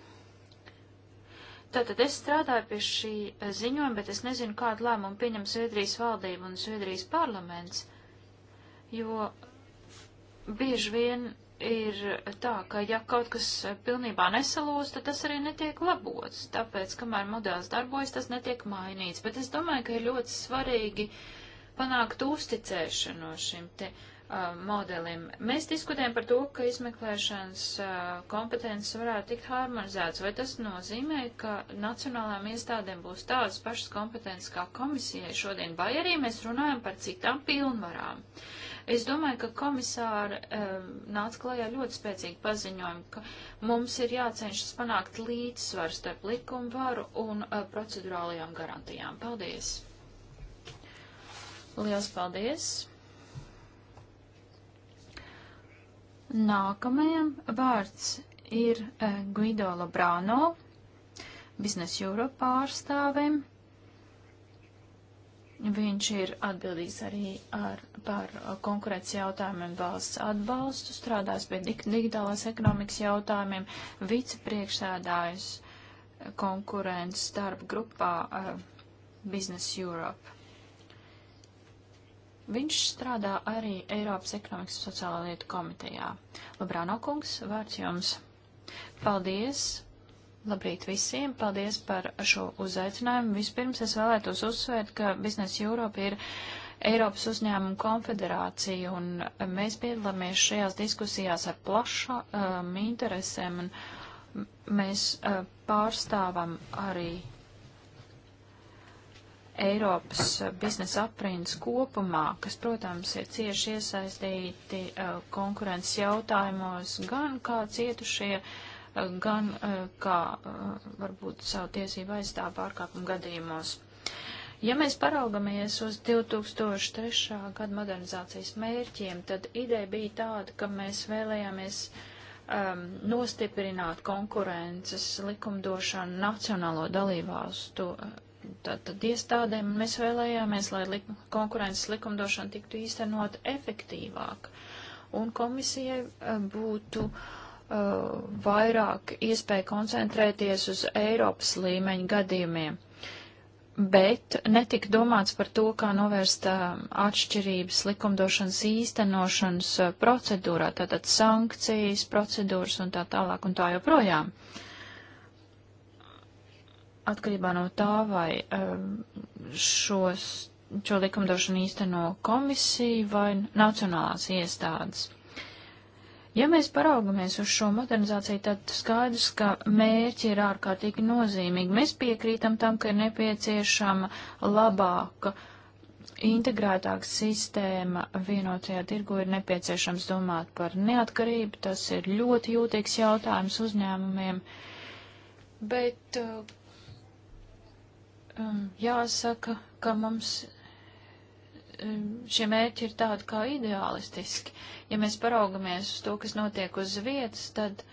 Tātad es strādāju pie šī eh, ziņojuma, bet es nezinu, kādu lēmumu pieņem Zviedrijas valdība un Zviedrijas parlaments, jo bieži vien ir tā, ka ja kaut kas eh, pilnībā nesalūst, tad tas arī netiek labots, tāpēc, kamēr modelis darbojas, tas netiek mainīts. Bet es domāju, ka ir ļoti svarīgi panākt uzticēšanos no šim te uh, uh, modelim. Mēs diskutējam par to, ka izmeklēšanas uh, kompetences varētu tikt harmonizētas. Vai tas nozīmē, ka nacionālām iestādēm būs tādas pašas kompetences kā komisijai šodien, vai arī mēs runājam par citām pilnvarām? Es domāju, ka komisāra um, nāca klajā ļoti spēcīgi paziņojumi, ka mums ir jācenšas panākt līdzsvaru starp likumu varu un uh, procedurālajām garantijām. Paldies! Lielas paldies! Nākamajam vārds ir e, Guido Labrano, biznesa jūra pārstāvim. Viņš ir atbildīgs arī ar, par konkurences jautājumiem valsts atbalstu, strādājis pie digitālās ekonomikas jautājumiem, vicepriekšsēdājs konkurences darba grupā uh, Business Europe. Viņš strādā arī Eiropas ekonomikas un sociālā lietu komitejā. Labrāno kungs, vārds jums. Paldies! Labrīt visiem! Paldies par šo uzaicinājumu. Vispirms es vēlētos uzsvērt, ka Biznes Europa ir Eiropas uzņēmumu konfederācija, un mēs piedalāmies šajās diskusijās ar plašām um, interesēm, un mēs uh, pārstāvam arī Eiropas eh, biznesa aprindas kopumā, kas, protams, ir cieši iesaistīti uh, konkurences jautājumos, gan kā cietušie, uh, gan uh, kā varbūt savu tiesību aizstāv pārkāpumu gadījumos. Ja mēs paraugamies uz 2003. gada modernizācijas mērķiem, tad ideja bija tāda, ka mēs vēlējāmies um, nostiprināt konkurences likumdošanu nacionālo dalībvalstu uh, tātad iestādēm, un mēs vēlējāmies, lai lik konkurences likumdošana tiktu īstenot efektīvāk, un komisijai e, būtu uh, vairāk iespēja koncentrēties uz Eiropas līmeņa gadījumiem. Bet netika domāts par to, kā novērst uh, atšķirības likumdošanas īstenošanas procedūrā, tātad sankcijas, procedūras un tā tālāk un tā joprojām. Uh, atkarībā no tā, vai um, šos, šo likumdošanu īsteno komisija vai nacionālās iestādes. Ja mēs paraugamies uz šo modernizāciju, tad skaidrs, ka mērķi ir ārkārtīgi nozīmīgi. Mēs piekrītam tam, ka ir nepieciešama labāka, integrētāka sistēma vienotajā tirgu, ir nepieciešams domāt par neatkarību, tas ir ļoti jūtīgs jautājums uzņēmumiem. Bet uh, Um, jāsaka, ka mums um, šie mērķi ir tādi kā ideālistiski. Ja mēs paraugamies uz to, kas notiek uz vietas, tad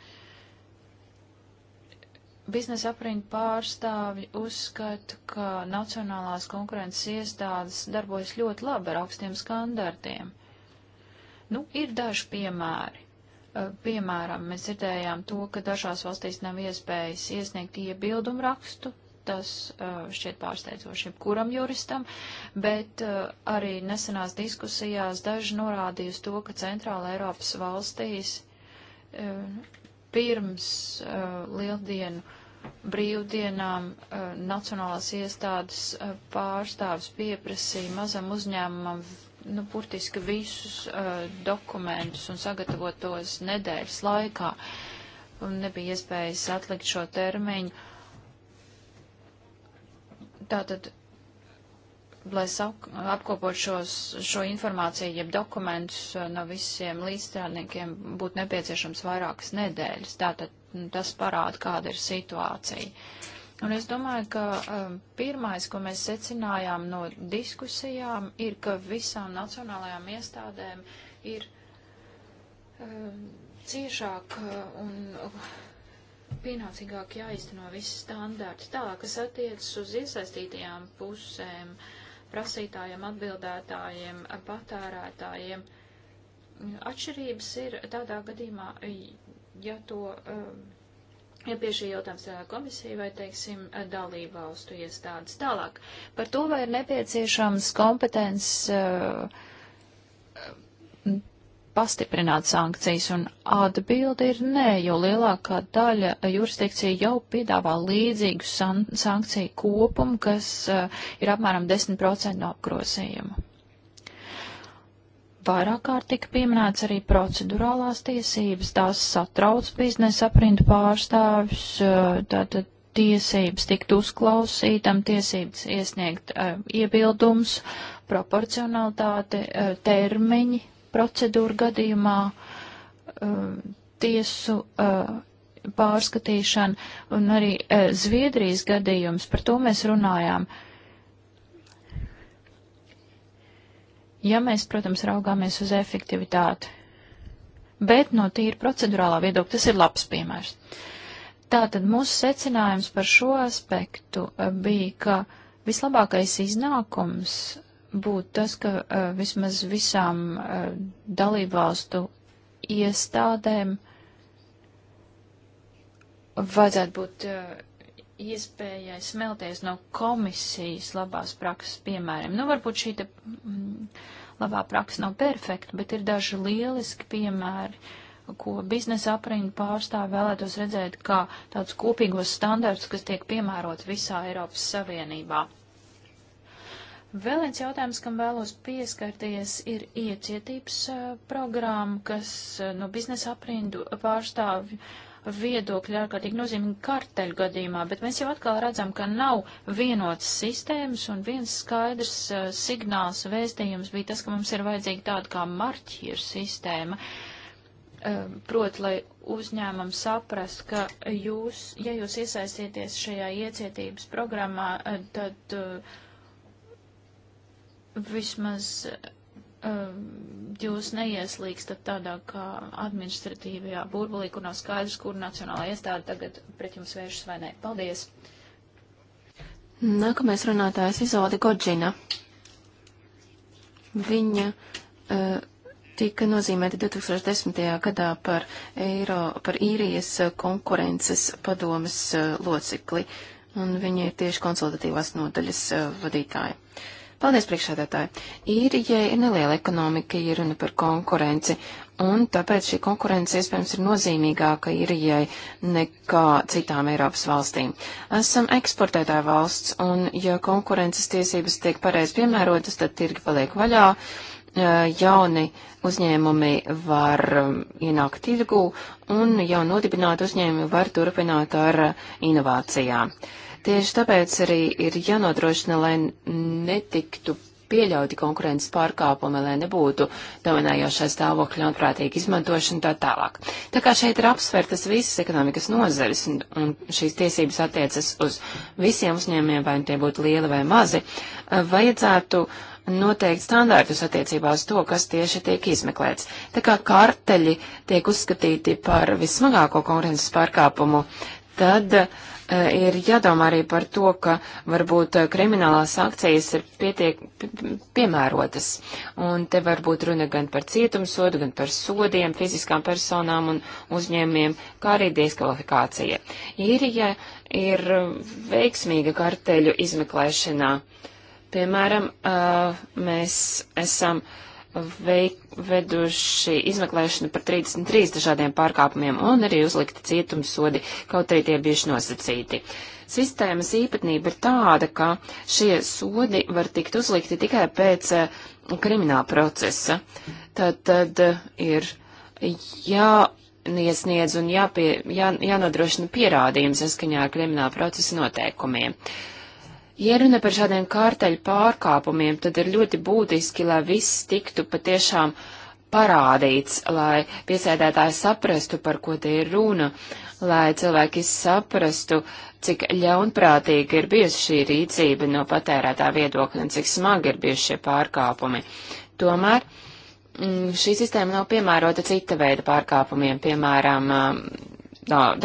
biznesa apriņu pārstāvji uzskata, ka nacionālās konkurences iestādes darbojas ļoti labi ar augstiem standartiem. Nu, ir daži piemēri. Uh, piemēram, mēs dzirdējām to, ka dažās valstīs nav iespējas iesniegt iebildumu rakstu tas šķiet pārsteidzoši jebkuram juristam, bet arī nesenās diskusijās daži norādīja uz to, ka Centrāla Eiropas valstīs pirms lieldienu brīvdienām nacionālās iestādes pārstāvis pieprasīja mazam uzņēmumam nu, burtiski visus uh, dokumentus un sagatavotos nedēļas laikā. Un nebija iespējas atlikt šo termiņu. Tātad, lai sak, apkopot šos, šo informāciju, jeb dokumentus eh, no visiem līdzstrādniekiem, būtu nepieciešams vairākas nedēļas. Tātad mm, tas parāda, kāda ir situācija. Un es domāju, ka um, pirmais, ko mēs secinājām no diskusijām, ir, ka visām nacionālajām iestādēm ir um, ciešāk un. Uh, pienācīgāk jāizteno visi standarti. Tālāk, kas attiecas uz iesaistītajām pusēm, prasītājiem, atbildētājiem, patērētājiem, atšķirības ir tādā gadījumā, ja to, eh, ja pie šī jautājums tādā komisija vai, teiksim, dalība valstu iestādes. Tālāk, par to, vai ir nepieciešams kompetences eh, pastiprināt sankcijas, un atbildi ir nē, jo lielākā daļa jurisdikcija jau piedāvā līdzīgu san sankciju kopumu, kas uh, ir apmēram 10% no apgrozījuma. Vairāk kārt tika pieminēts arī procedurālās tiesības, tās satrauc biznesa aprindu pārstāvis, uh, eh, tātad tiesības tikt uzklausītam, tiesības iesniegt uh, iebildums, proporcionalitāte, termiņi, procedūru gadījumā uh, tiesu uh, pārskatīšana un arī uh, Zviedrijas gadījums, par to mēs runājām. Ja mēs, protams, raugāmies uz efektivitāti, bet no tīra procedurālā viedokļa tas ir labs piemērs. Tātad mūsu secinājums par šo aspektu bija, ka vislabākais iznākums būtu tas, ka uh, vismaz visām uh, dalībvalstu iestādēm vajadzētu būt uh, iespējai smelties no komisijas labās prakses piemēriem. Nu, varbūt šī te, mm, labā praksa nav perfekta, bet ir daži lieliski piemēri, ko biznesa apriņu pārstāvi vēlētos redzēt kā tāds kopīgos standarts, kas tiek piemērot visā Eiropas Savienībā. Vēl viens jautājums, kam vēlos pieskarties, ir iecietības uh, programma, kas uh, no biznesa aprindu pārstāvju viedokļi ārkārtīgi nozīmīgi karteļu gadījumā, bet mēs jau atkal redzam, ka nav vienotas sistēmas un viens skaidrs uh, signāls vēstījums bija tas, ka mums ir vajadzīga tāda kā marķieru sistēma. Uh, Proti, lai uzņēmums saprast, ka jūs, ja jūs iesaistieties šajā iecietības programmā, uh, tad uh, vismaz eh, jūs neieslīkstat tādā kā administratīvajā burbulī, kur nav skaidrs, kur nacionālā iestāde tagad pret jums vēršas vai nē. Paldies! Nākamais runātājs Izolde Godžina. Viņa uh, tika nozīmēta 2010. gadā par, Eiro, par īrijas konkurences padomas uh, eh, locekli, un viņa ir tieši konsultatīvās nodaļas uh, vadītāja. Uh, Paldies, priekšsēdētāji. Īrijai ir neliela ekonomika, ja runa par konkurenci, un tāpēc šī konkurence iespējams ir nozīmīgāka Irijai nekā citām Eiropas valstīm. Esam eksportētāja valsts, un ja konkurences tiesības tiek pareizi piemērotas, tad tirgi paliek vaļā, e, jauni uzņēmumi var um, ienākt tirgu, un jau nodibināti uzņēmumi var turpināt ar uh, inovācijām. Uh, Tieši tāpēc arī ir jānodrošina, lai netiktu pieļauti konkurences pārkāpumi, lai nebūtu dominējošā stāvokļa un prātīga izmantošana tā tālāk. Tā kā šeit ir apsvērtas visas ekonomikas nozares un, un šīs tiesības attiecas uz visiem uzņēmiem, vai nu tie būtu lieli vai mazi, eh, vajadzētu noteikt standārtus attiecībā uz to, kas tieši tiek izmeklēts. Tā kā karteļi tiek uzskatīti par vismagāko konkurences pārkāpumu, tad uh, Eh, ir jādomā arī par to, ka varbūt eh, kriminālās akcijas ir pietiek, piemērotas. Un te varbūt runa gan par cietumsodu, gan par sodiem, fiziskām personām un uzņēmiem, kā arī diskvalifikācija. Īrija ir veiksmīga karteļu izmeklēšanā. Piemēram, eh, mēs esam veik, veduši izmeklēšanu par 33 dažādiem pārkāpumiem un arī uzlikti cietumsodi, kaut arī tie bijuši nosacīti. Sistēmas īpatnība ir tāda, ka šie sodi var tikt uzlikti tikai pēc eh, krimināla procesa. Tad, tad eh, ir jāiesniedz un jāpie, jā, jānodrošina pierādījums saskaņā ar krimināla procesa noteikumiem. Uh, Ja runa par šādiem kārteļu pārkāpumiem, tad ir ļoti būtiski, lai viss tiktu patiešām parādīts, lai piesēdētāji saprastu, par ko te ir runa, lai cilvēki saprastu, cik ļaunprātīgi ir bijusi šī rīcība no patērētā viedokļa un cik smagi ir bijuši šie pārkāpumi. Tomēr mm, šī sistēma nav piemērota cita veida pārkāpumiem, piemēram,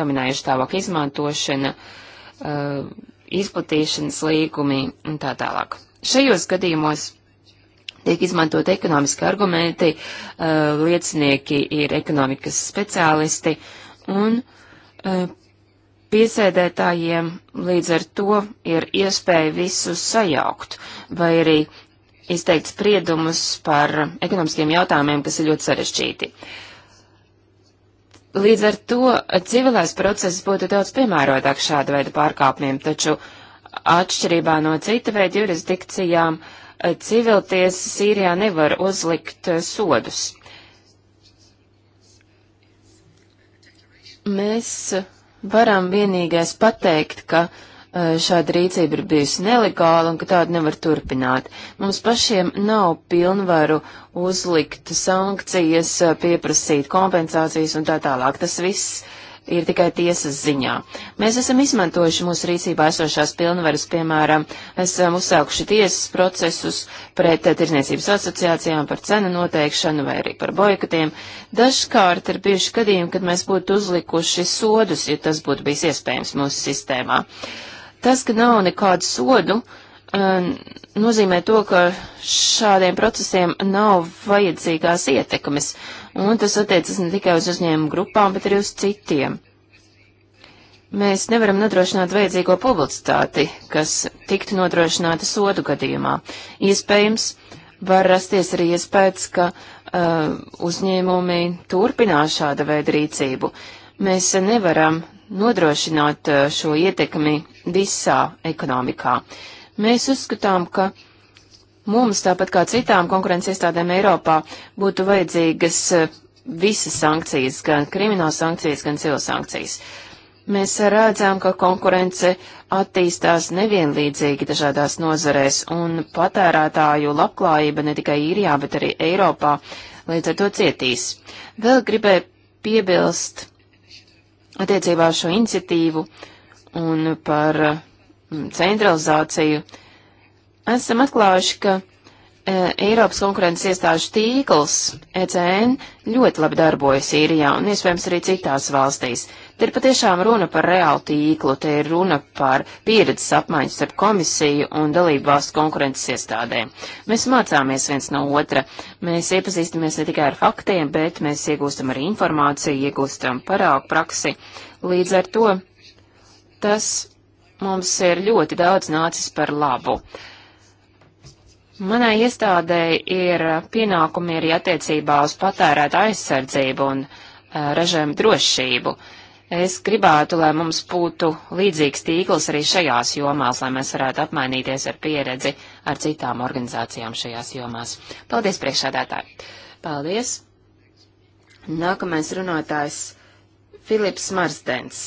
dominējuši stāvokļa izmantošana, izplatīšanas līgumi un tā tālāk. Šajos gadījumos tiek izmantot ekonomiski argumenti, uh, liecinieki ir ekonomikas speciālisti, un uh, piesēdētājiem līdz ar to ir iespēja visus sajaukt, vai arī izteikt spriedumus par ekonomiskiem jautājumiem, kas ir ļoti sarežģīti. Uh, Līdz ar to civilais process būtu daudz piemērotāk šāda veida pārkāpumiem, taču atšķirībā no cita veida jurisdikcijām civiltiesa Sīrijā nevar uzlikt eh, sodus. Mēs varam vienīgais pateikt, ka uh, Eh, šāda rīcība ir bijusi nelegāla un ka tāda nevar turpināt. Mums pašiem nav pilnvaru uzlikt sankcijas, eh, pieprasīt kompensācijas un tā tālāk. Tas viss ir tikai tiesas ziņā. Mēs esam izmantojuši mūsu rīcībā esošās pilnvaras, piemēram, esam uzsākuši tiesas procesus pret eh, tirzniecības asociācijām par cenu noteikšanu vai arī par boikotiem. Dažkārt ir bijuši gadījumi, kad mēs būtu uzlikuši sodus, ja tas būtu bijis iespējams mūsu sistēmā. Uh, Tas, ka nav nekādu sodu, uh, nozīmē to, ka šādiem procesiem nav vajadzīgās ietekmes, un tas attiecas ne tikai uz uzņēmumu grupām, bet arī uz citiem. Mēs nevaram nodrošināt vajadzīgo publicitāti, kas tiktu nodrošināta sodu gadījumā. Iespējams, var rasties arī iespējas, ka uh, uzņēmumi turpinās šāda veida rīcību. Mēs nevaram nodrošināt eh, šo ietekmi visā ekonomikā. Mēs uzskatām, ka mums, tāpat kā citām konkurences iestādēm Eiropā, būtu vajadzīgas eh, visas sankcijas, gan krimināla sankcijas, gan civil sankcijas. Mēs redzam, ka konkurence attīstās nevienlīdzīgi dažādās nozarēs, un patērētāju labklājība ne tikai īrijā, bet arī Eiropā līdz ar to cietīs. Vēl gribēju piebilst attiecībā uz šo iniciatīvu un par mm, centralizāciju, esam atklājuši, ka E, Eiropas konkurences iestāžu tīkls ECN ļoti labi darbojas īrijā un iespējams arī citās valstīs. Te ir patiešām runa par reālu tīklu, te ir runa par pieredzes apmaiņu starp komisiju un dalību valstu konkurences iestādēm. Mēs mācāmies viens no otra, mēs iepazīstamies ne tikai ar faktiem, bet mēs iegūstam arī informāciju, iegūstam parāku praksi. Līdz ar to tas mums ir ļoti daudz nācis par labu. Uh, Manai iestādēji ir uh, pienākumi arī attiecībā uz patērēta aizsardzību un uh, ražojumu drošību. Es gribētu, lai mums būtu līdzīgs tīkls arī šajās jomās, lai mēs varētu apmainīties ar pieredzi ar citām organizācijām šajās jomās. Paldies, priekšādātāji! Paldies! Nākamais runātājs Filips Marsdens.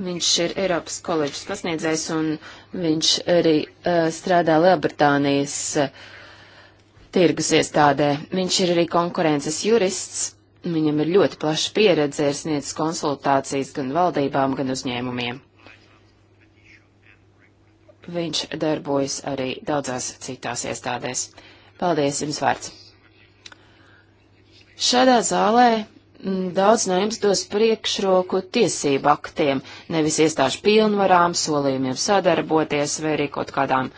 Viņš ir Eiropas koledžas pasniedzējs un uh, Viņš arī uh, strādā Lielbritānijas uh, tirgus iestādē. Viņš ir arī konkurences jurists. Viņam ir ļoti plaša pieredze, ir sniedzis konsultācijas gan valdībām, gan uzņēmumiem. Viņš darbojas arī daudzās citās iestādēs. Paldies jums vārds! Šādā zālē Mm, daudz no jums dos priekšroku tiesību aktiem, nevis iestāžu pilnvarām, solījumiem sadarboties vai arī kaut, kādām,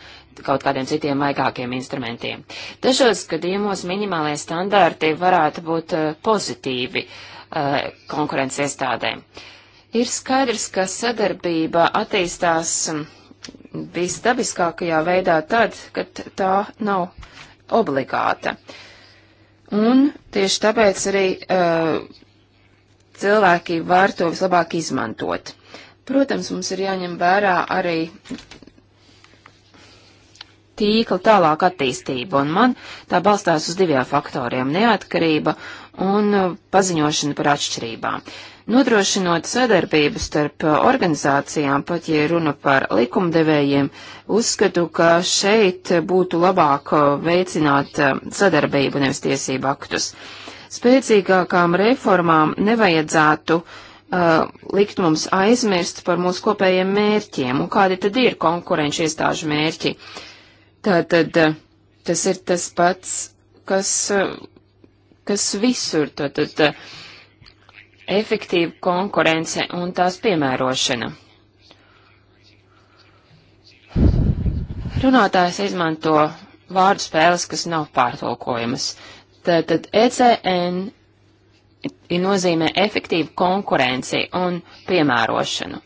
kaut kādiem citiem maigākiem instrumentiem. Dažos gadījumos minimālie standarti varētu būt eh, pozitīvi uh, konkurences iestādēm. Ir skaidrs, ka sadarbība attīstās mm, visdabiskākajā veidā tad, kad tā nav obligāta. Uh, Un tieši tāpēc arī uh, cilvēki var to vislabāk izmantot. Protams, mums ir jāņem vērā arī tīkla tālāk attīstība, un man tā balstās uz diviem faktoriem - neatkarība un uh, paziņošana par atšķirībām. Uh, Nodrošinot sadarbību starp uh, organizācijām, pat ja runa par likumdevējiem, uzskatu, ka šeit būtu labāk uh, veicināt uh, sadarbību, nevis tiesību aktus. Spēcīgākām reformām nevajadzētu Uh, likt mums aizmirst par mūsu kopējiem mērķiem un kādi tad ir konkurenci iestāžu mērķi. Tātad tas ir tas pats, kas, kas visur. Tātad efektīva konkurence un tās piemērošana. Runātājs izmanto vārdu spēles, kas nav pārtulkojamas. Tātad ECN nozīmē efektīvu konkurenci un piemērošanu.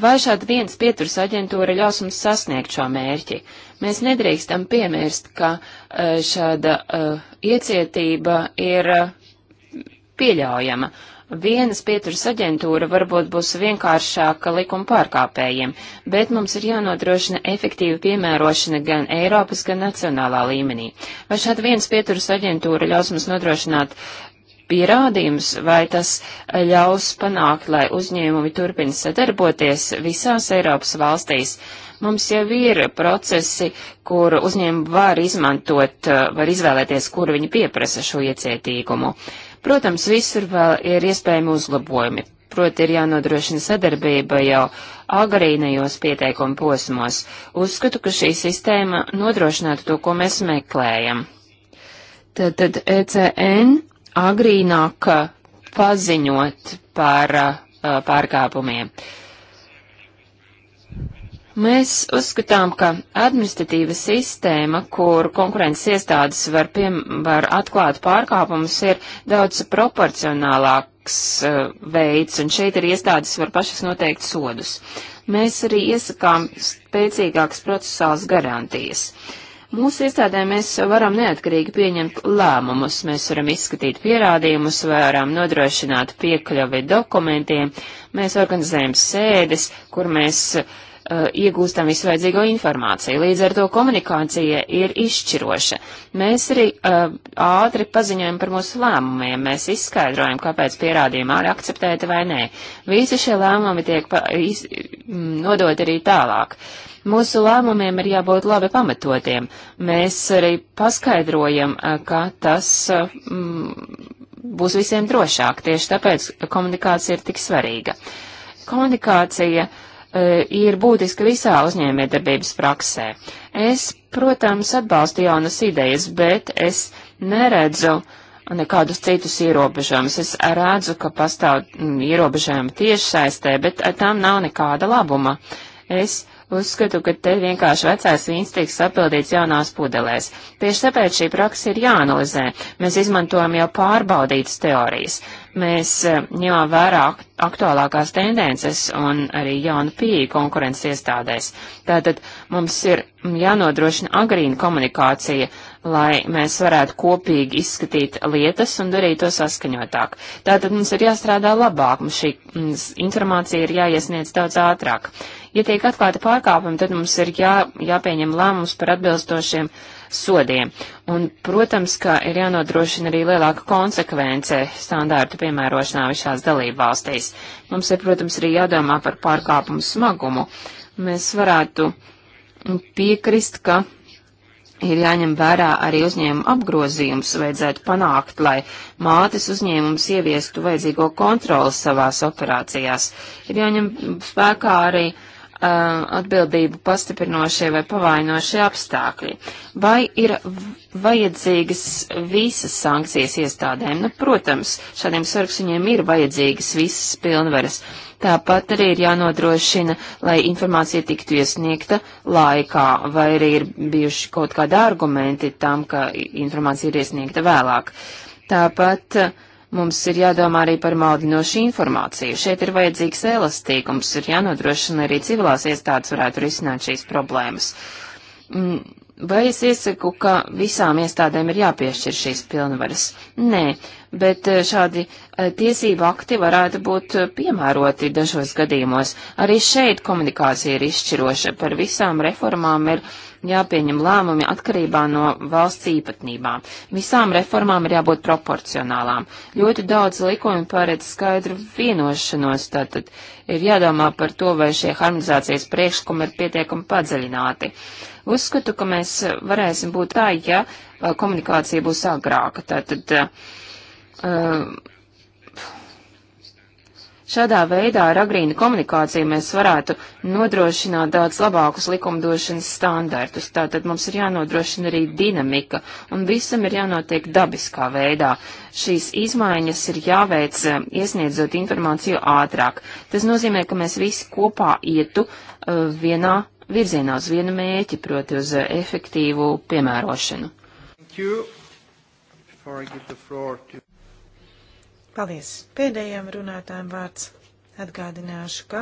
Vai šāda viens pieturs aģentūra ļaus mums sasniegt šo mērķi? Mēs nedrīkstam piemirst, ka eh, šāda uh, iecietība ir uh, pieļaujama. Vienas pieturas aģentūra varbūt būs vienkāršāka likuma pārkāpējiem, bet mums ir jānodrošina efektīva piemērošana gan Eiropas, gan nacionālā līmenī. Vai šāda vienas pieturas aģentūra ļaus mums nodrošināt pierādījums, vai tas ļaus panākt, lai uzņēmumi turpina sadarboties visās Eiropas valstīs? Mums jau ir procesi, kur uzņēmumi var izmantot, var izvēlēties, kur viņi pieprasa šo iecietīgumu. Uh, Protams, visur vēl ir iespējami uzlabojumi. Proti ir jānodrošina sadarbība jau agrīnajos pieteikuma posmos. Uzskatu, ka šī sistēma nodrošinātu to, ko mēs meklējam. Tad, tad ECN agrīnāk paziņot par uh, pārkāpumiem. Uh, Mēs uzskatām, ka administratīva sistēma, kur konkurences iestādes var, piem, var atklāt pārkāpumus, ir daudz proporcionālāks uh, veids, un šeit ir iestādes var pašas noteikt sodus. Mēs arī iesakām spēcīgākas procesālas garantijas. Mūsu iestādē mēs varam neatkarīgi pieņemt lēmumus, mēs varam izskatīt pierādījumus, varam nodrošināt piekļuvi dokumentiem, mēs organizējam sēdes, kur mēs uh, Uh, iegūstam visu vajadzīgo informāciju. Līdz ar to komunikācija ir izšķiroša. Mēs arī uh, ātri paziņojam par mūsu lēmumiem, mēs izskaidrojam, kāpēc pierādījumā ir akceptēta vai nē. Visi šie lēmumi tiek pa, iz, mm, nodot arī tālāk. Mūsu lēmumiem ir jābūt labi pamatotiem. Mēs arī paskaidrojam, uh, ka tas uh, mm, būs visiem drošāk. Tieši tāpēc komunikācija ir tik svarīga. Komunikācija uh, E, ir būtiska visā uzņēmējdarbības praksē. Es, protams, atbalstu jaunas idejas, bet es neredzu nekādus citus ierobežojumus. Es redzu, ka pastāv mm, ierobežojumi tieši saistē, bet tam nav nekāda labuma. Es Uzskatu, ka te vienkārši vecais vīns tiek sapildīts jaunās pudelēs. Tieši tāpēc šī praksa ir jāanalizē. Mēs izmantojam jau pārbaudītas teorijas. Mēs eh, ņemam vērā aktuālākās tendences un arī jaunu pieeju konkurences iestādēs. Tātad mums ir jānodrošina agrīna komunikācija, lai mēs varētu kopīgi izskatīt lietas un darīt to saskaņotāk. Tātad mums ir jāstrādā labāk, mums šī mm, informācija ir jāiesniedz daudz ātrāk. Ja tiek atklāti pārkāpumi, tad mums ir jā, jāpieņem lēmums par atbilstošiem sodiem. Un, protams, ka ir jānodrošina arī lielāka konsekvence standārtu piemērošanā visās dalību valstīs. Mums ir, protams, arī jādomā par pārkāpumu smagumu. Mēs varētu piekrist, ka ir jāņem vērā arī uzņēmuma apgrozījums, vajadzētu panākt, lai mātes uzņēmums ieviestu vajadzīgo kontroli savās operācijās. Ir jāņem spēkā arī uh, Uh, atbildību pastiprinošie vai pavainošie apstākļi. Vai ir vajadzīgas visas sankcijas iestādēm? Nu, protams, šādiem sargsuņiem ir vajadzīgas visas pilnvaras. Tāpat arī ir jānodrošina, lai informācija tiktu iesniegta laikā, vai arī ir bijuši kaut kādi argumenti tam, ka informācija ir iesniegta vēlāk. Tāpat uh, Mums ir jādomā arī par maldinošu informāciju. Šeit ir vajadzīgs elastīgums, ir jānodrošina arī civilās iestādes varētu risināt šīs problēmas. Mm, vai es iesaku, ka visām iestādēm ir jāpiešķir šīs pilnvaras? Nē, bet eh, šādi eh, tiesību akti varētu būt eh, piemēroti dažos gadījumos. Arī šeit komunikācija ir izšķiroša. Par visām reformām ir jāpieņem lēmumi atkarībā no valsts īpatnībām. Visām reformām ir jābūt proporcionālām. Ļoti daudz likumi paredz skaidru vienošanos, tātad ir jādomā par to, vai šie harmonizācijas priekšlikumi ir pietiekami padziļināti. Uzskatu, ka mēs varēsim būt tā, ja uh, komunikācija būs agrāka. Tātad, uh, Šādā veidā ar agrīnu komunikāciju mēs varētu nodrošināt daudz labākus likumdošanas standartus. Tātad mums ir jānodrošina arī dinamika, un visam ir jānotiek dabiskā veidā. Šīs izmaiņas ir jāveic eh, iesniedzot informāciju ātrāk. Tas nozīmē, ka mēs visi kopā ietu uh, vienā virzienā uz vienu mēķi, proti uz eh, efektīvu piemērošanu. To... Paldies! Pēdējiem runātājiem vārds atgādināšu, ka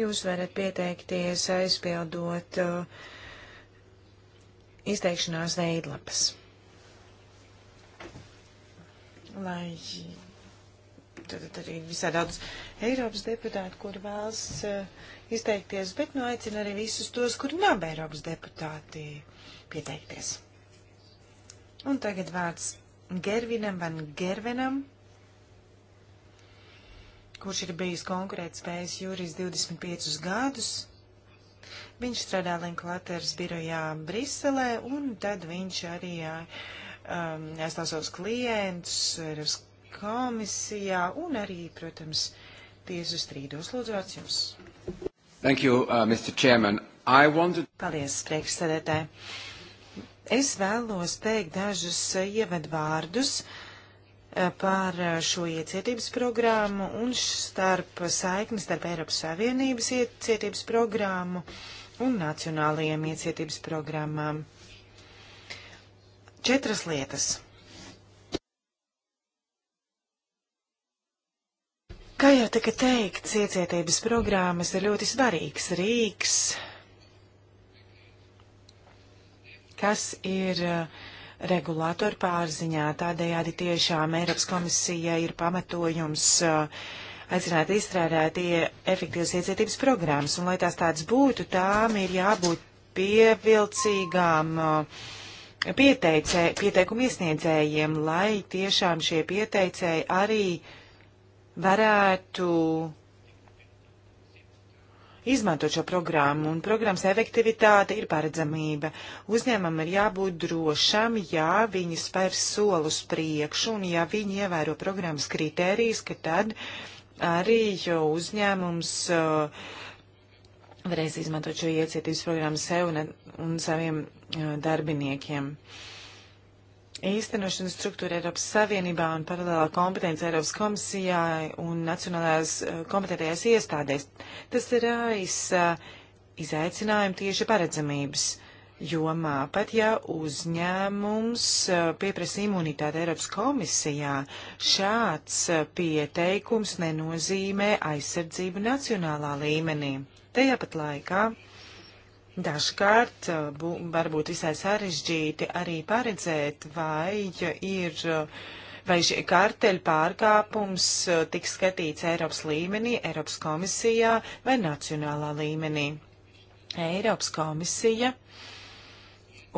jūs varat pieteikties aizpildot uh, izteikšanās veidlapas. Lai tad arī visādādus Eiropas deputāti, kuri vēlas uh, izteikties, bet nu aicina arī visus tos, kuri nav Eiropas deputāti, pieteikties. Un tagad vārds Gervinam van Gervenam, kurš ir bijis konkurētspējas jūrijas 25 gadus. Viņš strādā Linklaters birojā Briselē, un tad viņš arī um, aizstāv savus klientus Eiropas komisijā un arī, protams, tiesu strīdos. Lūdzu, vārds jums. Thank you, uh, Mr. Chairman. I wanted... Paldies, priekšsēdētāji. Es vēlos teikt dažus eh, ievadvārdus eh, par eh, šo iecietības programmu un starp saikni starp Eiropas Savienības iecietības programmu un nacionālajiem iecietības programmām. Četras lietas. Kā jau tika teikts, iecietības programmas ir ļoti svarīgs rīks kas ir eh, regulātoru pārziņā. Tādējādi tiešām Eiropas komisija ir pamatojums eh, aicināt izstrādāt efektīvas iecietības programmas, un lai tās tādas būtu, tām ir jābūt pievilcīgām uh, pieteicē, pieteikumu iesniedzējiem, lai tiešām šie pieteicēji arī varētu izmantot šo programmu, un programmas efektivitāte ir paredzamība. Uzņēmumam ir jābūt drošam, ja viņi spēr soli uz priekšu, un ja viņi ievēro programmas kritērijas, ka tad arī uzņēmums uh, varēs izmantot šo iecietības programmu sev un, un saviem uh, darbiniekiem. Uh, īstenošanas struktūra Eiropas Savienībā un paralēlā kompetence Eiropas komisijā un nacionālās eh, kompetentajās iestādēs. Tas ir aisa eh, izaicinājumu tieši paredzamības jomā. Pat ja uzņēmums eh, pieprasa imunitāti Eiropas komisijā, šāds pieteikums nenozīmē aizsardzību nacionālā līmenī. Tajāpat laikā Dažkārt eh, var būt visai sarežģīti arī paredzēt, vai ir. Eh, vai šī karteļa pārkāpums eh, tiks skatīts Eiropas līmenī, Eiropas komisijā vai nacionālā līmenī? Eiropas komisija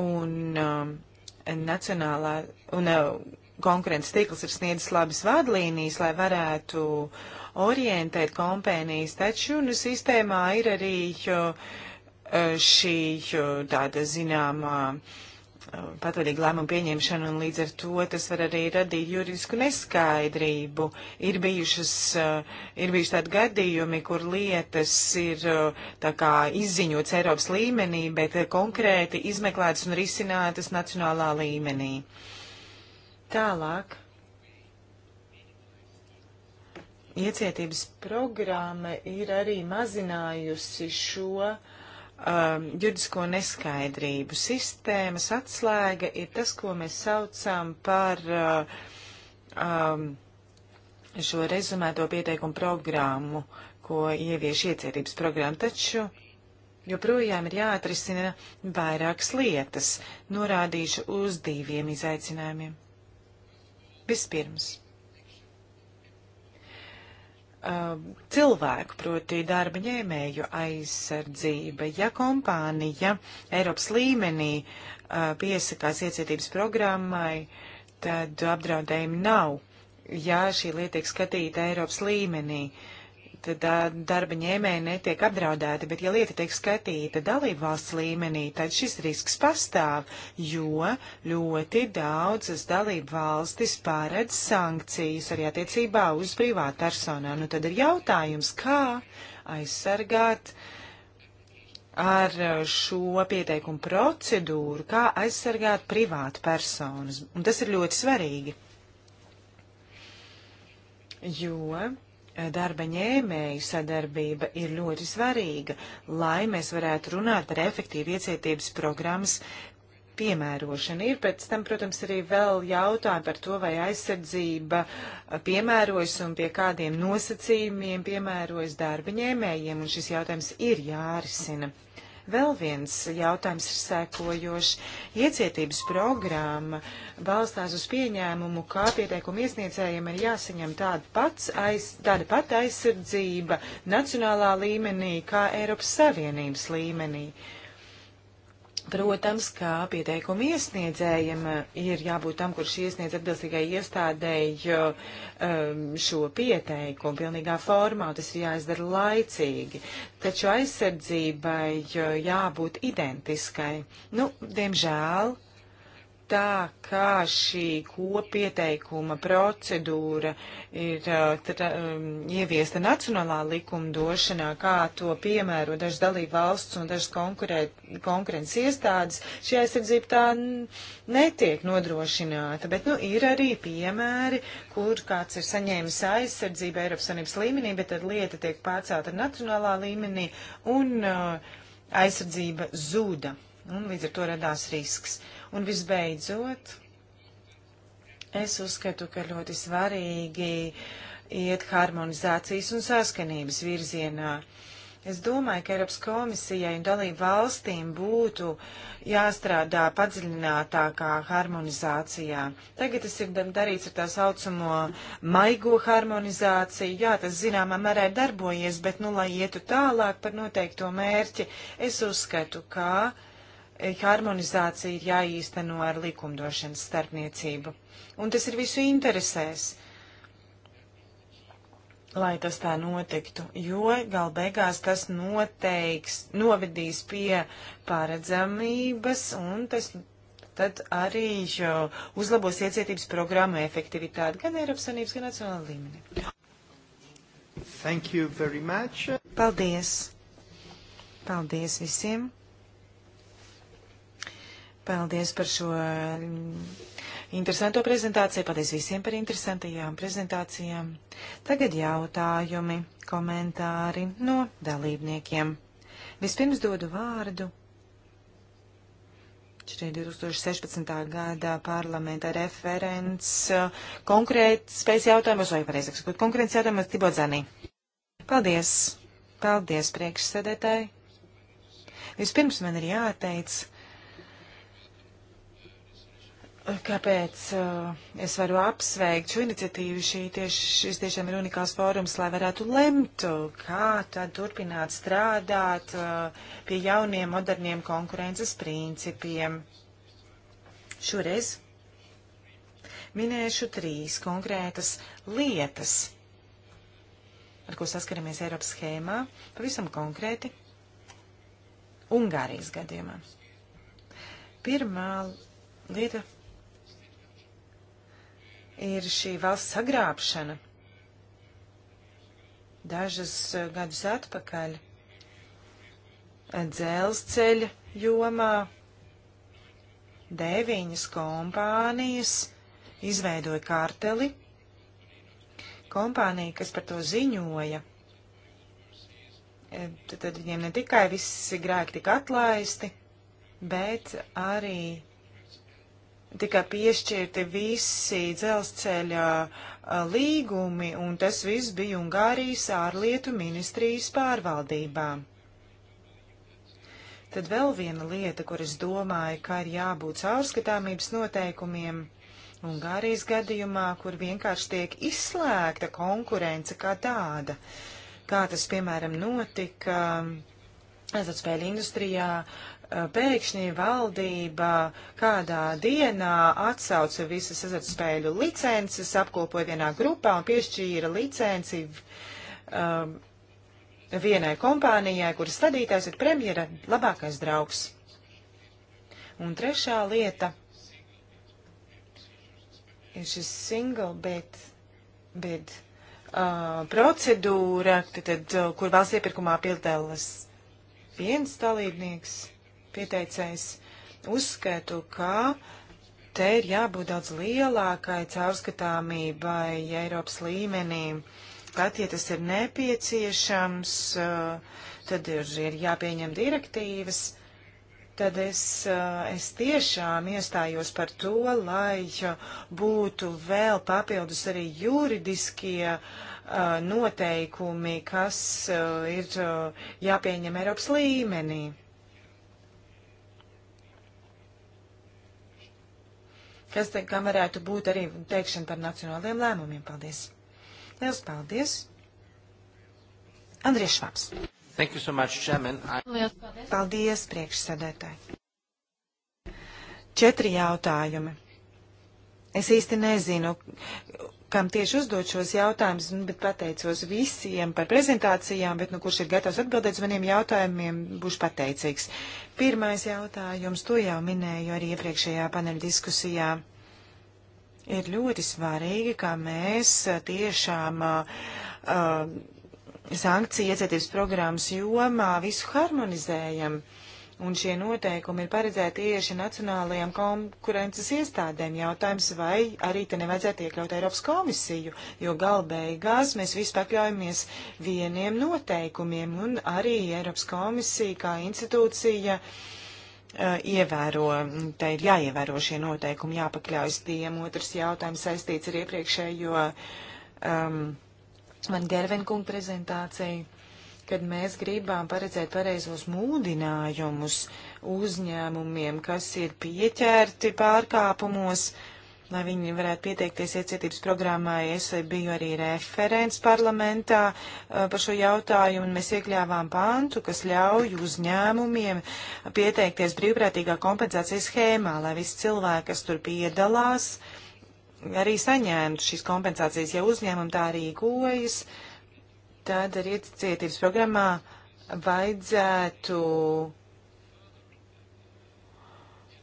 un uh, nacionālā un uh, konkurences tīkls ir sniedzis labas vadlīnijas, lai varētu orientēt kompānijas, taču nu, sistēmā ir arī uh, šī tāda zināmā patvaļīga lēmuma pieņemšana, un līdz ar to tas var arī radīt juridisku neskaidrību. Ir, bijušas, ir bijuši tādi gadījumi, kur lietas ir tā kā izziņots Eiropas līmenī, bet konkrēti izmeklētas un risinātas nacionālā līmenī. Tālāk. Iecietības programma ir arī mazinājusi šo uh, um, juridisko neskaidrību. Sistēmas atslēga ir tas, ko mēs saucam par uh, um, šo rezumēto pieteikumu programmu, ko ievieš iecierības programma. Taču joprojām ir jāatrisina vairākas lietas. Norādīšu uz diviem izaicinājumiem. Vispirms. Um, cilvēku, proti darba ņēmēju aizsardzība. Ja kompānija Eiropas līmenī uh, piesakās iecietības programmai, tad apdraudējumi nav, ja šī lieta tiek skatīta Eiropas līmenī. Uh, tad darba ņēmēji netiek apdraudēti, bet ja lieta tiek skatīta dalību valsts līmenī, tad šis risks pastāv, jo ļoti daudzas dalību valstis pārēdz sankcijas arī attiecībā uz privātu personām. Nu tad ir jautājums, kā aizsargāt ar šo pieteikumu procedūru, kā aizsargāt privātu personas. Un tas ir ļoti svarīgi. Jo darba ņēmēju sadarbība ir ļoti svarīga, lai mēs varētu runāt par efektīvu iecietības programmas piemērošanu. Ir pēc tam, protams, arī vēl jautājumi par to, vai aizsardzība piemērojas un pie kādiem nosacījumiem piemērojas darba ņēmējiem, un šis jautājums ir jārisina. Uh, Vēl viens jautājums ir sēkojošs. Iecietības programma balstās uz pieņēmumu, kā pieteikumu iesniedzējiem ir jāsaņem tāda, pats aiz, tāda pat aizsardzība nacionālā līmenī, kā Eiropas Savienības līmenī. Uh, Protams, kā pieteikumu iesniedzējiem eh, ir jābūt tam, kurš iesniedz atbilstīgai iestādēji ehm, šo pieteikumu pilnīgā formā, tas ir jāizdara laicīgi, taču aizsardzībai eh, jābūt identiskai. Nu, diemžēl tā kā šī kopieteikuma procedūra ir tra, um, ieviesta nacionālā likumdošanā, kā to piemēro dažas dalība valsts un dažas konkurences iestādes, šī aizsardzība tā netiek nodrošināta. Bet, nu, ir arī piemēri, kur kāds ir saņēmis aizsardzību Eiropas Savienības līmenī, bet tad lieta tiek pārcelta nacionālā līmenī un uh, aizsardzība zūda. Un līdz ar to radās risks. Uh, Un visbeidzot, es uzskatu, ka ļoti svarīgi iet harmonizācijas un saskanības virzienā. Es domāju, ka Eiropas komisijai un dalību valstīm būtu jāstrādā padziļinātākā harmonizācijā. Tagad tas ir darīts ar tā saucamo maigo harmonizāciju. Jā, tas zināmā mērā ir darbojies, bet, nu, lai ietu tālāk par noteikto mērķi, es uzskatu, ka Eh, harmonizācija ir jāīsteno ar likumdošanas starpniecību. Un tas ir visu interesēs, lai tas tā notiktu, jo gal beigās tas noteiks, novedīs pie paredzamības un tas tad arī uzlabos iecietības programmu efektivitāti gan Eiropas Savienības, gan nacionāla līmenī. Thank you very much. Paldies. Paldies visiem. Paldies par šo mm, interesanto prezentāciju. Paldies visiem par interesantajām prezentācijām. Tagad jautājumi, komentāri no dalībniekiem. Vispirms dodu vārdu. Šī 2016. gada parlamenta referents konkrēti spējas jautājumos, vai pareizāk sakot, konkrēts jautājumos Tibo Zanī. Paldies! Paldies priekšsēdētāji! Vispirms man ir jāteic, kāpēc uh, es varu apsveikt šo iniciatīvu. Šī tieši, šis tiešām ir unikāls fórums, lai varētu lemt, kā tad turpināt strādāt uh, pie jauniem moderniem konkurences principiem. Šoreiz minēšu trīs konkrētas lietas, ar ko saskaramies Eiropas schēmā, pavisam konkrēti Ungārijas gadījumā. Pirmā lieta ir šī valsts sagrābšana. Dažas eh, gadus atpakaļ eh, dzelzceļa jomā deviņas kompānijas izveidoja karteli. Kompānija, kas par to ziņoja, eh, tad viņiem ne tikai visi grēki tika atlaisti, bet arī tika piešķirti visi dzelzceļa līgumi, un tas viss bija Ungārijas ārlietu ministrijas pārvaldībā. Tad vēl viena lieta, kur es domāju, ka ir jābūt caurskatāmības noteikumiem. Ungārijas gadījumā, kur vienkārši tiek izslēgta konkurence kā tāda, kā tas, piemēram, notika azartspēļu industrijā pēkšņi valdība kādā dienā atsauca visas azartspēļu licences, apkopoja vienā grupā un piešķīra licenci um, vienai kompānijai, kuras vadītājs ir premjera labākais draugs. Un trešā lieta ir šis single bed, bed uh, procedūra, tad, tad, uh, kur valsts iepirkumā piedalās viens dalībnieks pieteicējs uzskatu, ka te ir jābūt daudz lielākai caurskatāmībai Eiropat līmenī. Pat, ja tas ir nepieciešams, eh, tad ir, ir jāpieņem direktīvas. Tad es, eh, es tiešām iestājos par to, lai eh, būtu vēl papildus arī juridiskie noteikumi, kas ir jāpieņem Eiropas līmenī. kas te, kam varētu būt arī teikšana par nacionāliem lēmumiem. Paldies! Liels paldies! Andries Švaps. Thank you so much, Chairman. I... Liels paldies! Paldies, priekšsēdētāji! Četri jautājumi. Es īsti nezinu, kam tieši uzdot šos jautājumus, nu, bet pateicos visiem par prezentācijām, bet nu, kurš ir gatavs atbildēt uz maniem jautājumiem, būšu pateicīgs. Pirmais jautājums, to jau minēju arī iepriekšējā paneļa diskusijā. Ir ļoti svarīgi, kā mēs tiešām uh, sankciju iecietības programmas jomā visu harmonizējam. Uh, Un šie noteikumi ir paredzēti tieši nacionālajām konkurences iestādēm. Jautājums, vai arī te nevajadzētu iekļaut Eiropas komisiju, jo galbeigās mēs visi pakļaujamies vieniem noteikumiem, un arī Eiropas komisija kā institūcija uh, ievēro, tai ir jāievēro šie noteikumi, jāpakļaujas tiem. Otrs jautājums saistīts ar iepriekšējo um, ehm, man Gervenkunga prezentāciju kad mēs gribam paredzēt pareizos mūdinājumus uzņēmumiem, kas ir pieķerti pārkāpumos, lai viņi varētu pieteikties iecietības programmai. Es biju arī referents parlamentā uh, par šo jautājumu, un mēs iekļāvām pantu, kas ļauj uzņēmumiem pieteikties brīvprātīgā kompensācijas schēmā, lai visi cilvēki, kas tur piedalās, arī saņēmtu šīs kompensācijas, ja uzņēmumi tā rīkojas. Uh, tad arī cietības programmā vajadzētu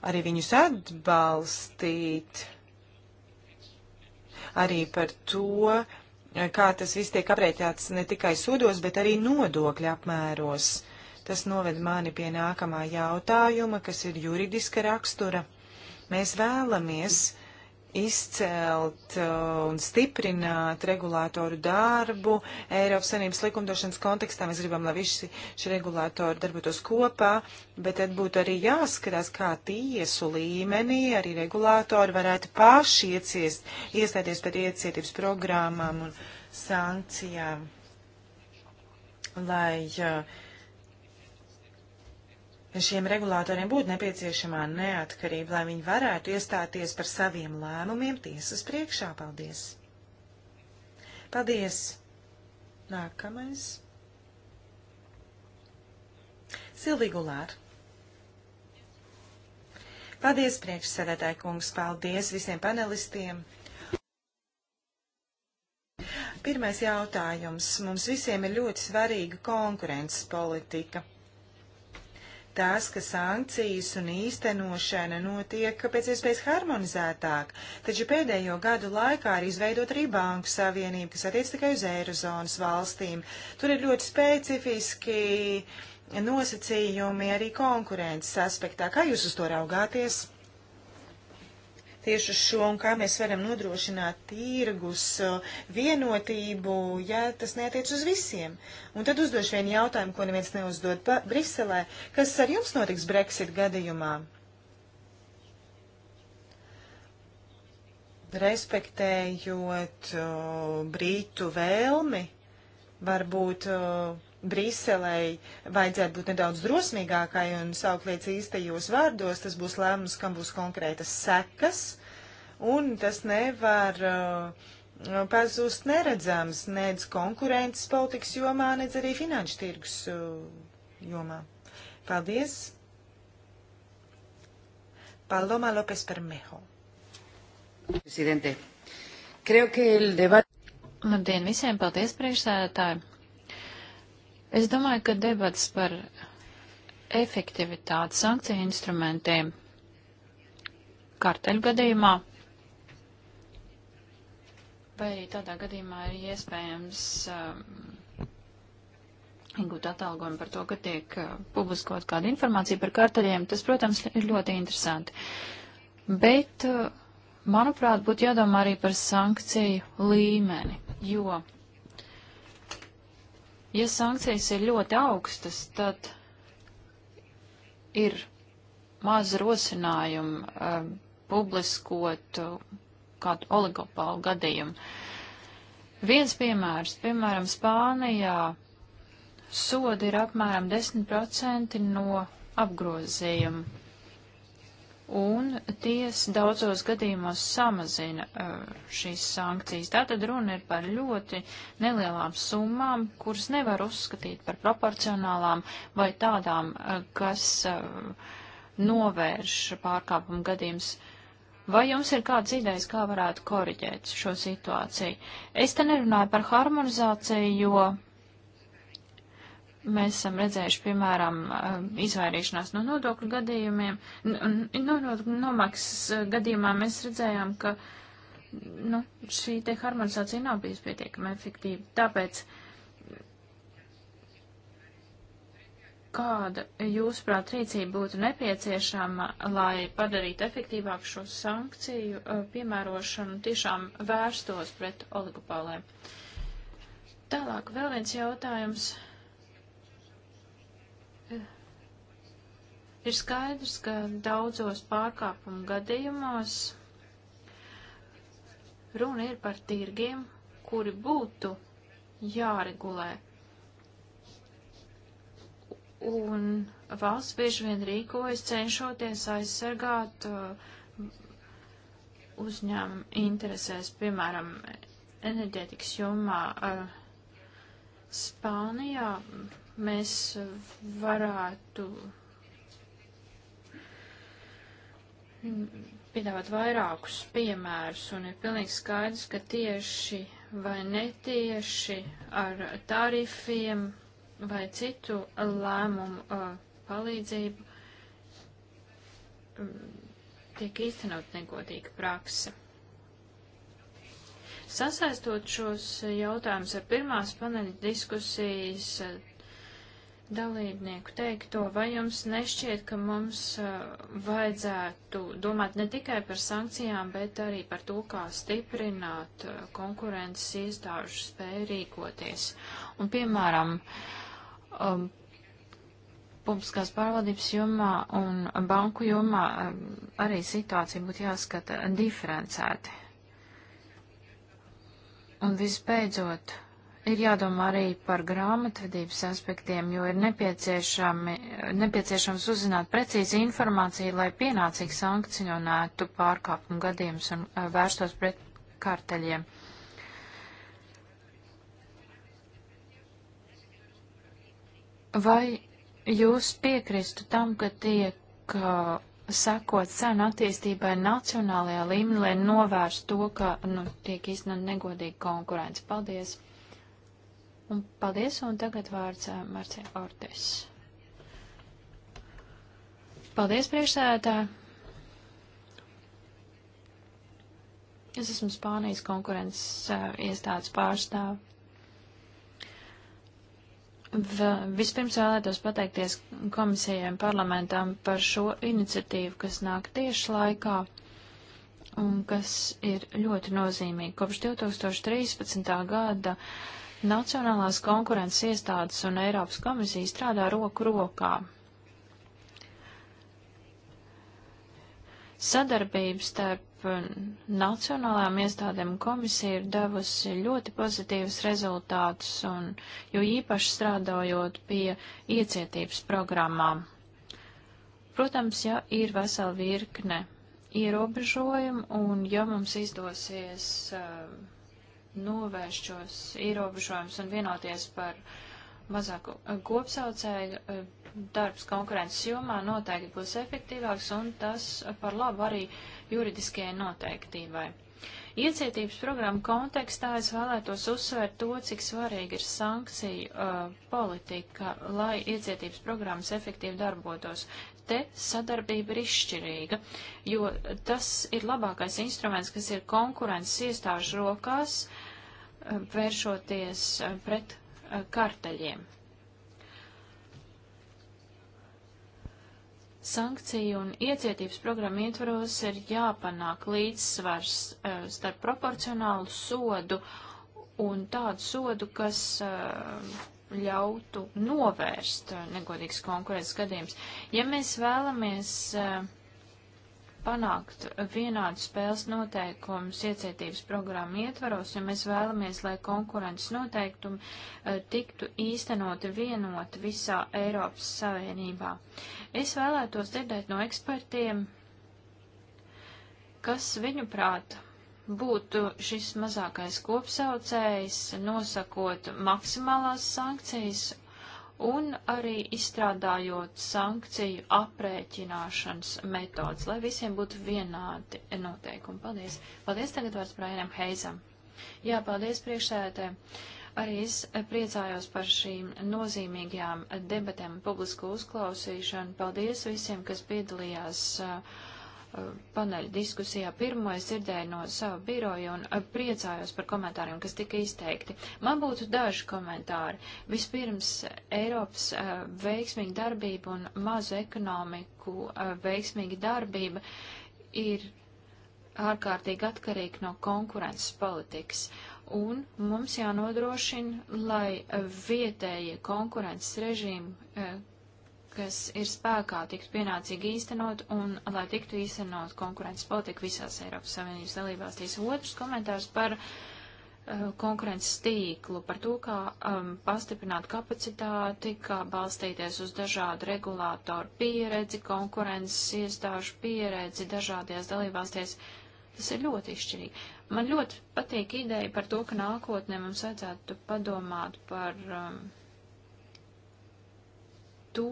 arī viņus atbalstīt, arī par to, kā tas viss tiek aprēķināts ne tikai sodos, bet arī nodokļu apmēros. Tas noved mani pie nākamā jautājuma, kas ir juridiska rakstura. Mēs vēlamies, mm izcelt uh, un stiprināt regulātoru darbu Eiropas Savienības likumdošanas kontekstā. Mēs gribam, lai visi šie regulātori darbotos kopā, bet tad būtu arī jāskatās, kā tiesu līmenī arī regulātori varētu paši ieciest, iestāties par iecietības programmām un sankcijām, lai uh, šiem regulātoriem būtu nepieciešamā neatkarība, lai viņi varētu iestāties par saviem lēmumiem tiesas priekšā. Paldies! Paldies! Nākamais. Silvija Gulāra. Paldies, priekšsēdētāji kungs, paldies visiem panelistiem. Pirmais jautājums. Mums visiem ir ļoti svarīga konkurences politika tas, ka sankcijas un īstenošana notiek pēc iespējas harmonizētāk, taču pēdējo gadu laikā ir izveidot arī banku savienību, kas attiec tikai uz eirozonas valstīm. Tur ir ļoti specifiski nosacījumi arī konkurences aspektā. Kā jūs uz to raugāties? tieši uz šo un kā mēs varam nodrošināt tirgus vienotību, ja tas neatiec uz visiem. Un tad uzdošu vienu jautājumu, ko neviens neuzdod pa Briselē. Kas ar jums notiks Brexit gadījumā? Respektējot uh, Brītu vēlmi, varbūt uh, Briselei vajadzētu būt nedaudz drosmīgākai un saukt lietas īstajos vārdos, tas būs lēmums, kam būs konkrētas sekas, un tas nevar uh, pazūst neredzams nedz konkurences politikas jomā, nedz arī finanšu tirgus uh, jomā. Paldies! Paloma López Permejo. Presidente, creo que el debate. Labdien visiem, paldies priekšsēdētāji! Es domāju, ka debats par efektivitāti sankciju instrumentiem karteļu gadījumā vai arī tādā gadījumā ir iespējams um, iegūt atalgojumu par to, ka tiek uh, publiskot kāda informācija par karteļiem. Tas, protams, ir ļoti interesanti. Bet, uh, manuprāt, būtu jādomā arī par sankciju līmeni, jo Ja sankcijas ir ļoti augstas, tad ir maz rosinājumu uh, publiskot uh, kādu oligopālu gadījumu. Viens piemērs, piemēram, Spānijā sodi ir apmēram 10% no apgrozījuma un tiesa daudzos gadījumos samazina uh, šīs sankcijas. Tātad runa ir par ļoti nelielām summām, kuras nevar uzskatīt par proporcionālām vai tādām, uh, kas uh, novērš pārkāpumu gadījumus. Vai jums ir kāds idejas, kā varētu koriģēt šo situāciju? Es te nerunāju par harmonizāciju, jo Mēs esam redzējuši, piemēram, izvairīšanās no nodokļu gadījumiem. No nomaksas gadījumā mēs redzējām, ka nu, šī te harmonizācija nav bijusi pietiekami efektīva. Tāpēc kāda, jūsuprāt, rīcība būtu nepieciešama, lai padarītu efektīvāku šo sankciju uh, piemērošanu tiešām vērstos pret oligopolēm? Tālāk vēl viens jautājums Ir skaidrs, ka daudzos pārkāpumu gadījumos runa ir par tirgiem, kuri būtu jāregulē. Un valsts bieži vien rīkojas cenšoties aizsargāt uh, uzņēmumu interesēs, piemēram, enerģētikas jomā. Uh, Spānijā mēs varētu piedāvāt vairākus piemērus, un ir pilnīgi skaidrs, ka tieši vai netieši ar tarifiem vai citu lēmumu uh, palīdzību um, tiek īstenot negodīga praksa. Sasaistot šos jautājumus ar pirmās paneļa diskusijas dalībnieku teikto, vai jums nešķiet, ka mums uh, vajadzētu domāt ne tikai par sankcijām, bet arī par to, kā stiprināt uh, konkurences iestāžu spēju rīkoties? Un, piemēram, um, publiskās pārvaldības jomā un banku jomā um, arī situācija būtu jāskata diferencēti. Un visbeidzot, Ir jādomā arī par grāmatvedības aspektiem, jo ir nepieciešams uzzināt precīzi informāciju, lai pienācīgi sankcionētu pārkāpumu gadījumus un eh, vērstos pret karteļiem. Vai jūs piekristu tam, ka tiek uh, sekot cenu attīstībai nacionālajā līmenī, lai novērstu to, ka nu, tiek iznāca negodīga konkurence? Paldies! Un paldies, un tagad vārds Marcija Ortes. Paldies, priekšsēdētāji! Es esmu Spānijas konkurences uh, iestādes pārstāv. V vispirms vēlētos pateikties komisijiem parlamentam par šo iniciatīvu, kas nāk tieši laikā un kas ir ļoti nozīmīga. Kopš 2013. gada uh, Nacionālās konkurences iestādes un Eiropas komisija strādā roku rokā. Sadarbības starp um, nacionālām iestādēm un komisiju ir devusi ļoti pozitīvus rezultātus, un jo īpaši strādājot pie iecietības programmām. Protams, ja ir vesela virkne ierobežojumu, un ja mums izdosies uh, novērst šos ierobežojumus un vienoties par mazāku eh, kopsaucēju, eh, darbs konkurences jomā noteikti būs efektīvāks un tas par labu arī juridiskajai noteiktībai. Iecietības programmu kontekstā es vēlētos uzsvērt to, cik svarīgi ir sankciju uh, politika, lai iecietības programmas efektīvi darbotos te sadarbība ir izšķirīga, jo tas ir labākais instruments, kas ir konkurences iestāžu rokās, eh, vēršoties eh, pret eh, karteļiem. Sankciju un iecietības programmu ietvaros ir jāpanāk līdzsvars starp proporcionālu sodu un tādu sodu, kas uh, ļautu novērst eh, negodīgas konkurences gadījumus. Ja mēs vēlamies eh, panākt vienādu spēles noteikumus iecietības programmu ietvaros, ja mēs vēlamies, lai konkurences noteikumi eh, tiktu īstenoti vienoti visā Eiropas Savienībā. Es vēlētos dzirdēt no ekspertiem, kas viņu prāta būtu šis mazākais kopsaucējs, nosakot maksimālās sankcijas un arī izstrādājot sankciju aprēķināšanas metodas, lai visiem būtu vienādi noteikumi. Paldies! Paldies tagad vārds Brainam Heizam. Jā, paldies priekšsēdētē. Arī es priecājos par šīm nozīmīgajām debatēm publisku uzklausīšanu. Paldies visiem, kas piedalījās uh, paneļa diskusijā. Pirmo es dzirdēju no sava biroja un eh, priecājos par komentāriem, kas tika izteikti. Man būtu daži komentāri. Vispirms eh, Eiropas eh, veiksmīga darbība un mazu ekonomiku veiksmīga darbība ir ārkārtīgi atkarīga no konkurences politikas. Un mums jānodrošina, lai vietējie konkurences režīmi kas ir spēkā, tiktu pienācīgi īstenot un lai tiktu īstenot konkurences politika visās Eiropas Savienības dalībvalstīs. Otrs komentārs par uh, konkurences tīklu, par to, kā um, pastiprināt kapacitāti, kā balstīties uz dažādu regulātoru pieredzi, konkurences iestāžu pieredzi dažādajās dalībvalstīs. Tas ir ļoti izšķirīgi. Man ļoti patīk ideja par to, ka nākotnē mums vajadzētu padomāt par um, to,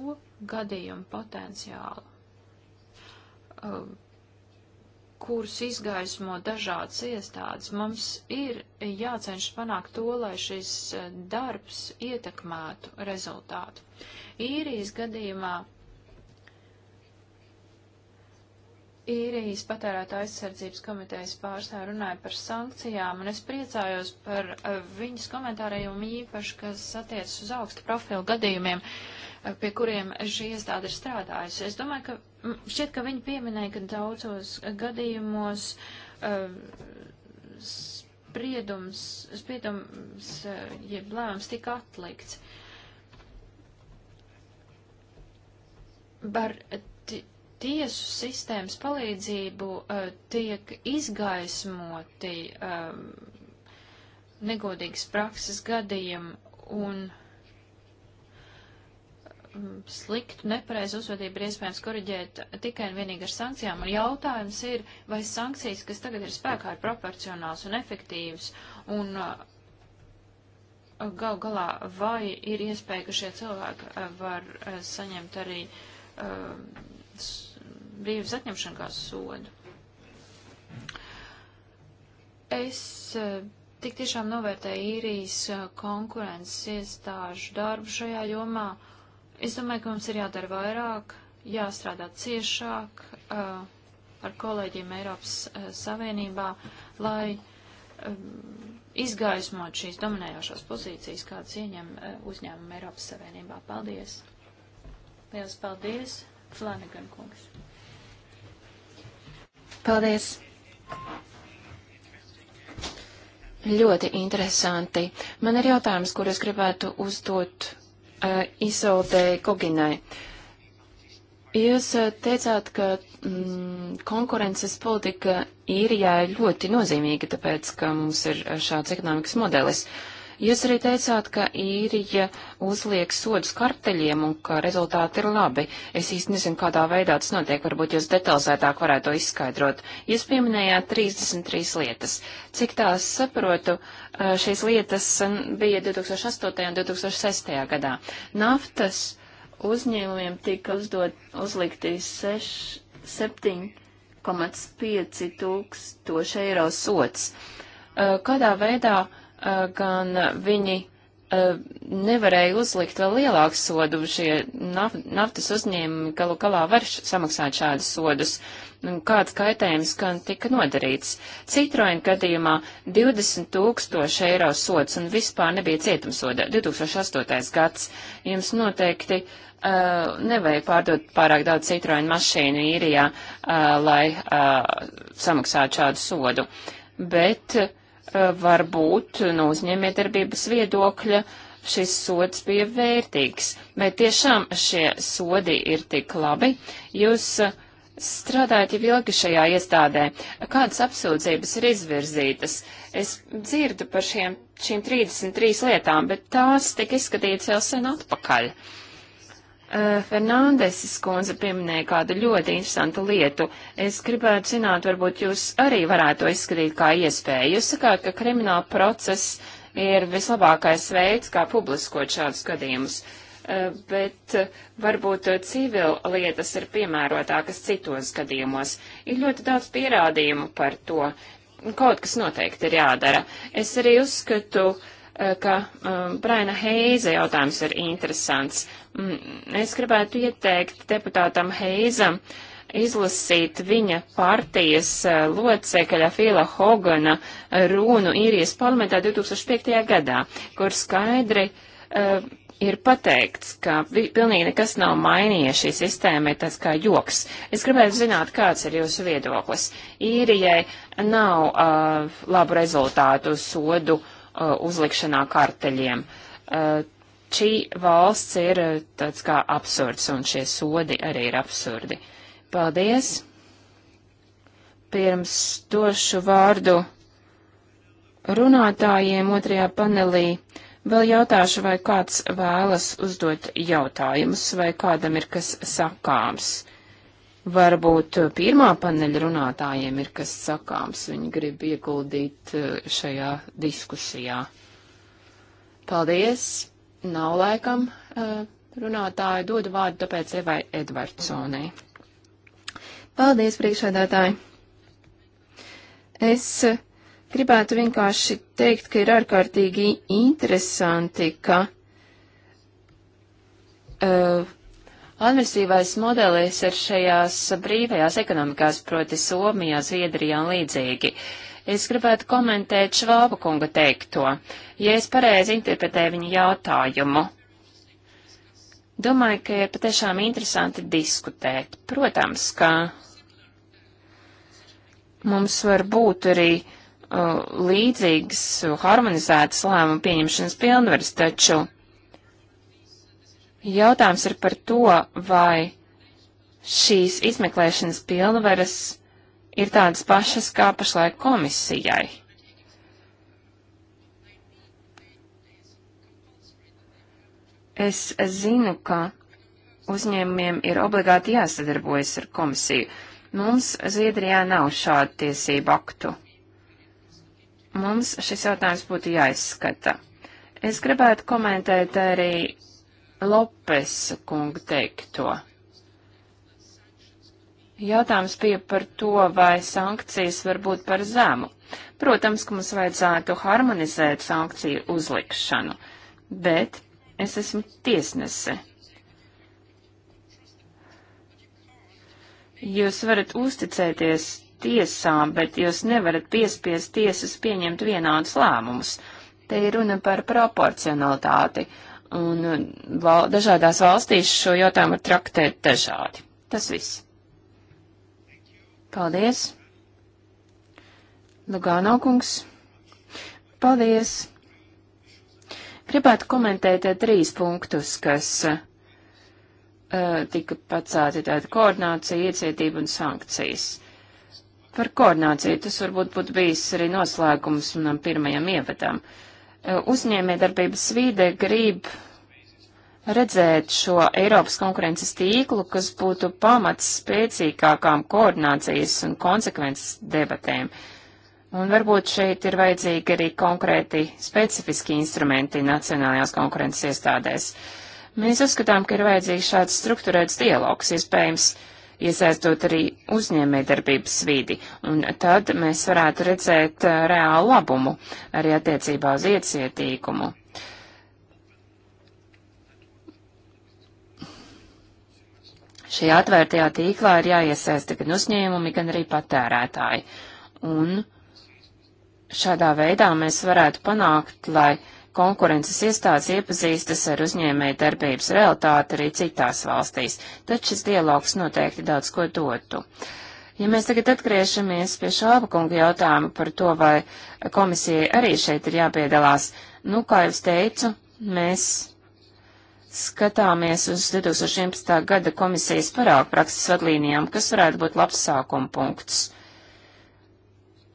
gadījumu potenciālu, um, kurus izgaismo dažādas iestādes. Mums ir jācenšas panākt to, lai šis eh, darbs ietekmētu rezultātu. Īrijas gadījumā īrijas patērētā aizsardzības komitejas pārstāvja runāja par sankcijām, un es priecājos par uh, viņas komentāriem īpaši, kas attiecas uz augstu profilu gadījumiem, uh, pie kuriem šī iestāde ir strādājusi. Es domāju, ka šķiet, ka viņi pieminēja, ka daudzos gadījumos uh, spriedums, spriedums, uh, jeb lēmums tika atlikts. Bar, tiesu sistēmas palīdzību uh, tiek izgaismoti um, negodīgas prakses gadījumi un ehm, sliktu nepareizu uzvedību ir iespējams koriģēt tikai un vienīgi ar sankcijām. Un jautājums ir, vai sankcijas, kas tagad ir spēkā, ir proporcionāls un efektīvs, un uh, gal galā vai ir iespēja, ka šie cilvēki eh, var uh, saņemt arī uh, brīvības atņemšanu kā sodu. Es eh, tik tiešām novērtēju īrijas eh, konkurences iestāžu darbu šajā jomā. Es domāju, ka mums ir jādara vairāk, jāstrādā ciešāk uh, ar kolēģiem Eiropas uh, Savienībā, lai um, izgaismot šīs dominējošās pozīcijas, kādas ieņem uh, uzņēmumi Eiropas Savienībā. Paldies! Lielas paldies, Flanagan kungs! Paldies! Ļoti interesanti. Man ir jautājums, kur es gribētu uzdot uh, Isolde Koginai. Jūs uh, teicāt, ka mm, konkurences politika īrijā ir ļoti nozīmīga, tāpēc, ka mums ir eh, šāds ekonomikas modelis. Uh, Jūs arī teicāt, ka īrija uzliek sodus karteļiem un ka rezultāti ir labi. Es īsti nezinu, kādā veidā tas notiek, varbūt jūs detalizētāk varētu to izskaidrot. Jūs pieminējāt 33 lietas. Cik tās saprotu, šīs lietas bija 2008. un 2006. gadā. Naftas uzņēmumiem tika uzdot, uzlikti 6, 7,5 tūkstoši eiro sots. Kādā veidā uh, Eh, gan viņi eh, nevarēja uzlikt vēl lielāku sodu. Šie naf naftas uzņēmumi galu galā var samaksāt šādus sodus. Kāds kaitējums gan tika nodarīts? Citroen gadījumā 20 tūkstoši eiro sods un vispār nebija cietumsoda. 2008. gads jums noteikti uh, nevajag pārdot pārāk daudz Citroen mašīnu īrijā, uh, lai uh, samaksātu šādu sodu. Bet uh, Eh, varbūt no uzņēmiedarbības viedokļa šis sods bija vērtīgs. Vai tiešām šie sodi ir tik labi? Jūs eh, strādājat jau ilgi šajā iestādē. Kādas apsūdzības ir izvirzītas? Es dzirdu par šiem, šīm 33 lietām, bet tās tika izskatītas jau sen atpakaļ. Uh, Eh, Fernandeses kundze pieminēja kādu ļoti interesantu lietu. Es gribētu zināt, varbūt jūs arī varētu to izskatīt kā iespēju. Jūs sakāt, ka krimināla process ir vislabākais veids, kā publiskot šādus gadījumus, eh, bet eh, varbūt civila lietas ir piemērotākas citos gadījumos. Ir ļoti daudz pierādījumu par to. Kaut kas noteikti ir jādara. Es arī uzskatu, uh, Eh, ka um, Braina Heize jautājums ir interesants. Mm, es gribētu ieteikt deputātam Heizam izlasīt viņa partijas uh, locekļa Fila Hogana runu īrijas parlamentā 2005. gadā, kur skaidri uh, ir pateikts, ka vi, pilnīgi nekas nav mainījies šī sistēma, ir tas kā joks. Es gribētu zināt, kāds ir jūsu viedoklis. Īrijai nav uh, labu rezultātu sodu uh, Uh, uzlikšanā karteļiem. Uh, šī valsts ir uh, tāds kā absurds, un šie sodi arī ir absurdi. Paldies! Pirms došu vārdu runātājiem otrajā panelī. Vēl jautāšu, vai kāds vēlas uzdot jautājumus, vai kādam ir kas sakāms. Varbūt pirmā paneļa runātājiem ir kas sakāms, viņi grib ieguldīt eh, šajā diskusijā. Paldies! Nav laikam eh, runātāju, dodu vārdu tāpēc Evai Edvardsonai. Paldies, priekšādātāji! Es eh, gribētu vienkārši teikt, ka ir ārkārtīgi interesanti, ka uh, Administratīvais modelis ir šajās brīvajās ekonomikās, proti Somijā, Zviedrijā un līdzīgi. Es gribētu komentēt Švāba kunga teikto, ja es pareizi interpretēju viņa jautājumu. Domāju, ka ir patiešām interesanti diskutēt. Protams, ka mums var būt arī uh, līdzīgas harmonizētas lēmumu pieņemšanas pilnvaras, taču Jautājums ir par to, vai šīs izmeklēšanas pilnvaras ir tādas pašas kā pašlaik komisijai. Es zinu, ka uzņēmumiem ir obligāti jāsadarbojas ar komisiju. Mums Zviedrijā nav šādu tiesību aktu. Mums šis jautājums būtu jāizskata. Es gribētu komentēt arī Lopes kunga teikto. Jautājums bija par to, vai sankcijas var būt par zemu. Protams, ka mums vajadzētu harmonizēt sankciju uzlikšanu, bet es esmu tiesnese. Jūs varat uzticēties tiesām, bet jūs nevarat piespiest tiesas pieņemt vienādus lēmumus. Te ir runa par proporcionalitāti. Uh, Un uh, val, dažādās valstīs šo jautājumu var traktēt dažādi. Tas viss. Paldies. Lugāno kungs. Paldies. Gribētu komentēt uh, trīs punktus, kas uh, uh tika pacēti tāda koordinācija, iecietība un sankcijas. Par koordināciju tas varbūt būtu bijis arī noslēgums manam pirmajam ievadam. Uh, Eh, uzņēmējdarbības vīde grib redzēt šo Eiropas konkurences tīklu, kas būtu pamats spēcīgākām koordinācijas un konsekvences debatēm. Un varbūt šeit ir vajadzīgi arī konkrēti specifiski instrumenti nacionālajās konkurences iestādēs. Mēs uzskatām, ka ir vajadzīgs šāds struktūrēts dialogs, iespējams, ja iesaistot arī uzņēmē darbības vidi, un tad mēs varētu redzēt uh, reālu labumu arī attiecībā uz iecietīgumu. Šajā atvērtajā tīklā ir jāiesaista gan uzņēmumi, gan arī patērētāji. Un šādā veidā mēs varētu panākt, lai uh, konkurences iestādes iepazīstas ar uzņēmēju darbības realitāti arī citās valstīs, taču šis dialogs noteikti daudz ko dotu. Ja mēs tagad atgriežamies pie šāba kunga jautājuma par to, vai komisijai arī šeit ir jāpiedalās, nu, kā jau es teicu, mēs skatāmies uz 2011. gada komisijas parāku prakses vadlīnijām, kas varētu būt labs sākuma punkts.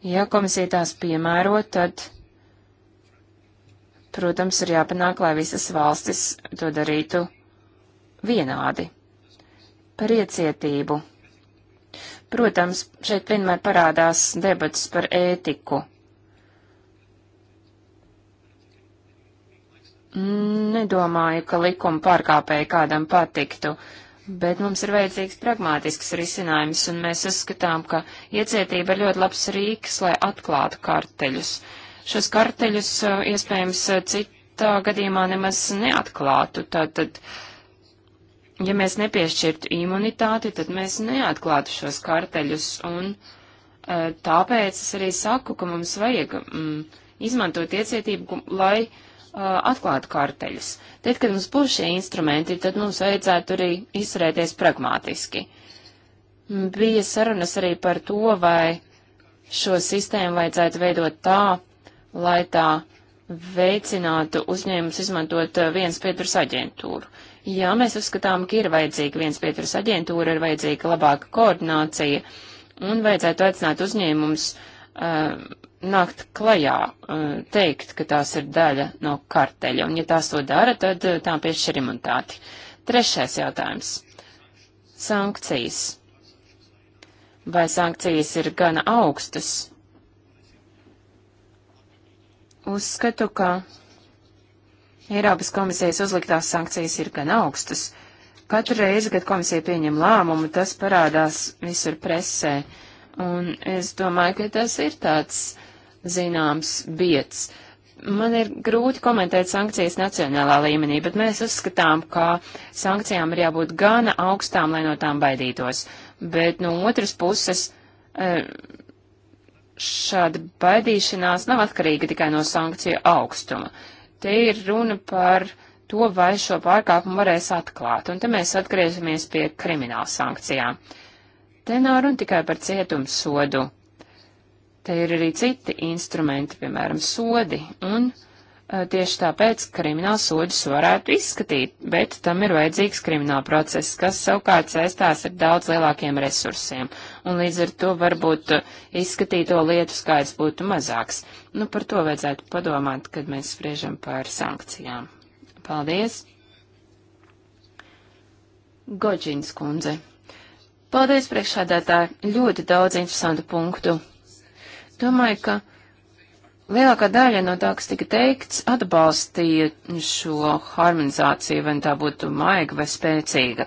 Ja komisija tās piemēro, tad Protams, ir jāpanāk, lai visas valstis to darītu vienādi. Par iecietību. Protams, šeit vienmēr parādās debats par ētiku. Nedomāju, ka likuma pārkāpēji kādam patiktu, bet mums ir vajadzīgs pragmātisks risinājums, un mēs uzskatām, ka iecietība ir ļoti labs rīks, lai atklātu karteļus. Uh, šos karteļus iespējams citā gadījumā nemaz neatklātu. Tātad, ja mēs nepiešķirtu imunitāti, tad mēs neatklātu šos karteļus. Un tāpēc es arī saku, ka mums vajag mm, izmantot iecietību, lai atklāt karteļus. Tad, kad mums būs šie instrumenti, tad mums vajadzētu arī izturēties pragmātiski. Bija sarunas arī par to, vai šo sistēmu vajadzētu veidot tā, lai tā veicinātu uzņēmumus izmantot uh, viens pieturas aģentūru. Jā, mēs uzskatām, ka ir vajadzīga viens pieturas aģentūra, ir vajadzīga labāka koordinācija un vajadzētu aicināt uzņēmumus uh, nākt klajā, uh, teikt, ka tās ir daļa no karteļa, un ja tās to dara, tad uh, tām piešķir imunitāti. Trešais jautājums. Sankcijas. Vai sankcijas ir gana augstas? Uzskatu, ka Eiropas komisijas uzliktās sankcijas ir gan augstas. Katru reizi, kad komisija pieņem lēmumu, tas parādās visur presē. Un es domāju, ka tas ir tāds zināms biets. Man ir grūti komentēt sankcijas nacionālā līmenī, bet mēs uzskatām, ka sankcijām ir jābūt gana augstām, lai no tām baidītos. Bet no otras puses eh, šāda baidīšanās nav atkarīga tikai no sankciju augstuma. Te ir runa par to, vai šo pārkāpumu varēs atklāt, un te mēs atgriežamies pie krimināla sankcijām. Te nav runa tikai par cietumsodu. Te ir arī citi instrumenti, piemēram, sodi, un uh, Eh, tieši tāpēc krimināls sodus varētu izskatīt, bet tam ir vajadzīgs krimināla process, kas savukārt saistās ar daudz lielākiem resursiem, un līdz ar to varbūt eh, izskatīto lietu skaits būtu mazāks. Nu, par to vajadzētu padomāt, kad mēs spriežam par sankcijām. Paldies! Goģins kundze. Paldies, priekšādātāji! Ļoti daudz interesantu punktu. Domāju, ka Lielākā daļa no tā, kas tika teikts, atbalstīja šo harmonizāciju, vai tā būtu maiga vai spēcīga.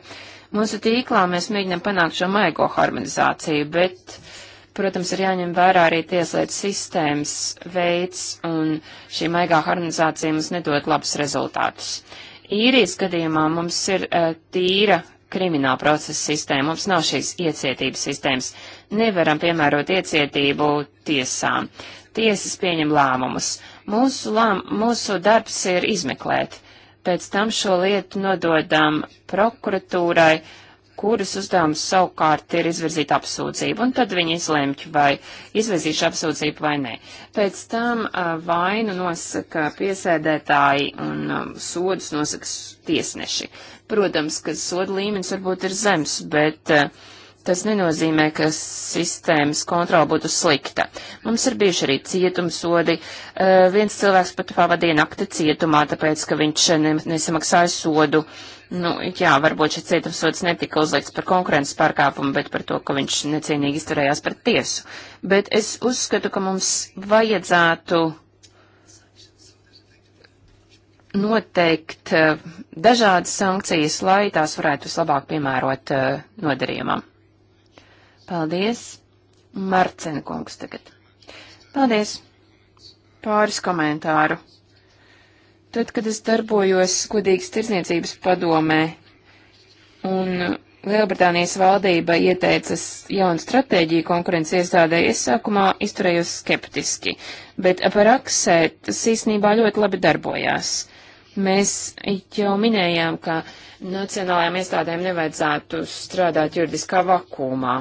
Mūsu tīklā mēs mēģinām panākt šo maigo harmonizāciju, bet, protams, ir jāņem vērā arī tieslietu sistēmas veids, un šī maigā harmonizācija mums nedod labus rezultātus. Īrijas gadījumā mums ir uh, tīra krimināla procesa sistēma, mums nav šīs iecietības sistēmas. Nevaram piemērot iecietību tiesām. Uh, tiesas pieņem lēmumus. Mūsu, lēm, mūsu darbs ir izmeklēt. Pēc tam šo lietu nododam prokuratūrai, kuras uzdevums savukārt ir izvirzīt apsūdzību, un tad viņi izlemj, vai izvirzīšu apsūdzību vai nē. Pēc tam uh, vainu nosaka piesēdētāji un uh, sodus nosaka tiesneši. Protams, ka soda līmenis varbūt ir zems, bet uh, Tas nenozīmē, ka sistēmas kontrola būtu slikta. Mums ir bijuši arī cietumsodi. Uh, viens cilvēks pat pavadīja nakti cietumā, tāpēc, ka viņš ne, nesamaksāja sodu. Nu, jā, varbūt šis cietumsods netika uzlikts par konkurences pārkāpumu, bet par to, ka viņš necienīgi izturējās pret tiesu. Bet es uzskatu, ka mums vajadzētu noteikt dažādas sankcijas, lai tās varētu vislabāk piemērot nodarījumam. Paldies. Marcenkungs tagad. Paldies. Pāris komentāru. Tad, kad es darbojos Skudīgas tirzniecības padomē un Lielbritānijas valdība ieteicis jaunu stratēģiju konkurences iestādēji, es sākumā izturējos skeptiski, bet par aksē tas īsnībā ļoti labi darbojās. Mēs jau minējām, ka nacionālajām iestādēm nevajadzētu strādāt juridiskā vakumā.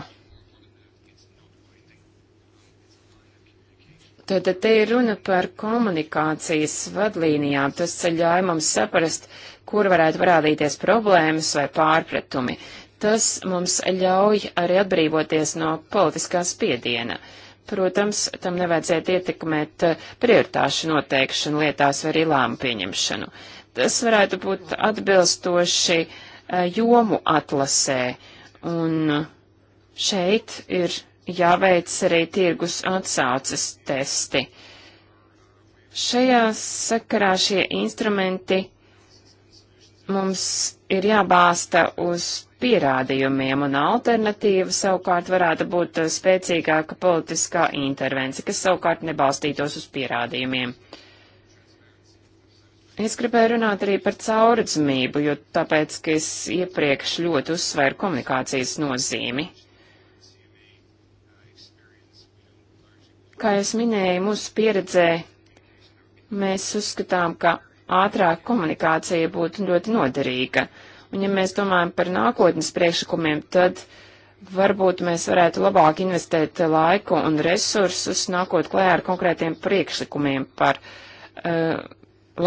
Tad te ir runa par komunikācijas vadlīnijām. Tas ļauj mums saprast, kur varētu parādīties problēmas vai pārpratumi. Tas mums ļauj arī atbrīvoties no politiskā spiediena. Protams, tam nevajadzētu ietekmēt eh, prioritāšu noteikšanu lietās vai arī lēmu pieņemšanu. Tas varētu būt atbilstoši eh, jomu atlasē. Un šeit ir jāveic arī tirgus atsauces testi. Šajā sakarā šie instrumenti mums ir jābāsta uz pierādījumiem, un alternatīva savukārt varētu būt spēcīgāka politiskā intervence, kas savukārt nebalstītos uz pierādījumiem. Es gribēju runāt arī par caurredzamību, jo tāpēc, ka es iepriekš ļoti uzsvēru komunikācijas nozīmi. Kā jau es minēju, mūsu pieredzē mēs uzskatām, ka ātrāk komunikācija būtu ļoti noderīga. Un ja mēs domājam par nākotnes priekšlikumiem, tad varbūt mēs varētu labāk investēt laiku un resursus, nākot klējā ar konkrētiem priekšlikumiem par uh,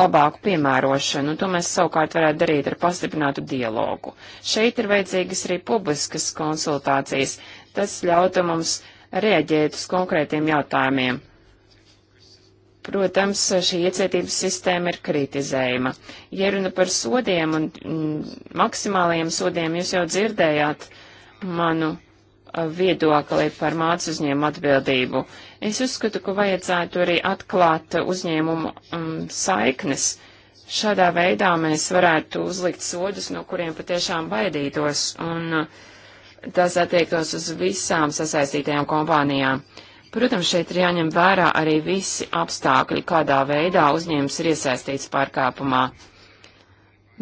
labāku piemērošanu. Un to mēs savukārt varētu darīt ar pastiprinātu dialogu. Šeit ir vajadzīgas arī publiskas konsultācijas. Tas ļautu mums uh, reaģēt uz konkrētiem jautājumiem. Protams, šī iecietības sistēma ir kritizējama. Ja runa par sodiem un mm, maksimālajiem sodiem, jūs jau dzirdējāt manu viedokli par mācu uzņēmumu atbildību. Es uzskatu, ka vajadzētu arī atklāt uzņēmumu um, saiknes. Šādā veidā mēs varētu uzlikt sodus, no kuriem patiešām baidītos, un uh, tas attiektos uz visām sasaistītajām kompānijām. Protams, šeit ir jāņem vērā arī visi apstākļi, kādā veidā uzņēmums ir iesaistīts pārkāpumā.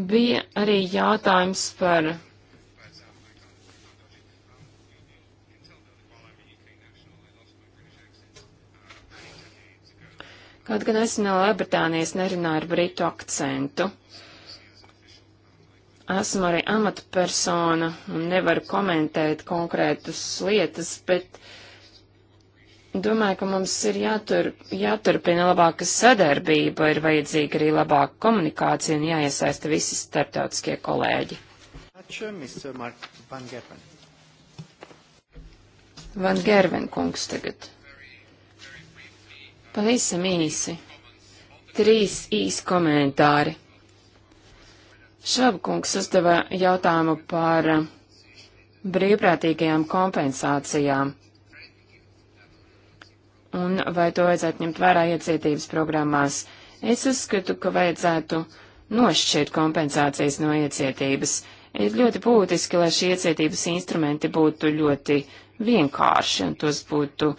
Bija arī jautājums par. Kaut gan es no Lielbritānijas nerunāju ar britu akcentu esmu arī amatpersona un nevaru komentēt konkrētas lietas, bet domāju, ka mums ir jātur, jāturpina labāka sadarbība, ir vajadzīga arī labāka komunikācija un jāiesaista visi starptautiskie kolēģi. Van Gerven kungs tagad. Pavisam īsi. Trīs īsi komentāri. Švabkungs uzdeva jautājumu par brīvprātīgajām kompensācijām un vai to vajadzētu ņemt vērā iecietības programmās. Es uzskatu, ka vajadzētu nošķirt kompensācijas no iecietības. Ir ļoti būtiski, lai šie iecietības instrumenti būtu ļoti vienkārši un tos būtu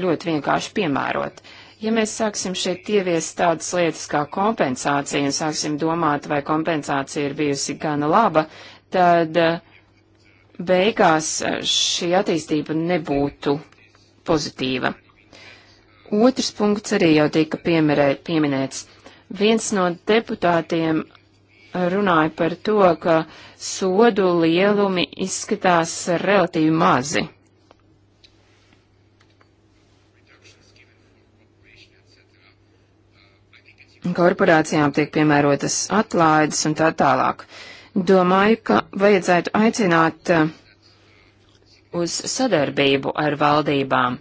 ļoti vienkārši piemērot. Uh, Ja mēs sāksim šeit ieviest tādas lietas kā kompensācija un sāksim domāt, vai kompensācija ir bijusi gana laba, tad eh, beigās eh, šī attīstība nebūtu pozitīva. Otrs punkts arī jau tika piemirē, pieminēts. Viens no deputātiem runāja par to, ka sodu lielumi izskatās relatīvi mazi. korporācijām tiek piemērotas atlaides un tā tālāk. Domāju, ka vajadzētu aicināt eh, uz sadarbību ar valdībām,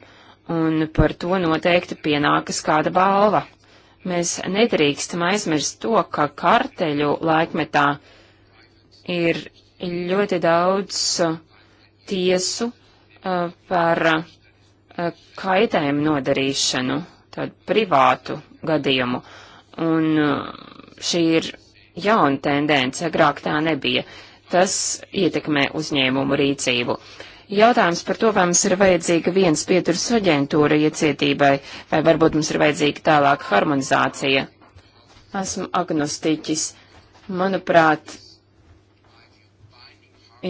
un par to noteikti pienākas kāda balva. Mēs nedrīkstam aizmirst to, ka karteļu laikmetā ir ļoti daudz eh, tiesu eh, par kaitējumu nodarīšanu, tādu privātu gadījumu. Un uh, šī ir jauna tendence, agrāk tā nebija. Tas ietekmē uzņēmumu rīcību. Jautājums par to, vai mums ir vajadzīga viens pieturs aģentūra iecietībai, vai varbūt mums ir vajadzīga tālāk harmonizācija. Esmu agnostiķis. Manuprāt,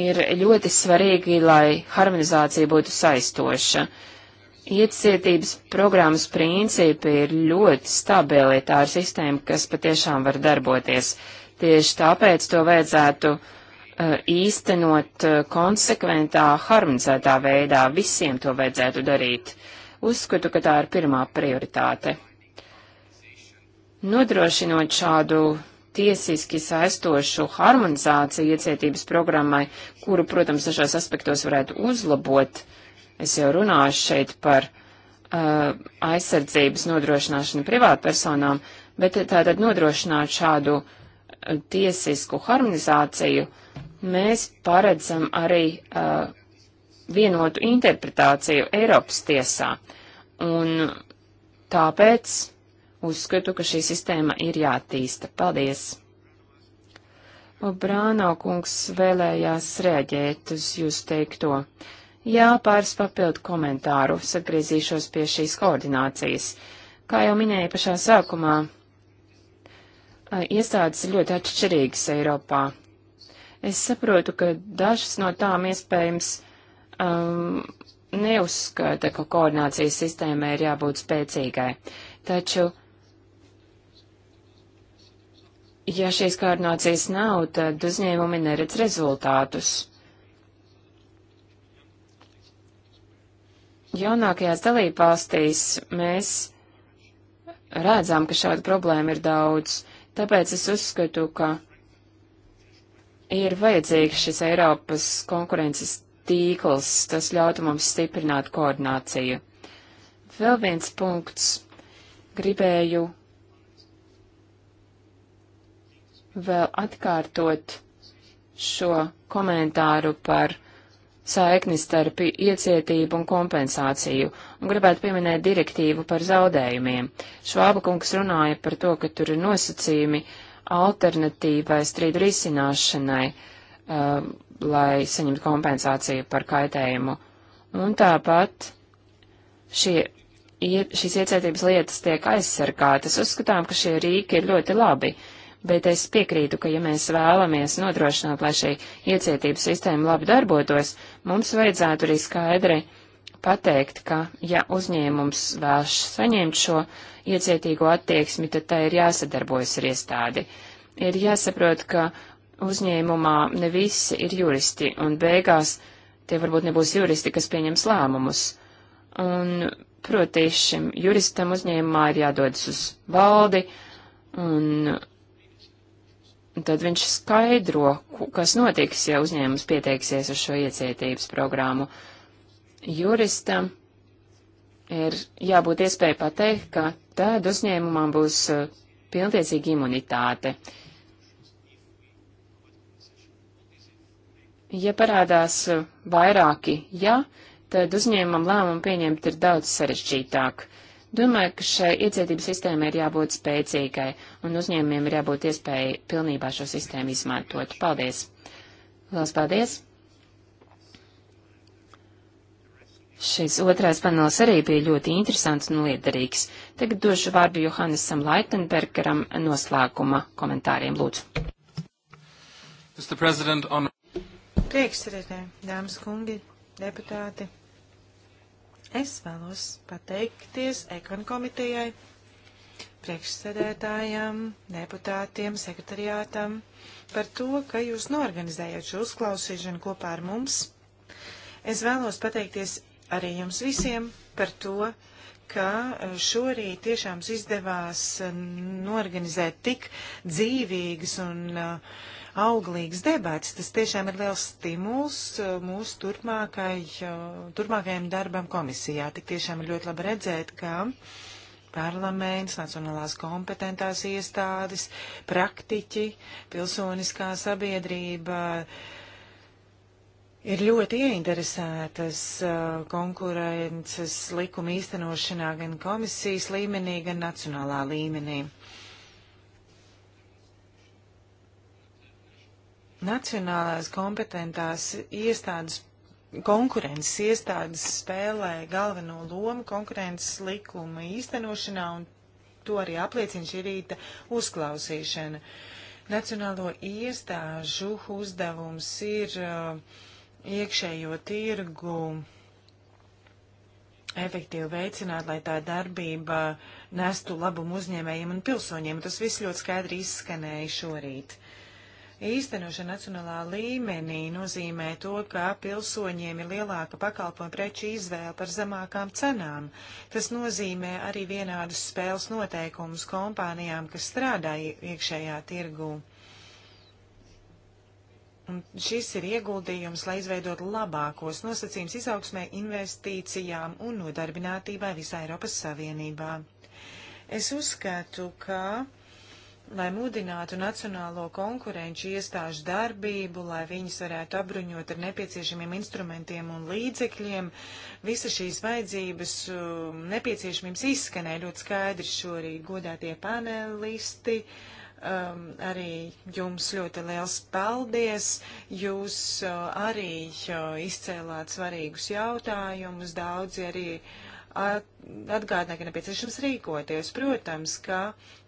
ir ļoti svarīgi, lai harmonizācija būtu saistoša. Uh, Iecietības programmas principi ir ļoti stabili, tā ir sistēma, kas patiešām var darboties. Tieši tāpēc to vajadzētu uh, īstenot uh, konsekventā, harmonizētā veidā. Visiem to vajadzētu darīt. Uzskatu, ka tā ir pirmā prioritāte. Nodrošinot šādu tiesiski saistošu harmonizāciju iecietības programmai, kuru, protams, dažos aspektos varētu uzlabot, uh, Es jau runāju šeit par uh, aizsardzības nodrošināšanu privātpersonām, bet tātad nodrošināt šādu uh, tiesisku harmonizāciju, mēs paredzam arī uh, vienotu interpretāciju Eiropas tiesā. Un tāpēc uzskatu, ka šī sistēma ir jātīsta. Paldies! Brāno kungs vēlējās rēģēt uz jūs teikto. Uh, Jā, pāris papildu komentāru, sagriezīšos pie šīs koordinācijas. Kā jau minēju pašā sākumā, iestādes ir ļoti atšķirīgas Eiropā. Es saprotu, ka dažas no tām iespējams um, neuzskata, ka koordinācijas sistēmai ir jābūt spēcīgai. Taču, ja šīs koordinācijas nav, tad uzņēmumi neredz rezultātus. jaunākajās dalībvalstīs mēs redzam, ka šāda problēma ir daudz, tāpēc es uzskatu, ka ir vajadzīgs šis Eiropas konkurences tīkls, tas ļautu mums stiprināt koordināciju. Vēl viens punkts. Gribēju vēl atkārtot šo komentāru par saikni starp iecietību un kompensāciju, un gribētu pieminēt direktīvu par zaudējumiem. Švāba kungs runāja par to, ka tur ir nosacījumi alternatīvai strīdu risināšanai, uh, lai saņemtu kompensāciju par kaitējumu. Un tāpat šie, šīs iecietības lietas tiek aizsargātas. Uzskatām, ka šie rīki ir ļoti labi. Uh, bet es piekrītu, ka ja mēs vēlamies nodrošināt, lai šī iecietības sistēma labi darbotos, mums vajadzētu arī skaidri pateikt, ka ja uzņēmums vēlas saņemt šo iecietīgo attieksmi, tad tai ir jāsadarbojas ar iestādi. Ir jāsaprot, ka uzņēmumā ne visi ir juristi, un beigās tie varbūt nebūs juristi, kas pieņems lēmumus. Un, proti, šim juristam uzņēmumā ir jādodas uz valdi, un tad viņš skaidro, kas notiks, ja uzņēmums pieteiksies uz šo iecietības programmu. Juristam ir jābūt iespēja pateikt, ka tad uzņēmumam būs eh, pilntiecīga imunitāte. Ja parādās eh, vairāki ja, tad uzņēmumam lēmumu pieņemt ir daudz sarežģītāk. Uh, Domāju, ka šai iecietības sistēmai ir jābūt spēcīgai, un uzņēmumiem ir jābūt iespēja pilnībā šo sistēmu izmantot. Paldies! Lielas paldies! Šis otrais panels arī bija ļoti interesants un liederīgs. Tagad došu vārdu Johannesam Laitenbergeram noslēguma komentāriem. Lūdzu. On... Priekšsēdētāji, dāmas kungi, deputāti. Es vēlos pateikties ekonu komitejai, priekšsēdētājiem, deputātiem, sekretariātam par to, ka jūs norganizējat šo uzklausīšanu kopā ar mums. Es vēlos pateikties arī jums visiem par to, ka e, šorīt tiešām izdevās e, norganizēt tik dzīvīgas un uh, auglīgs debats. Tas tiešām ir liels stimuls uh, mūsu turpmākai, uh, turpmākajam darbam komisijā. Tik tiešām ir ļoti labi redzēt, ka parlaments, nacionālās kompetentās iestādes, praktiķi, pilsoniskā sabiedrība ir ļoti ieinteresētas uh, konkurences likuma īstenošanā gan komisijas līmenī, gan nacionālā līmenī. nacionālās kompetentās iestādes, konkurences iestādes spēlē galveno lomu konkurences likuma īstenošanā, un to arī apliecina šī rīta uzklausīšana. Nacionālo iestāžu uzdevums ir uh, iekšējo tirgu efektīvi veicināt, lai tā darbība nestu labumu uzņēmējiem un pilsoņiem. Tas viss ļoti skaidri izskanēja šorīt īstenošana nacionālā līmenī nozīmē to, ka pilsoņiem ir lielāka pakalpojuma preču izvēle par zemākām cenām. Tas nozīmē arī vienādus spēles noteikumus kompānijām, kas strādā iekšējā tirgū. Un šis ir ieguldījums, lai izveidot labākos nosacījums izaugsmē, investīcijām un nodarbinātībai visā Eiropas Savienībā. Es uzskatu, ka lai mudinātu nacionālo konkurenču iestāžu darbību, lai viņas varētu apbruņot ar nepieciešamiem instrumentiem un līdzekļiem. Visa šīs vajadzības um, nepieciešamības izskanēja ļoti skaidri šorīt godātie panelisti. Um, arī jums ļoti liels paldies. Jūs uh, arī uh, izcēlāt svarīgus jautājumus, daudzi arī uh, atgādināja, ka nepieciešams rīkoties. Protams, ka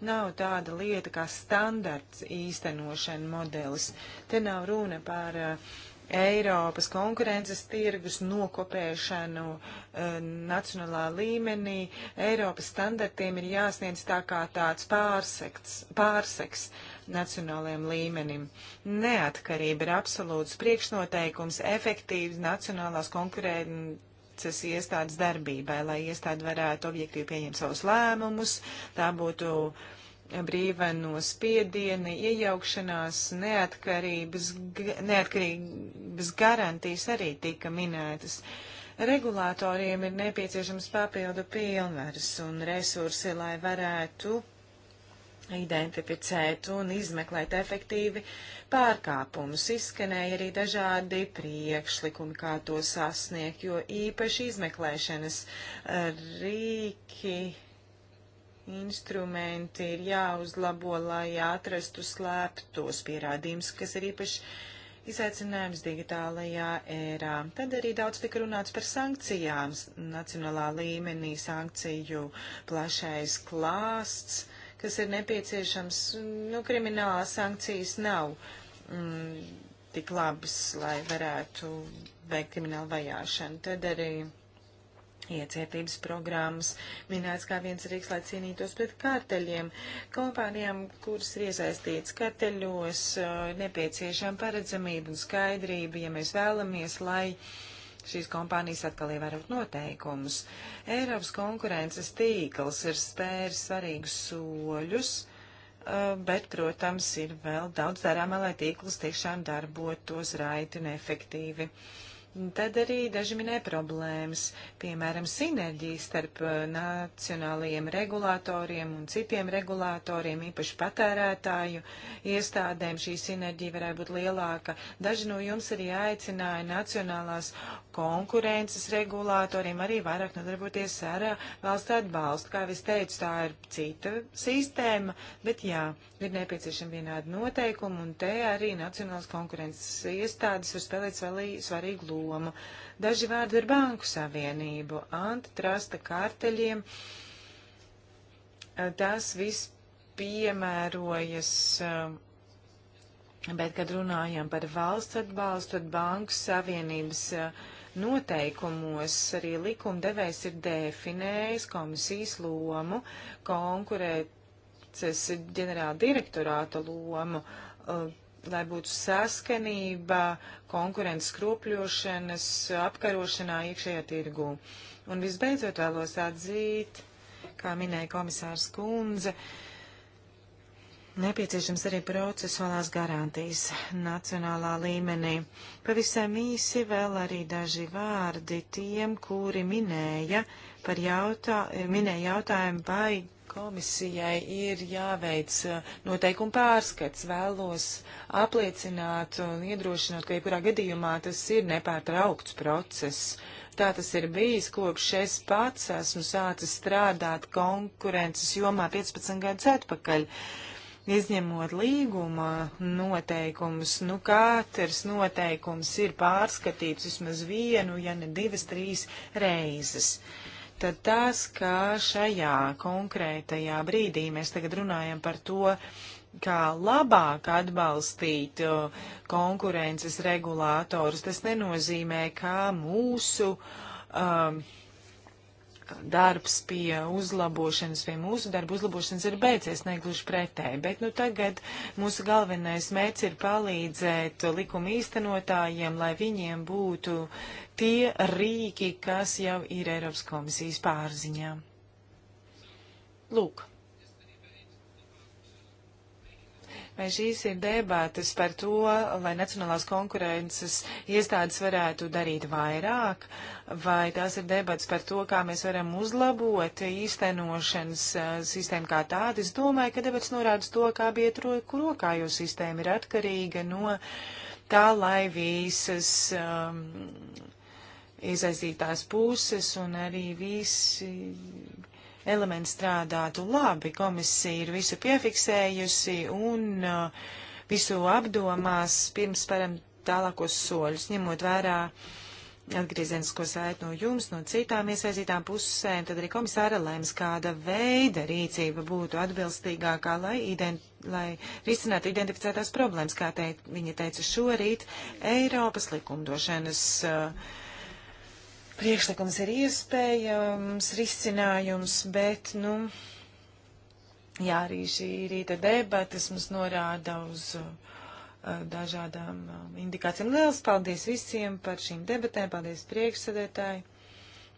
nav tāda lieta kā standarts īstenošana modelis. Te nav runa par eh, Eiropas konkurences tirgus nokopēšanu eh, nacionālā līmenī. Eiropas standartiem ir jāsniedz tā kā tāds pārsekts, pārseks nacionālajiem līmenim. Neatkarība ir absolūts priekšnoteikums efektīvas nacionālās konkurences visas iestādes darbībai, lai iestāde varētu objektīvi pieņemt savus lēmumus, tā būtu brīva no spiediena, iejaukšanās, neatkarības, neatkarības garantijas arī tika minētas. Regulātoriem ir nepieciešams papildu pilnvaras un resursi, lai varētu identificēt un izmeklēt efektīvi pārkāpumus. Izskanēja arī dažādi priekšlikumi, kā to sasniegt, jo īpaši izmeklēšanas rīki, instrumenti ir jāuzlabo, lai atrastu slēptos pierādījumus, kas ir īpaši izaicinājums digitālajā ērā. Tad arī daudz tika runāts par sankcijām nacionālā līmenī, sankciju plašais klāsts kas ir nepieciešams. Nu, kriminālās sankcijas nav mm, tik labas, lai varētu veikt kriminālu vajāšanu. Tad arī iecietības programmas minēts kā viens rīks, lai cīnītos pret kārteļiem. Kompānijām, kuras ir iesaistītas karteļos, uh, nepieciešama paredzamība un skaidrība, ja mēs vēlamies, lai. Uh, Šīs kompānijas atkal ievērot noteikumus. Eiropas konkurences tīkls ir spēris svarīgus soļus, eh, bet, protams, ir vēl daudz darāmā, lai tīkls tiešām darbotos raiti un efektīvi. Tad arī daži minē problēmas, piemēram, sinerģija starp eh, nacionālajiem regulātoriem un citiem regulātoriem, īpaši patērētāju iestādēm šī sinerģija varētu būt lielāka. Daži no jums arī aicināja nacionālās konkurences regulātoriem arī vairāk nodarboties ar eh, valsts atbalstu. Kā es teicu, tā ir cita sistēma, bet jā, ir nepieciešama vienāda noteikuma, un te arī Nacionālas konkurences iestādes var spēlēt svarīgu lomu. Daži vārdi ir Banku Savienību, antitrusta karteļiem. Eh, tas viss piemērojas uh, Bet, kad runājam par valsts atbalstu, tad Banku Savienības uh, noteikumos arī likumdevējs ir definējis komisijas lomu, konkurēces ģenerāla direktorāta lomu, uh, lai būtu saskanība konkurences kropļošanas apkarošanā iekšējā tirgū. Un visbeidzot vēlos atzīt, kā minēja komisārs Kunze, uh, Nepieciešams arī procesuālās garantijas nacionālā līmenī. Pavisam īsi vēl arī daži vārdi tiem, kuri minēja, par jautā, minēja jautājumu, vai komisijai ir jāveic eh, noteikuma pārskats. Vēlos apliecināt un iedrošināt, ka jebkurā gadījumā tas ir nepārtraukts process. Tā tas ir bijis kopš es pats esmu sācis strādāt konkurences jomā 15 gadus atpakaļ. Uh, izņemot līguma noteikumus, nu katrs noteikums ir pārskatīts vismaz vienu, ja ne divas, trīs reizes. Tad tas, ka šajā konkrētajā brīdī mēs tagad runājam par to, kā labāk atbalstīt konkurences regulātorus, tas nenozīmē, kā mūsu um, uh, darbs pie uzlabošanas vai mūsu darba uzlabošanas ir beidzies, negluži pretēji. Bet nu, tagad mūsu galvenais mērķis ir palīdzēt likuma īstenotājiem, lai viņiem būtu tie rīki, kas jau ir Eiropas komisijas pārziņā. Lūk. Vai šīs ir debātas par to, lai Nacionālās konkurences iestādes varētu darīt vairāk, vai tās ir debats par to, kā mēs varam uzlabot īstenošanas eh, sistēmu kā tādu? Es domāju, ka debats norāda to, kā biet rokā, jo sistēma ir atkarīga no tā, lai visas. Um, iesaistītās puses un arī visi elementi strādātu labi. Komisija ir visu piefiksējusi un uh, visu apdomās pirms param tālākos soļus, ņemot vērā atgriezenisko saiti no jums, no citām iesaistītām pusēm, tad arī komisāra lēms, kāda veida rīcība būtu atbilstīgākā, lai, ident, lai risinātu identificētās problēmas, kā teikt, viņa teica šorīt, Eiropas likumdošanas uh, priekšlikums ir iespējams risinājums, bet, nu, jā, arī šī rīta debatas mums norāda uz uh, dažādām um, indikācijām. Liels paldies visiem par šīm debatēm, paldies priekšsēdētāji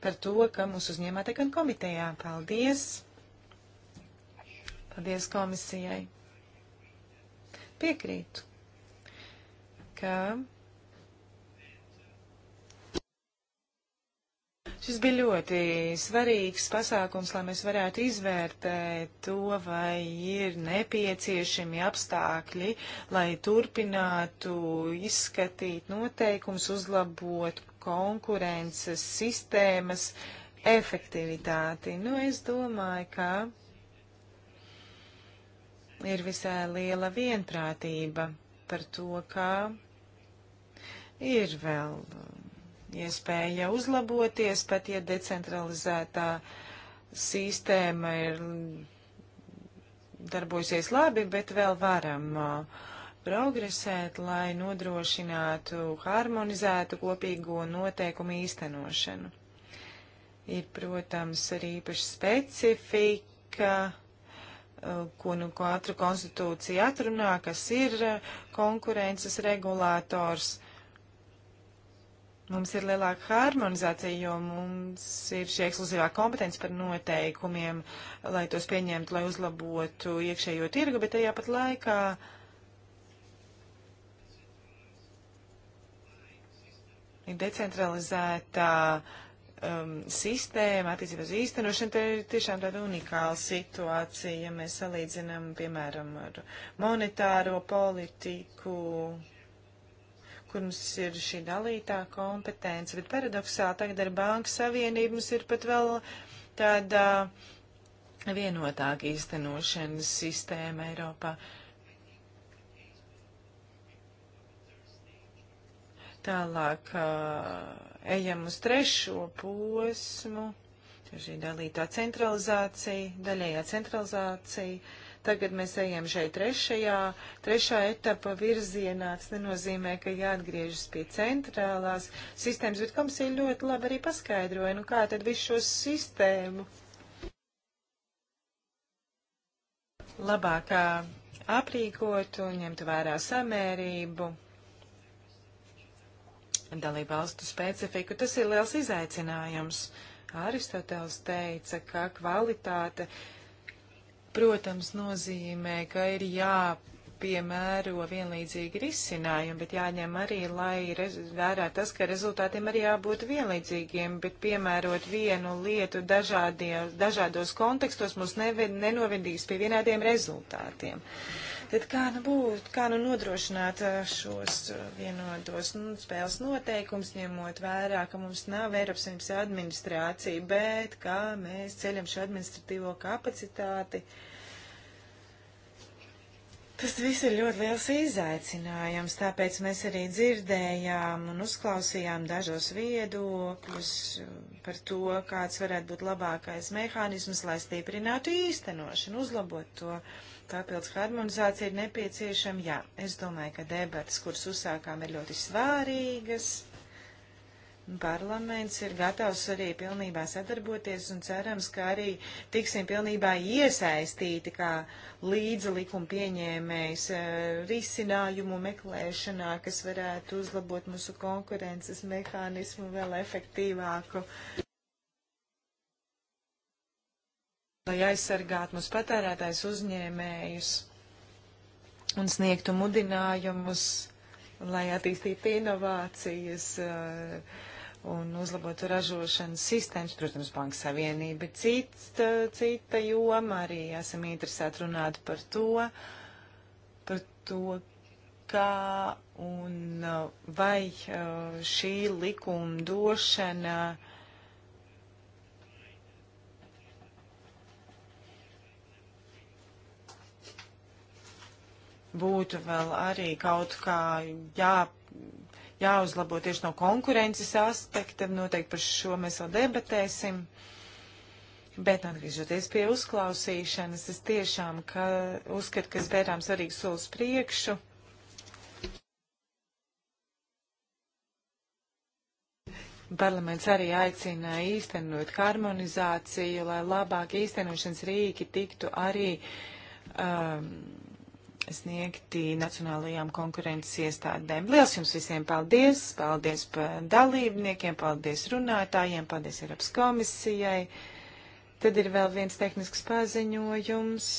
par to, ka mūs uzņēmāt gan komitejā. Paldies! Paldies komisijai! Piekrītu, ka Šis bija ļoti svarīgs pasākums, lai mēs varētu izvērtēt to, vai ir nepieciešami apstākļi, lai turpinātu izskatīt noteikums, uzlabot konkurences sistēmas efektivitāti. Nu, es domāju, ka ir visai liela vienprātība par to, kā ir vēl iespēja uzlaboties, pat ja decentralizētā sistēma ir darbojusies labi, bet vēl varam uh, progresēt, lai nodrošinātu harmonizētu kopīgo noteikumu īstenošanu. Ir, protams, arī īpaši specifika uh, ko nu katra konstitūcija atrunā, kas ir uh, konkurences regulators. Mums ir lielāka harmonizācija, jo mums ir šī ekskluzīvā kompetence par noteikumiem, lai tos pieņemtu, lai uzlabotu iekšējo tirgu, bet tajā pat laikā ir decentralizēta um, sistēma attiecībā uz īstenošanu. Tā ir tiešām tāda unikāla situācija, ja mēs salīdzinām, piemēram, ar monetāro politiku kur mums ir šī dalītā kompetence, bet paradoksāli tagad ar Banku Savienību mums ir pat vēl tāda vienotāka īstenošanas sistēma Eiropā. Tālāk ejam uz trešo posmu. Tā ir šī dalītā centralizācija, daļējā centralizācija Tagad mēs ejam šeit trešajā, trešā etapa virzienā. Tas nenozīmē, ka jāatgriežas pie centrālās sistēmas, bet komisija ļoti labi arī paskaidroja, nu kā tad visu šo sistēmu labākā aprīkot un ņemt vērā samērību dalību valstu specifiku. Tas ir liels izaicinājums. Aristotelis teica, ka kvalitāte uh, protams, nozīmē, ka ir jāpiemēro vienlīdzīgi risinājumi, bet jāņem arī, lai vērā tas, ka rezultātiem arī jābūt vienlīdzīgiem, bet piemērot vienu lietu dažādie, dažādos kontekstos mums neved, nenovedīs pie vienādiem rezultātiem. Tad kā nu būt, kā nu nodrošināt uh, šos uh, vienotos nu, spēles noteikums, ņemot vērā, ka mums nav Eiropas Savienības administrācija, bet kā mēs ceļam šo administratīvo kapacitāti? Uh, Tas viss ir ļoti liels izaicinājums, tāpēc mēs arī dzirdējām un uzklausījām dažos viedokļus par to, kāds varētu būt labākais mehānisms, lai stiprinātu īstenošanu, uzlabot to. Tāpēc harmonizācija ir nepieciešama. Jā, es domāju, ka debatas, kuras uzsākām, ir ļoti svārīgas. Parlaments ir gatavs arī pilnībā sadarboties un cerams, ka arī tiksim pilnībā iesaistīti kā līdzi likuma pieņēmējs eh, risinājumu meklēšanā, kas varētu uzlabot mūsu konkurences mehānismu vēl efektīvāku. Lai aizsargātu mūsu patērētājs uzņēmējus un sniegtu mudinājumus, lai attīstītu inovācijas. Uh, un uzlabotu ražošanas sistēmas. Protams, Banka Savienība ir cita, cita joma, arī esam interesēti runāt par to, par to, kā un uh, vai uh, šī likumdošana būtu vēl arī kaut kā jā jāuzlabo tieši no konkurences aspekta. Noteikti par šo mēs vēl debatēsim. Bet atgriežoties pie uzklausīšanas, es tiešām ka uzskatu, ka spērām svarīgs solis priekšu. Parlaments arī aicina īstenot harmonizāciju, lai labāk īstenošanas rīki tiktu arī um, sniegti Nacionālajām konkurences iestādēm. Liels jums visiem paldies! Paldies dalībniekiem, paldies runātājiem, paldies Eiropas komisijai. Tad ir vēl viens tehnisks paziņojums.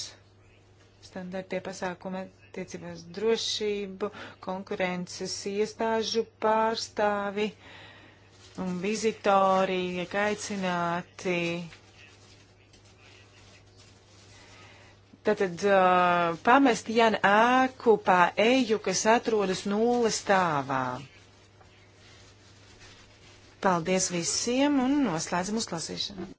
Standartie pasākumi attiecībās drošību, konkurences iestāžu pārstāvi un vizitori, aicināti Tātad uh, pamest Jana ēku pā eju, kas atrodas nulles stāvā. Paldies visiem un noslēdzam uzklausīšanu.